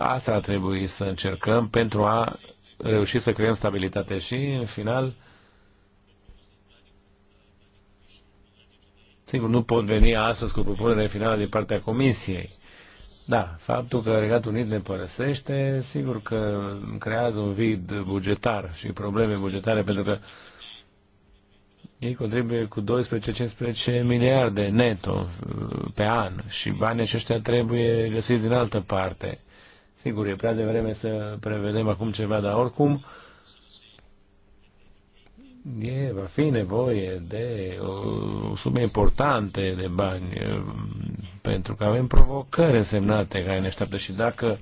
asta ar trebui să încercăm pentru a reuși să creăm stabilitate și, în final, Sigur, nu pot veni astăzi cu propunere finală din partea Comisiei. Da, faptul că Regatul Unit ne părăsește, sigur că creează un vid bugetar și probleme bugetare, pentru că ei contribuie cu 12-15 miliarde neto uh, pe an și banii aceștia trebuie găsiți din altă parte. Sigur, e prea devreme să prevedem acum ceva, dar oricum e, va fi nevoie de o sumă importantă de bani pentru că avem provocări însemnate care ne așteaptă și dacă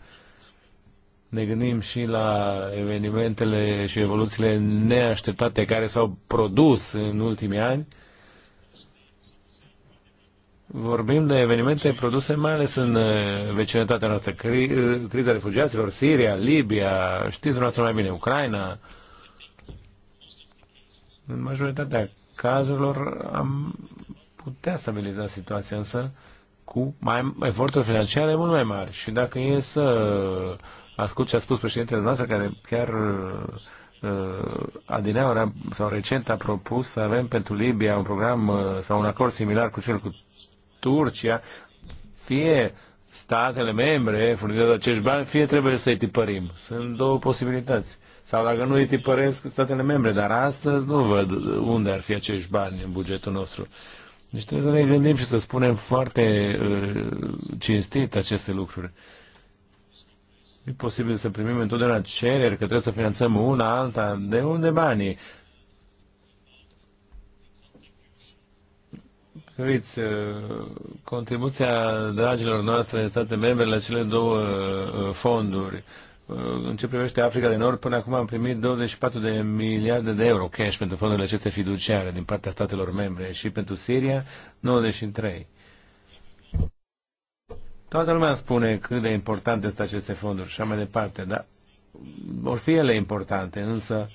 ne gândim și la evenimentele și evoluțiile neașteptate care s-au produs în ultimii ani, Vorbim de evenimente produse mai ales în vecinătatea noastră, cri, criza refugiaților, Siria, Libia, știți dumneavoastră mai bine, Ucraina, în majoritatea cazurilor am putea stabiliza situația, însă cu mai, eforturi financiare mult mai mari. Și dacă e să ascult ce a spus președintele noastră, care chiar uh, adineaura sau recent a propus să avem pentru Libia un program uh, sau un acord similar cu cel cu Turcia, fie statele membre furnizând acești bani, fie trebuie să-i tipărim. Sunt două posibilități sau dacă nu îi tipăresc statele membre, dar astăzi nu văd unde ar fi acești bani în bugetul nostru. Deci trebuie să ne gândim și să spunem foarte uh, cinstit aceste lucruri. E posibil să primim întotdeauna cereri că trebuie să finanțăm una, alta, de unde banii? Uiți, uh, contribuția dragilor noastre în state membre la cele două uh, fonduri Uh, în ce privește Africa de Nord, până acum am primit 24 de miliarde de euro cash pentru fondurile acestea fiduciare din partea statelor membre și pentru Siria 93. Toată lumea spune cât de importante sunt aceste fonduri și așa mai departe, dar vor fi ele importante, însă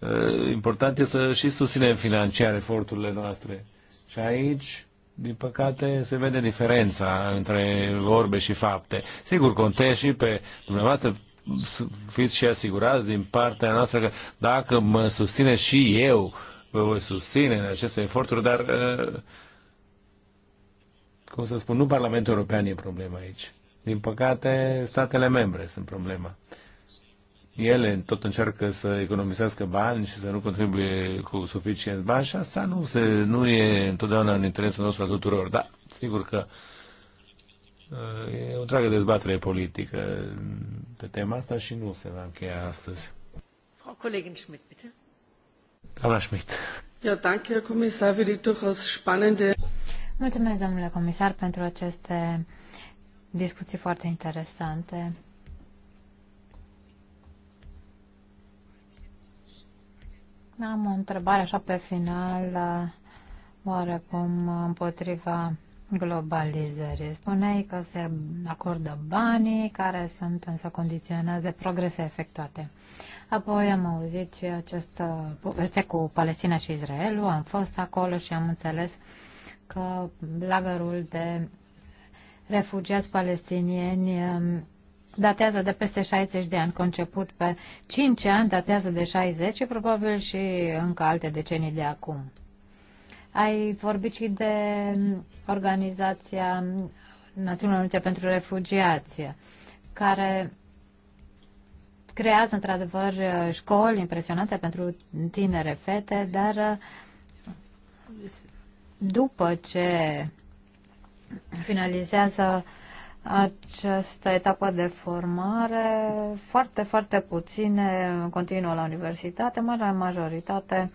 uh, important este să și susținem financiar eforturile noastre. Și aici, din păcate, se vede diferența între vorbe și fapte. Sigur, contează și pe dumneavoastră fiți și asigurați din partea noastră că dacă mă susține și eu, vă voi susține în aceste eforturi, dar uh, cum să spun, nu Parlamentul European e problema aici. Din păcate, statele membre sunt problema. Ele tot încearcă să economisească bani și să nu contribuie cu suficient bani și asta nu, se, nu e întotdeauna în interesul nostru a tuturor. Da, sigur că uh, E o întreagă dezbatere politică pe tema asta și nu se va încheia astăzi. Frau Kollegin Schmidt, bitte. Doamna Schmidt. Ja, danke, Herr Kommissar, für die durchaus spannende... Mulțumesc, domnule comisar, pentru aceste discuții foarte interesante. Am o întrebare așa pe final, uh, oarecum uh, împotriva globalizării. Spuneai că se acordă banii care sunt însă condiționați de progrese efectuate. Apoi am auzit și această poveste cu Palestina și Israelul, am fost acolo și am înțeles că lagărul de refugiați palestinieni um, datează de peste 60 de ani, conceput pe 5 ani, datează de 60 și probabil și încă alte decenii de acum. Ai vorbit și de Organizația Națiunilor Unite pentru Refugiați, care creează într-adevăr școli impresionante pentru tinere fete, dar după ce finalizează această etapă de formare, foarte, foarte puține continuă la universitate, marea majoritate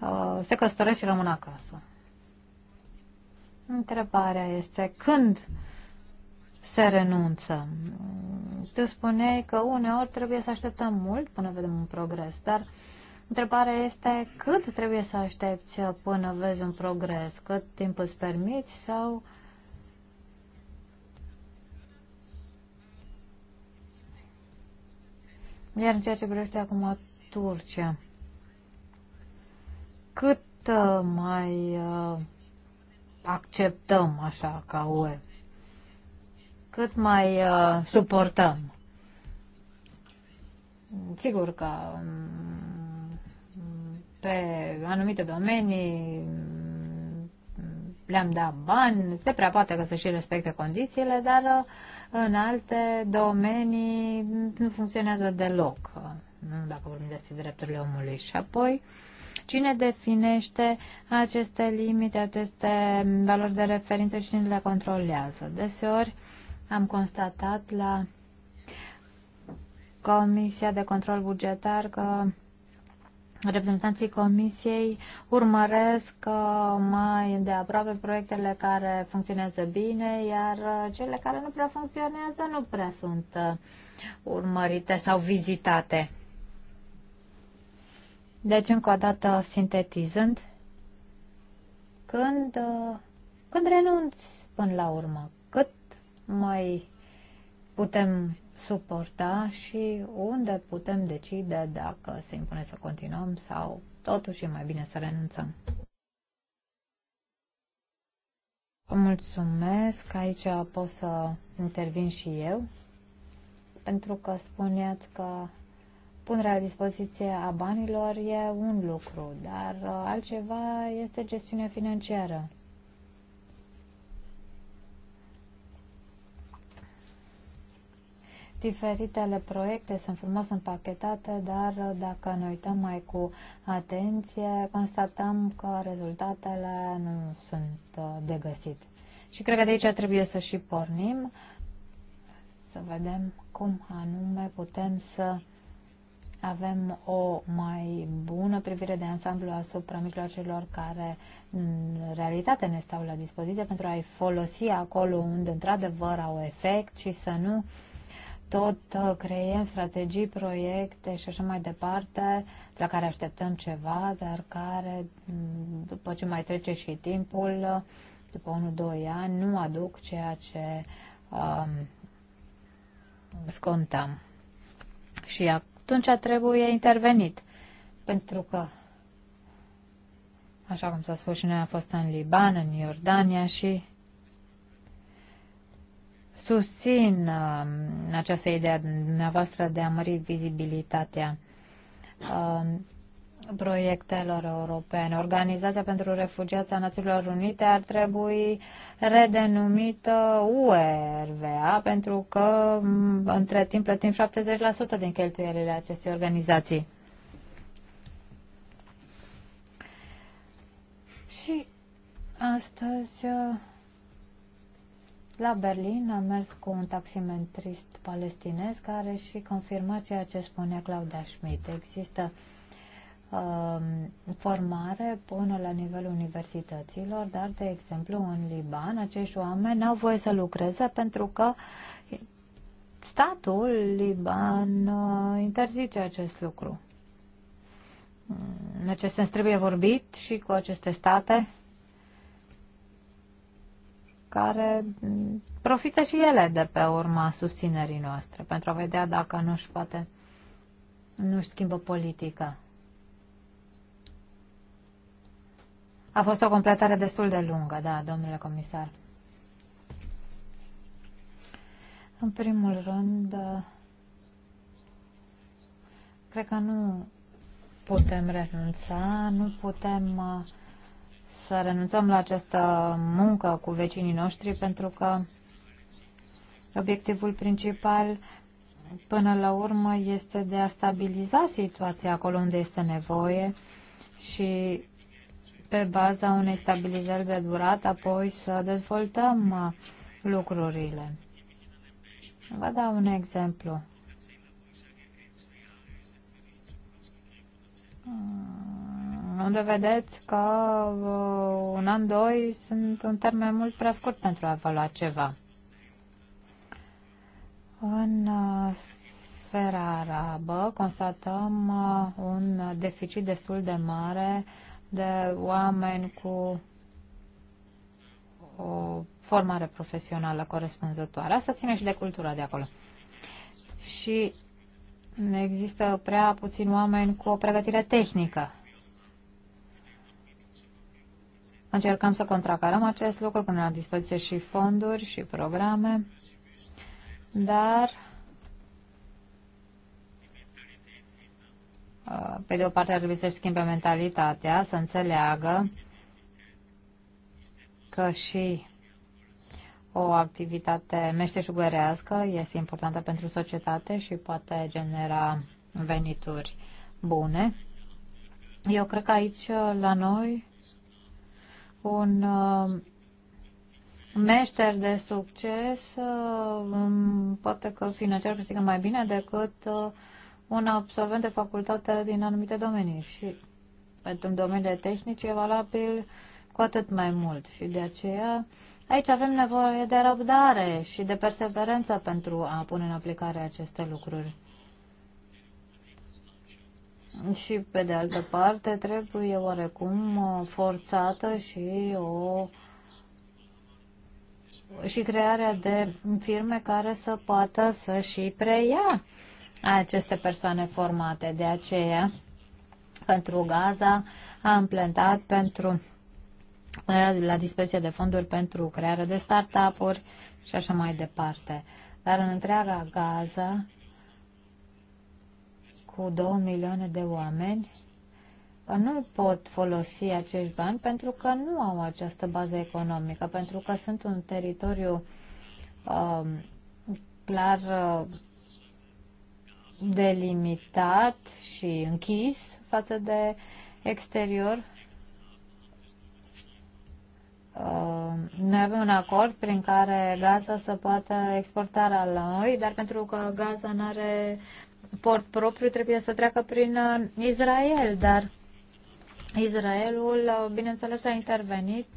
Uh, se căsătoresc și rămân acasă. Întrebarea este când se renunță. Tu spuneai că uneori trebuie să așteptăm mult până vedem un progres, dar întrebarea este cât trebuie să aștepți până vezi un progres, cât timp îți permiți sau Iar în ceea ce privește acum Turcia, cât uh, mai uh, acceptăm așa ca UE, cât mai uh, suportăm. Sigur că mm, pe anumite domenii mm, le-am dat bani, se prea poate că să și respecte condițiile, dar în alte domenii nu funcționează deloc, dacă vorbim despre drepturile omului. Și apoi, uh, Cine definește aceste limite, aceste valori de referință, cine le controlează? Deseori am constatat la Comisia de Control Bugetar că reprezentanții Comisiei urmăresc uh, mai de aproape proiectele care funcționează bine, iar uh, cele care nu prea funcționează nu prea sunt uh, urmărite sau vizitate. Deci, încă o dată, sintetizând, când, uh, când renunți până la urmă, cât mai putem suporta și unde putem decide dacă se impune să continuăm sau totuși e mai bine să renunțăm. Vă mulțumesc, aici pot să intervin și eu, pentru că spuneați că punerea la dispoziție a banilor e un lucru, dar uh, altceva este gestiunea financiară. Diferitele proiecte sunt frumos împachetate, dar uh, dacă ne uităm mai cu atenție, constatăm că rezultatele nu sunt uh, de găsit. Și cred că de aici trebuie să și pornim, să vedem cum anume putem să avem o mai bună privire de ansamblu asupra mijloacelor care în realitate ne stau la dispoziție pentru a-i folosi acolo unde într-adevăr au efect și să nu tot uh, creiem strategii, proiecte și așa mai departe, la care așteptăm ceva, dar care, mm, după ce mai trece și timpul, uh, după 1-2 ani, nu aduc ceea ce um, scontăm. Și atunci trebuie intervenit. Pentru că, așa cum s-a spus și noi, am fost în Liban, în Iordania și susțin uh, această idee a dumneavoastră de a mări vizibilitatea uh, proiectelor europene. Organizația pentru refugiații a Națiunilor Unite ar trebui redenumită URVA pentru că între timp plătim 70% din cheltuielile acestei organizații. Și astăzi la Berlin am mers cu un taximetrist palestinez care și confirma ceea ce spunea Claudia Schmidt. Există Um, formare până la nivelul universităților, dar, de exemplu, în Liban, acești oameni au voie să lucreze pentru că statul Liban uh, interzice acest lucru. Mm, în acest sens trebuie vorbit și cu aceste state care mm, profită și ele de pe urma susținerii noastre pentru a vedea dacă nu-și poate nu-și schimbă politica. A fost o completare destul de lungă, da, domnule comisar. În primul rând, cred că nu putem renunța, nu putem uh, să renunțăm la această muncă cu vecinii noștri, pentru că obiectivul principal până la urmă este de a stabiliza situația acolo unde este nevoie și pe baza unei stabilizări de durată, apoi să dezvoltăm uh, lucrurile. Vă dau un exemplu. Uh, unde vedeți că uh, un an, doi sunt un termen mult prea scurt pentru a evalua ceva. În sfera arabă constatăm un deficit destul de mare de oameni cu o formare profesională corespunzătoare. Asta ține și de cultura de acolo. Și există prea puțini oameni cu o pregătire tehnică. Încercăm să contracarăm acest lucru, punem la dispoziție și fonduri și programe, dar pe de o parte ar trebui să-și schimbe mentalitatea, să înțeleagă că și o activitate meșteșugărească este importantă pentru societate și poate genera venituri bune. Eu cred că aici, la noi, un uh, meșter de succes uh, poate că financiar câștigă mai bine decât uh, un absolvent de facultate din anumite domenii și pentru domeniile tehnice e valabil cu atât mai mult și de aceea aici avem nevoie de răbdare și de perseverență pentru a pune în aplicare aceste lucruri. Și pe de altă parte trebuie oarecum uh, forțată și o și crearea de firme care să poată să și preia aceste persoane formate. De aceea, pentru Gaza am plantat pentru la dispoziție de fonduri pentru crearea de startup-uri și așa mai departe. Dar în întreaga Gaza, cu 2 milioane de oameni, nu pot folosi acești bani pentru că nu au această bază economică, pentru că sunt un teritoriu uh, clar uh, delimitat și închis față de exterior. Uh, noi avem un acord prin care Gaza să poată exporta la noi, dar pentru că Gaza nu are port propriu, trebuie să treacă prin uh, Israel, dar Israelul, uh, bineînțeles, a intervenit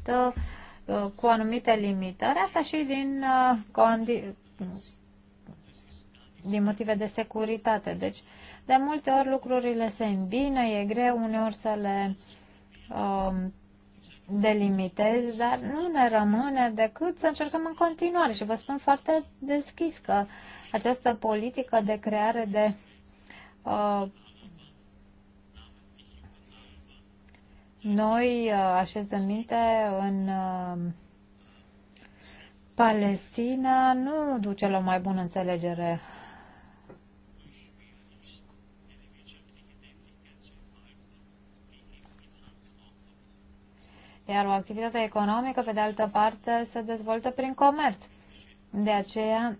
cu anumite limitări, asta și din din motive de securitate. Deci, de multe ori lucrurile se îmbină, e greu uneori să le um, delimitez, dar nu ne rămâne decât să încercăm în continuare. Și vă spun foarte deschis că această politică de creare de uh, noi uh, așezăminte în uh, Palestina nu duce la o mai bună înțelegere iar o activitate economică, pe de altă parte, se dezvoltă prin comerț. De aceea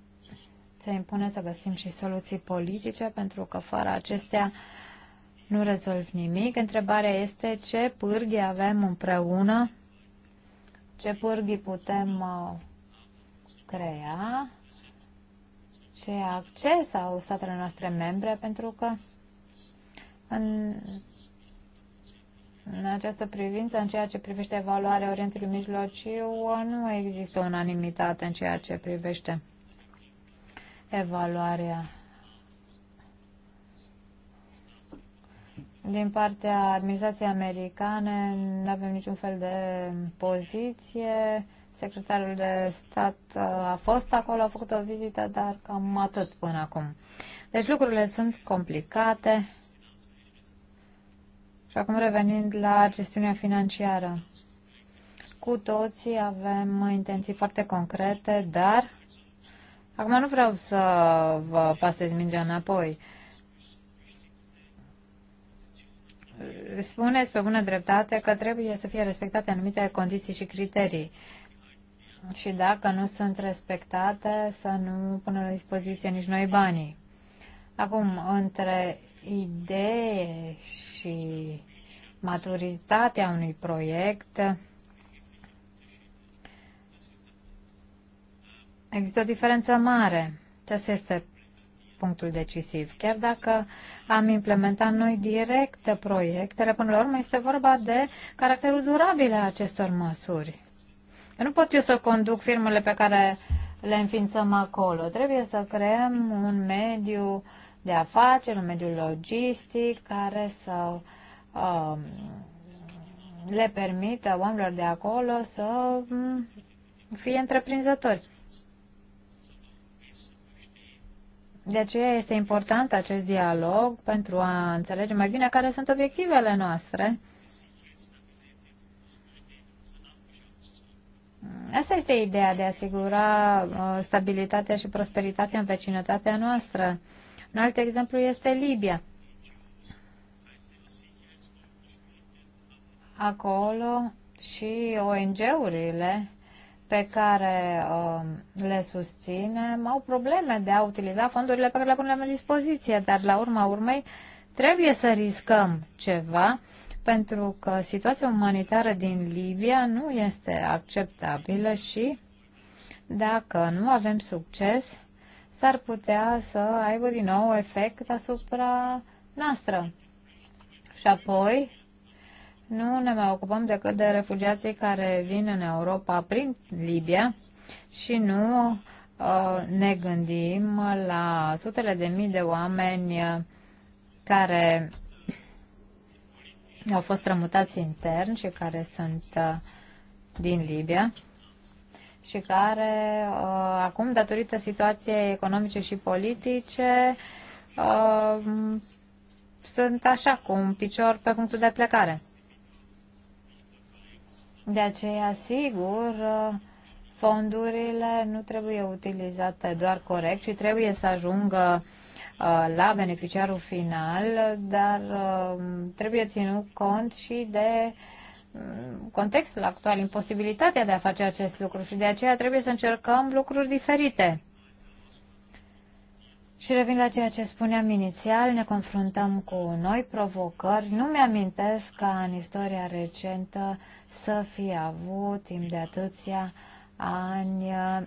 se impune să găsim și soluții politice, pentru că fără acestea nu rezolv nimic. Întrebarea este ce pârghii avem împreună, ce pârghii putem uh, crea, ce acces au statele noastre membre, pentru că în în această privință, în ceea ce privește evaluarea Orientului Mijlociu, nu există unanimitate în ceea ce privește evaluarea din partea administrației americane nu avem niciun fel de poziție. Secretarul de stat uh, a fost acolo, a făcut o vizită, dar cam atât până acum. Deci lucrurile sunt complicate. Și acum revenind la gestiunea financiară. Cu toții avem intenții foarte concrete, dar acum nu vreau să vă pasez mingea înapoi. Spuneți pe bună dreptate că trebuie să fie respectate anumite condiții și criterii. Și dacă nu sunt respectate, să nu pună la dispoziție nici noi banii. Acum, între idee și maturitatea unui proiect există o diferență mare. Acesta este punctul decisiv. Chiar dacă am implementat noi direct proiectele, până la urmă este vorba de caracterul durabil al acestor măsuri. Eu nu pot eu să conduc firmele pe care le înființăm acolo. Trebuie să creăm un mediu uh, de afaceri, un mediu logistic care să um, le permită oamenilor de acolo să um, fie întreprinzători. De aceea este important acest dialog pentru a înțelege mai bine care sunt obiectivele noastre. Asta este ideea de a asigura uh, stabilitatea și prosperitatea în vecinătatea noastră. Un alt exemplu este Libia. Acolo și ONG-urile pe care uh, le susținem au probleme de a utiliza fondurile pe care le punem la dispoziție, dar la urma urmei trebuie să riscăm ceva pentru că situația umanitară din Libia nu este acceptabilă și dacă nu avem succes, s-ar putea să aibă din nou efect asupra noastră. Și apoi nu ne mai ocupăm decât de refugiații care vin în Europa prin Libia și nu uh, ne gândim la sutele de mii de oameni care au fost rămutați intern și care sunt uh, din Libia și care uh, acum, datorită situației economice și politice, uh, sunt așa cu un picior pe punctul de plecare. De aceea, sigur, fondurile nu trebuie utilizate doar corect, ci trebuie să ajungă uh, la beneficiarul final, dar trebuie ținut cont și de uh, contextul actual imposibilitatea de a face acest lucru și de aceea trebuie să încercăm lucruri diferite. Și revin la ceea ce spuneam inițial, ne confruntăm cu noi provocări. Nu mi-amintesc ca în istoria recentă să fi avut timp de atâția ani uh,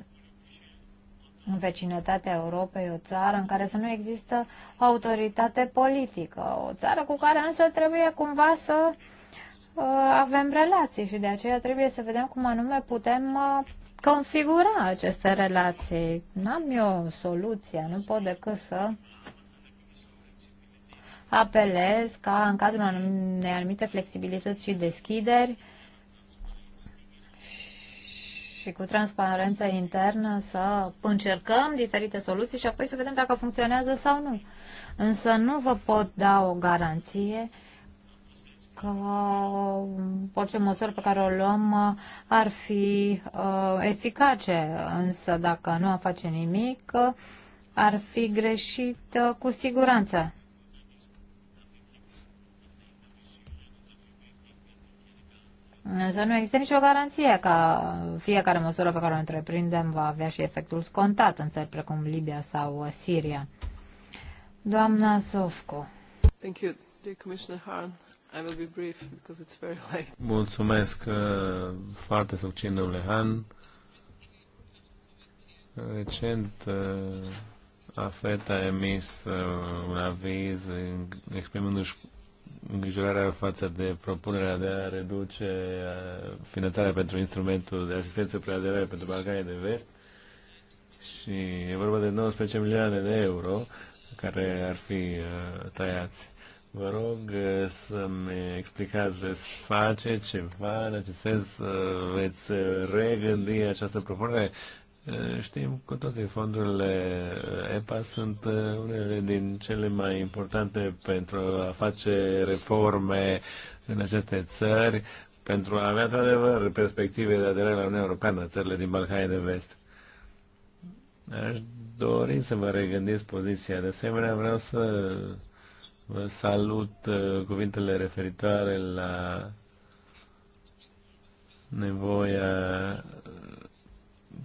în vecinătatea Europei o țară în care să nu există autoritate politică, o țară cu care însă trebuie cumva să uh, Uh, avem relații și de aceea trebuie să vedem cum anume putem uh, configura aceste relații. N-am eu soluția, nu pot decât să apelez ca în cadrul unei anumite flexibilități și deschideri și cu transparență internă să încercăm diferite soluții și apoi să vedem dacă funcționează sau nu. Însă nu vă pot da o garanție uh, că uh, orice măsură pe care o luăm uh, ar fi uh, eficace, însă dacă nu am face nimic, ar fi greșit cu siguranță. Însă nu există nicio garanție că fiecare măsură pe care o întreprindem va avea și efectul scontat în țări precum Libia sau Siria. Doamna Sofco. Thank you, dear Commissioner Hahn. I will be brief because it's very late. Mulțumesc uh, foarte succint, domnule Han. Recent uh, AFET a emis uh, un aviz exprimându-și îngrijorarea față de propunerea de a reduce finanțarea pentru instrumentul de asistență preaderare pentru Balcanii de Vest și e vorba de 19 milioane de euro care ar fi tăiați Vă rog eh, să-mi explicați, veți face ceva în acest sens, eh, veți eh, regândi această propunere. Știm cu toții fondurile EPA sunt unele din cele mai importante pentru a face reforme în aceste țări, pentru a avea într-adevăr perspective de aderare la Uniunea Europeană, țările din Balcanii de Vest. Aș dori să vă regândiți poziția. De asemenea, vreau să Vă salut uh, cuvintele referitoare la nevoia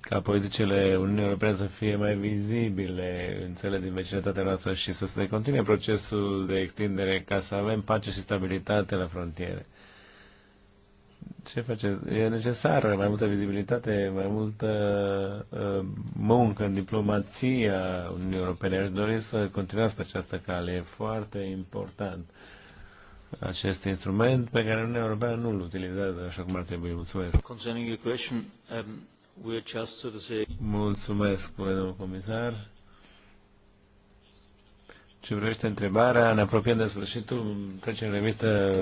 ca politicile Uniunii Europene să fie mai vizibile în cele din vecinătatea noastră și să se continue procesul de extindere ca să avem pace și stabilitate la frontiere ce face? E necesară mai multă vizibilitate, mai multă uh, muncă în diplomația Uniunii Europene. Aș dori să continuați pe această cale. E foarte important acest instrument pe care Uniunea Europeană nu l utilizează așa cum ar trebui. Mulțumesc. Concerning your question, um, we're just to say... Mulțumesc, domnul comisar ce privește întrebarea, ne apropiem de sfârșitul trecem în revistă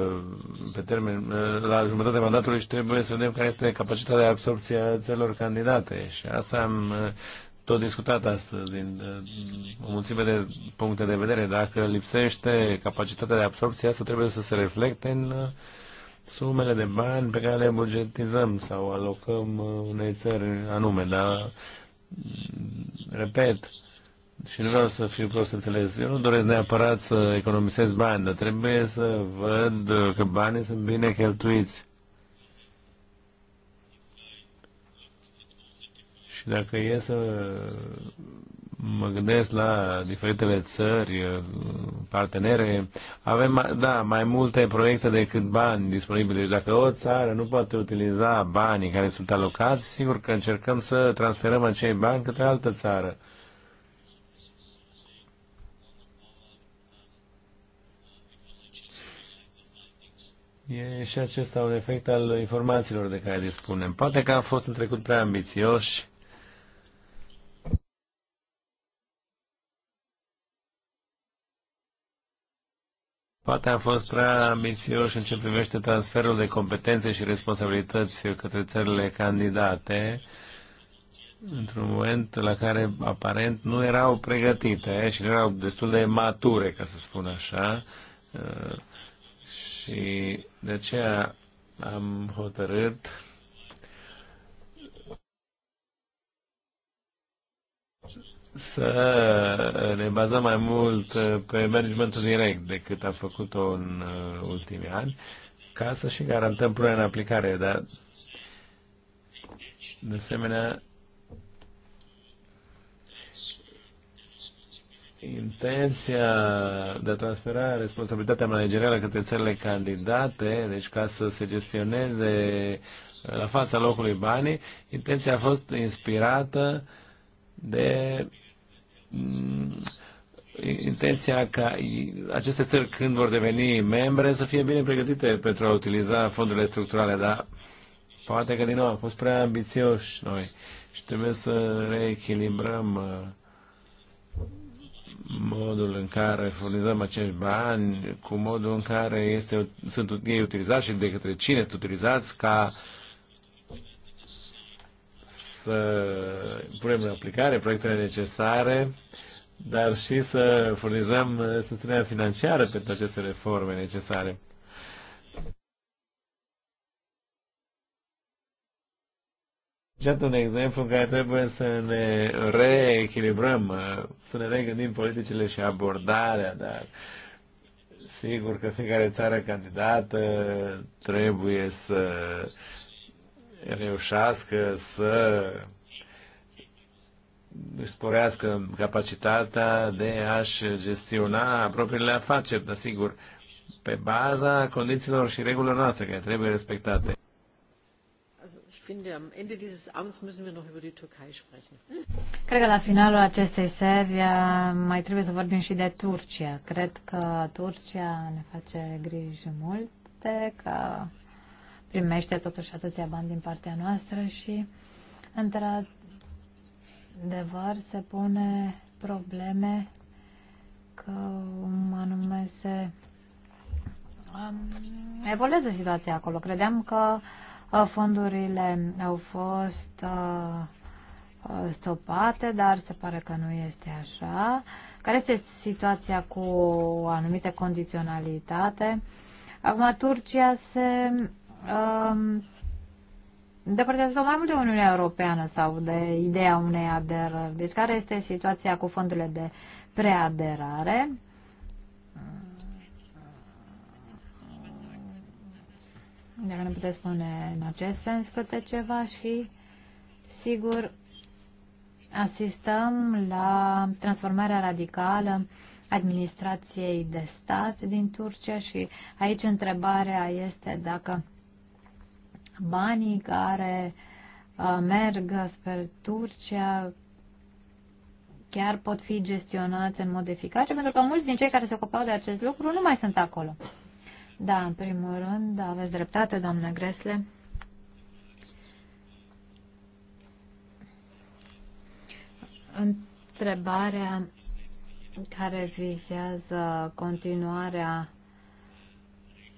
pe termen, la jumătatea mandatului și trebuie să vedem care este capacitatea de absorpție a țărilor candidate și asta am uh, tot discutat astăzi din uh, o mulțime de puncte de vedere. Dacă lipsește capacitatea de absorpție, asta trebuie să se reflecte în uh, sumele de bani pe care le bugetizăm sau alocăm unei țări anume, dar mm, repet, și nu vreau să fiu prost înțeles. Eu nu doresc neapărat să economisesc bani, dar trebuie să văd că banii sunt bine cheltuiți. Și dacă e să mă gândesc la diferitele țări, partenere, avem, da, mai multe proiecte decât bani disponibili. Deci dacă o țară nu poate utiliza banii care sunt alocați, sigur că încercăm să transferăm acei bani către altă țară. E și acesta un efect al informațiilor de care dispunem. Poate că am fost în trecut prea ambițioși. Poate am fost prea ambițioși în ce privește transferul de competențe și responsabilități către țările candidate într-un moment la care aparent nu erau pregătite și nu erau destul de mature, ca să spun așa, și de aceea am hotărât să ne bazăm mai mult pe managementul direct decât a făcut-o în uh, ultimii ani, ca să și garantăm punerea în aplicare, dar de asemenea intenția de a transfera responsabilitatea managerială către țările candidate, deci ca să se gestioneze uh, la fața locului banii, intenția a fost inspirată de mm, intenția ca aceste țări când vor deveni membre să fie bine pregătite pentru a utiliza fondurile structurale, dar poate că din nou am fost prea ambițioși noi și trebuie să reechilibrăm uh, modul în care furnizăm acești bani, cu modul în care este, sunt ei utilizați și de către cine sunt utilizați ca să punem în aplicare proiectele necesare, dar și să furnizăm susținerea financiară pentru aceste reforme necesare. Iată un exemplu în care trebuie să ne reechilibrăm, uh, să ne regândim politicile și abordarea, dar sigur că fiecare țară candidată trebuie să reușească să își sporească capacitatea de a-și gestiona propriile afaceri, dar sigur, pe baza condițiilor și regulilor noastre care trebuie respectate. Cred că la finalul acestei seri uh, mai trebuie să vorbim și de Turcia. Cred că Turcia ne face griji multe, că primește totuși atâția bani din partea noastră și, într-adevăr, se pune probleme că anume se um, evoluează situația acolo. Credeam că uh, Uh, fondurile au fost uh, uh, stopate, dar se pare că nu este așa. Care este situația cu o anumită condiționalitate? Acum Turcia se um, îndepărtează mai mult de Uniunea Europeană sau de ideea unei aderări. Deci care este situația cu fondurile de preaderare? dacă ne puteți spune în acest sens câte ceva și, sigur, asistăm la transformarea radicală administrației de stat din Turcia și aici întrebarea este dacă banii care uh, merg spre Turcia chiar pot fi gestionați în mod eficace, pentru că mulți din cei care se ocupau de acest lucru nu mai sunt acolo. Da, în primul rând, aveți dreptate, doamnă Gresle. Întrebarea care vizează continuarea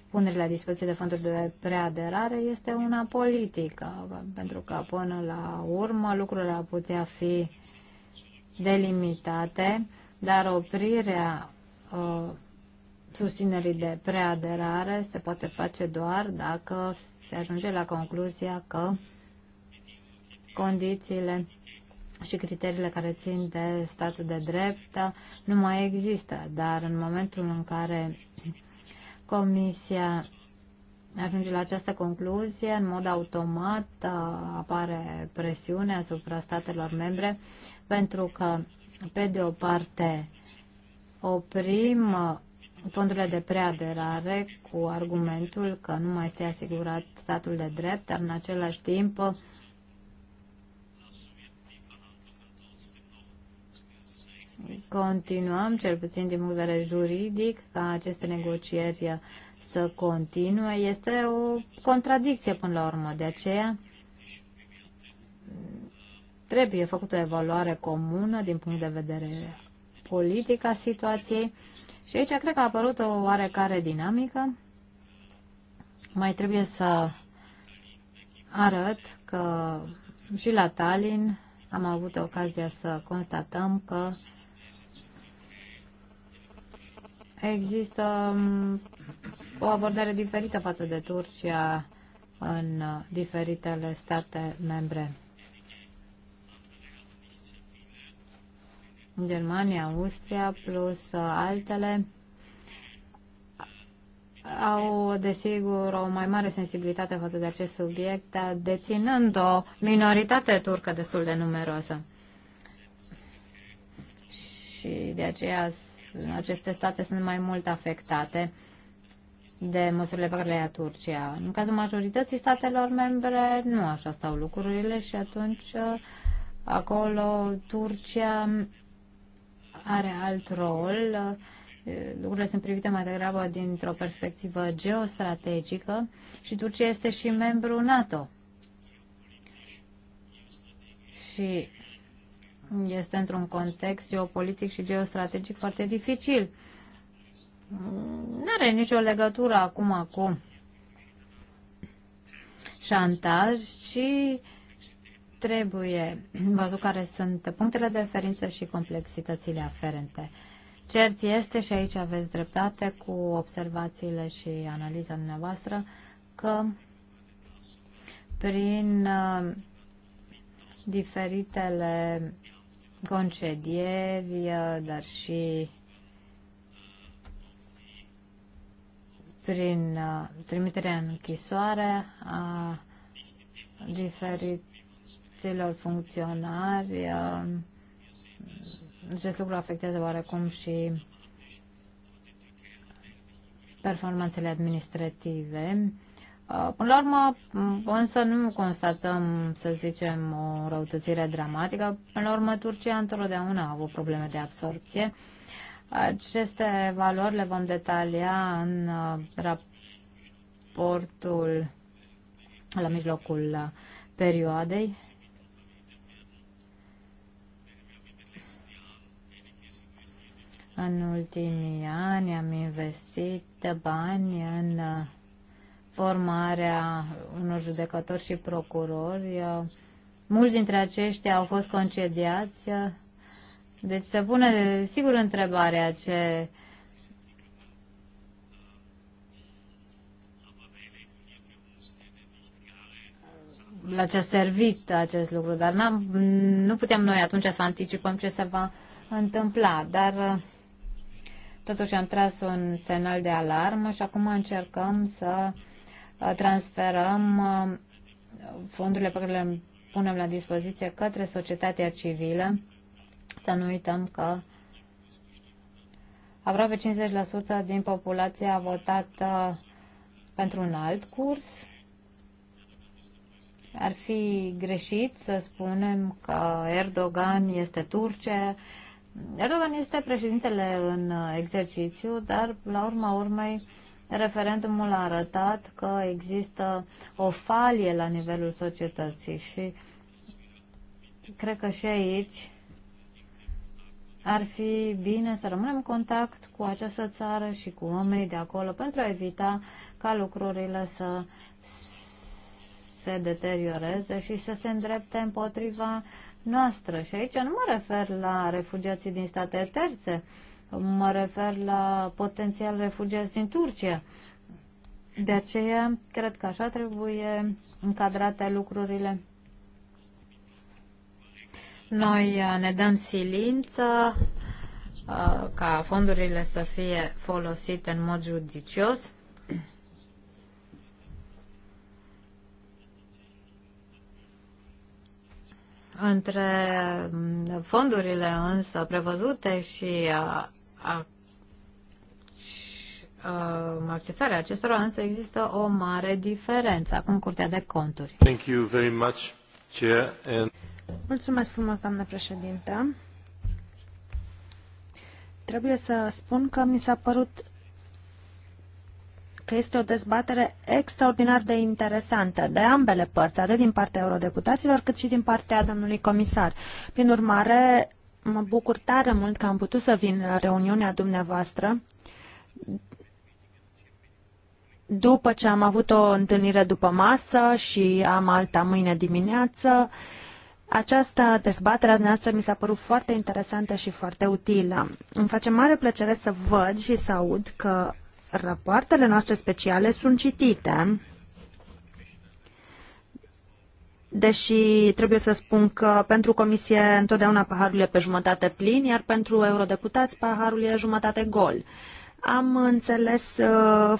punerii la dispoziție de fonduri de preaderare este una politică, pentru că până la urmă lucrurile ar putea fi delimitate, dar oprirea uh, susținerii de preaderare se poate face doar dacă se ajunge la concluzia că condițiile și criteriile care țin de statul de drept nu mai există, dar în momentul în care Comisia ajunge la această concluzie, în mod automat uh, apare presiune asupra statelor membre pentru că, pe de o parte, oprim fondurile de preaderare cu argumentul că nu mai este asigurat statul de drept, dar în același timp continuăm, cel puțin din punct de vedere juridic, ca aceste negocieri să continue. Este o contradicție până la urmă, de aceea trebuie făcută o evaluare comună din punct de vedere politic a situației și aici cred că a apărut o oarecare dinamică. Mai trebuie să arăt că și la Tallinn am avut ocazia să constatăm că există um, o abordare diferită față de Turcia în uh, diferitele state membre. Germania, Austria plus altele au, desigur, o mai mare sensibilitate față de acest subiect, deținând o minoritate turcă destul de numeroasă. Și de aceea aceste state sunt mai mult afectate de măsurile pe care le ia Turcia. În cazul majorității statelor membre, nu așa stau lucrurile și atunci acolo Turcia are alt rol. Lucrurile sunt privite mai degrabă dintr-o perspectivă geostrategică și Turcia este și membru NATO. Și este într-un context geopolitic și geostrategic foarte dificil. Nu are nicio legătură acum cu șantaj, și Trebuie văzut care sunt punctele de referință și complexitățile aferente. Cert este, și aici aveți dreptate cu observațiile și analiza dumneavoastră, că prin uh, diferitele concedieri, uh, dar și prin uh, trimiterea în închisoare a diferit înalților funcționari. Uh, acest lucru afectează oarecum și performanțele administrative. Uh, până la urmă, însă nu constatăm, să zicem, o răutățire dramatică. Până la urmă, Turcia întotdeauna a avut probleme de absorpție. Aceste valori le vom detalia în uh, raportul la mijlocul perioadei În ultimii ani am investit bani în uh, formarea unor judecători și procurori. Uh, mulți dintre aceștia au fost concediați. Uh, deci se pune sigur întrebarea ce la ce a servit acest lucru, dar nu putem noi atunci să anticipăm ce se va întâmpla, dar Totuși am tras un semnal de alarmă și acum încercăm să uh, transferăm uh, fondurile pe care le punem la dispoziție către societatea civilă. Să nu uităm că aproape 50% din populație a votat uh, pentru un alt curs. Ar fi greșit să spunem că Erdogan este Turcia, Erdogan este președintele în exercițiu, dar la urma urmei referendumul a arătat că există o falie la nivelul societății și cred că și aici ar fi bine să rămânem în contact cu această țară și cu oamenii de acolo pentru a evita ca lucrurile să se deterioreze și să se îndrepte împotriva noastră. Și aici nu mă refer la refugiații din state terțe, mă refer la potențial refugiați din Turcia. De aceea, cred că așa trebuie încadrate lucrurile. Noi uh, ne dăm silință uh, ca fondurile să fie folosite în mod judicios Între mm, fondurile însă prevăzute și a, a, a, accesarea acestora însă există o mare diferență. Acum Curtea de Conturi. Thank you very much, Chair. And... Mulțumesc frumos, doamnă președintă. Trebuie să spun că mi s-a părut că este o dezbatere extraordinar de interesantă de ambele părți, atât din partea eurodeputaților cât și din partea domnului comisar. Prin urmare, mă bucur tare mult că am putut să vin la reuniunea dumneavoastră după ce am avut o întâlnire după masă și am alta mâine dimineață. Această dezbatere noastră mi s-a părut foarte interesantă și foarte utilă. Îmi face mare plăcere să văd și să aud că rapoartele noastre speciale sunt citite, deși trebuie să spun că pentru comisie întotdeauna paharul e pe jumătate plin, iar pentru eurodeputați paharul e jumătate gol. Am înțeles uh,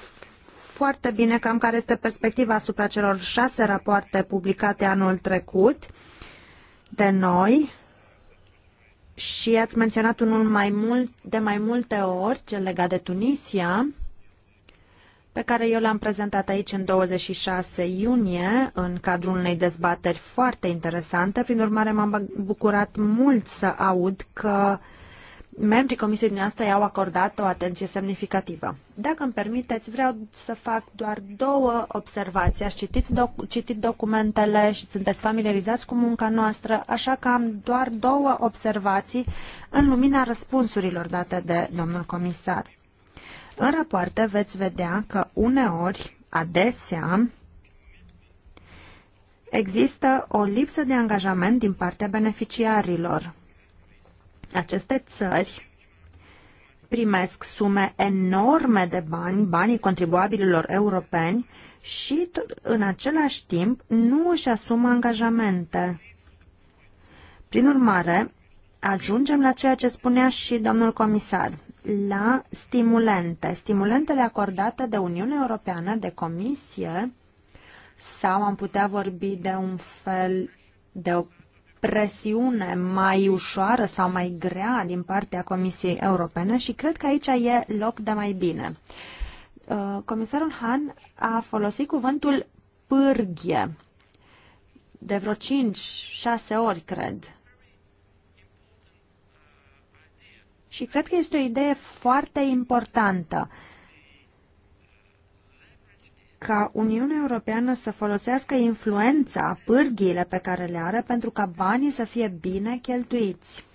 foarte bine cam care este perspectiva asupra celor șase rapoarte publicate anul trecut de noi și ați menționat unul mai mult, de mai multe ori, cel legat de Tunisia pe care eu l-am prezentat aici în 26 iunie, în cadrul unei dezbateri foarte interesante. Prin urmare, m-am bucurat mult să aud că membrii comisiei dumneavoastră i-au acordat o atenție semnificativă. Dacă îmi permiteți, vreau să fac doar două observații. Ați citit, doc- citit documentele și sunteți familiarizați cu munca noastră, așa că am doar două observații în lumina răspunsurilor date de domnul comisar. În rapoarte veți vedea că uneori, adesea, există o lipsă de angajament din partea beneficiarilor. Aceste țări primesc sume enorme de bani, banii contribuabililor europeni și în același timp nu își asumă angajamente. Prin urmare, ajungem la ceea ce spunea și domnul comisar la stimulente. Stimulentele acordate de Uniunea Europeană, de Comisie, sau am putea vorbi de un fel de o presiune mai ușoară sau mai grea din partea Comisiei Europene și cred că aici e loc de mai bine. Uh, comisarul Han a folosit cuvântul pârghie de vreo 5-6 ori, cred. Și cred că este o idee foarte importantă ca Uniunea Europeană să folosească influența, pârghiile pe care le are pentru ca banii să fie bine cheltuiți.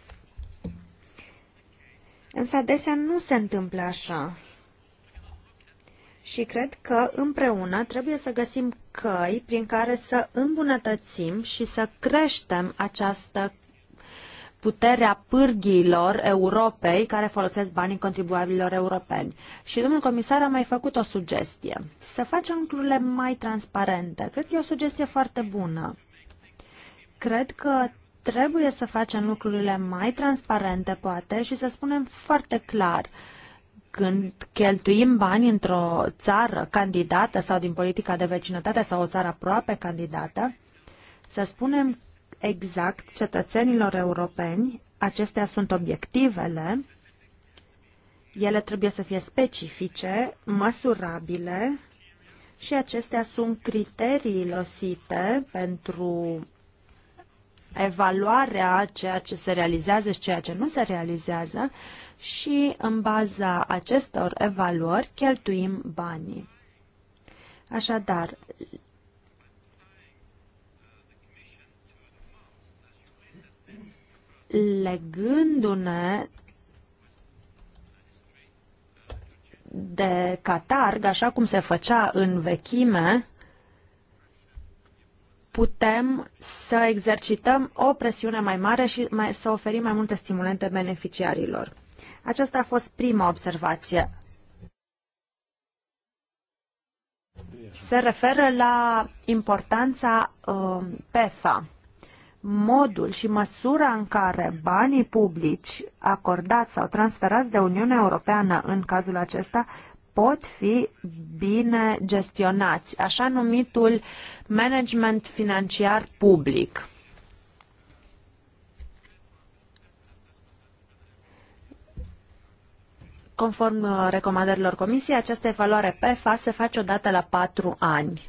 Însă adesea nu se întâmplă așa. Și cred că împreună trebuie să găsim căi prin care să îmbunătățim și să creștem această puterea pârghiilor Europei care folosesc banii contribuabililor europeni. Și domnul comisar a mai făcut o sugestie. Să facem lucrurile mai transparente. Cred că e o sugestie foarte bună. Cred că trebuie să facem lucrurile mai transparente, poate, și să spunem foarte clar când cheltuim bani într-o țară candidată sau din politica de vecinătate sau o țară aproape candidată, să spunem exact cetățenilor europeni, acestea sunt obiectivele, ele trebuie să fie specifice, măsurabile și acestea sunt criterii lăsite pentru evaluarea ceea ce se realizează și ceea ce nu se realizează și în baza acestor evaluări cheltuim banii. Așadar, legându-ne de catarg, așa cum se făcea în vechime, putem să exercităm o presiune mai mare și mai, să oferim mai multe stimulente beneficiarilor. Aceasta a fost prima observație. Se referă la importanța uh, PEFA modul și măsura în care banii publici acordați sau transferați de Uniunea Europeană în cazul acesta pot fi bine gestionați, așa numitul management financiar public. Conform uh, recomandărilor Comisiei, această evaluare PFA se face odată la patru ani.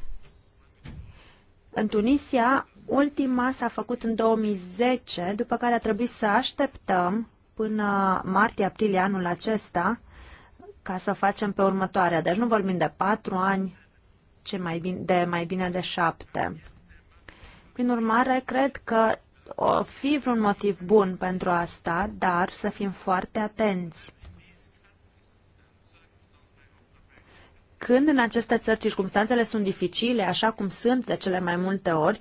În Tunisia, Ultima s-a făcut în 2010, după care a trebuit să așteptăm până martie-aprilie anul acesta ca să facem pe următoarea. Deci nu vorbim de patru ani, ci mai bine, de mai bine de șapte. Prin urmare, cred că o fi vreun motiv bun pentru asta, dar să fim foarte atenți. Când în aceste țări circumstanțele sunt dificile, așa cum sunt de cele mai multe ori,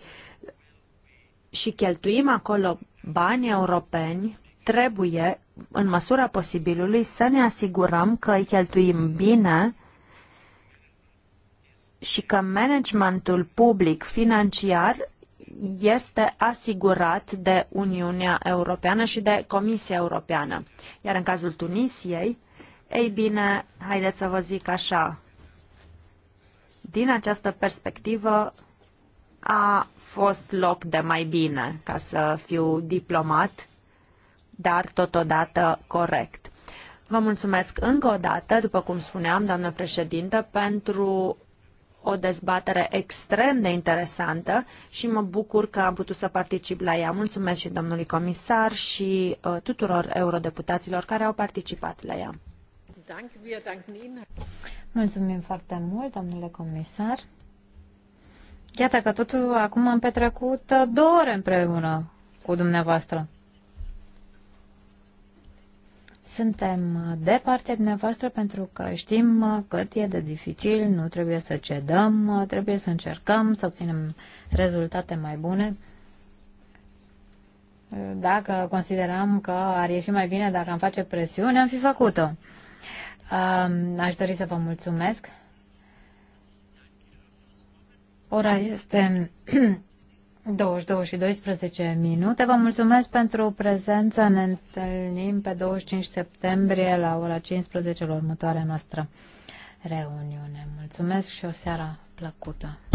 și cheltuim acolo bani europeni, trebuie, în măsura posibilului, să ne asigurăm că îi cheltuim bine și că managementul public financiar este asigurat de Uniunea Europeană și de Comisia Europeană. Iar în cazul Tunisiei, ei bine, haideți să vă zic așa, din această perspectivă, a fost loc de mai bine, ca să fiu diplomat, dar totodată corect. Vă mulțumesc încă o dată, după cum spuneam, doamnă președintă, pentru o dezbatere extrem de interesantă și mă bucur că am putut să particip la ea. Mulțumesc și domnului comisar și uh, tuturor eurodeputaților care au participat la ea. Mulțumim foarte mult, domnule comisar. Iată că tot acum am petrecut uh, două ore împreună cu dumneavoastră. Suntem uh, de partea dumneavoastră pentru că știm uh, cât e de dificil, nu trebuie să cedăm, trebuie să încercăm să obținem rezultate mai bune. Dacă consideram că ar ieși mai bine dacă am face presiune, am fi făcut-o. Um, aș dori să vă mulțumesc Ora este 22 și 12 minute. Vă mulțumesc pentru prezență. Ne întâlnim pe 25 septembrie la ora 15 la următoarea noastră reuniune. Mulțumesc și o seară plăcută!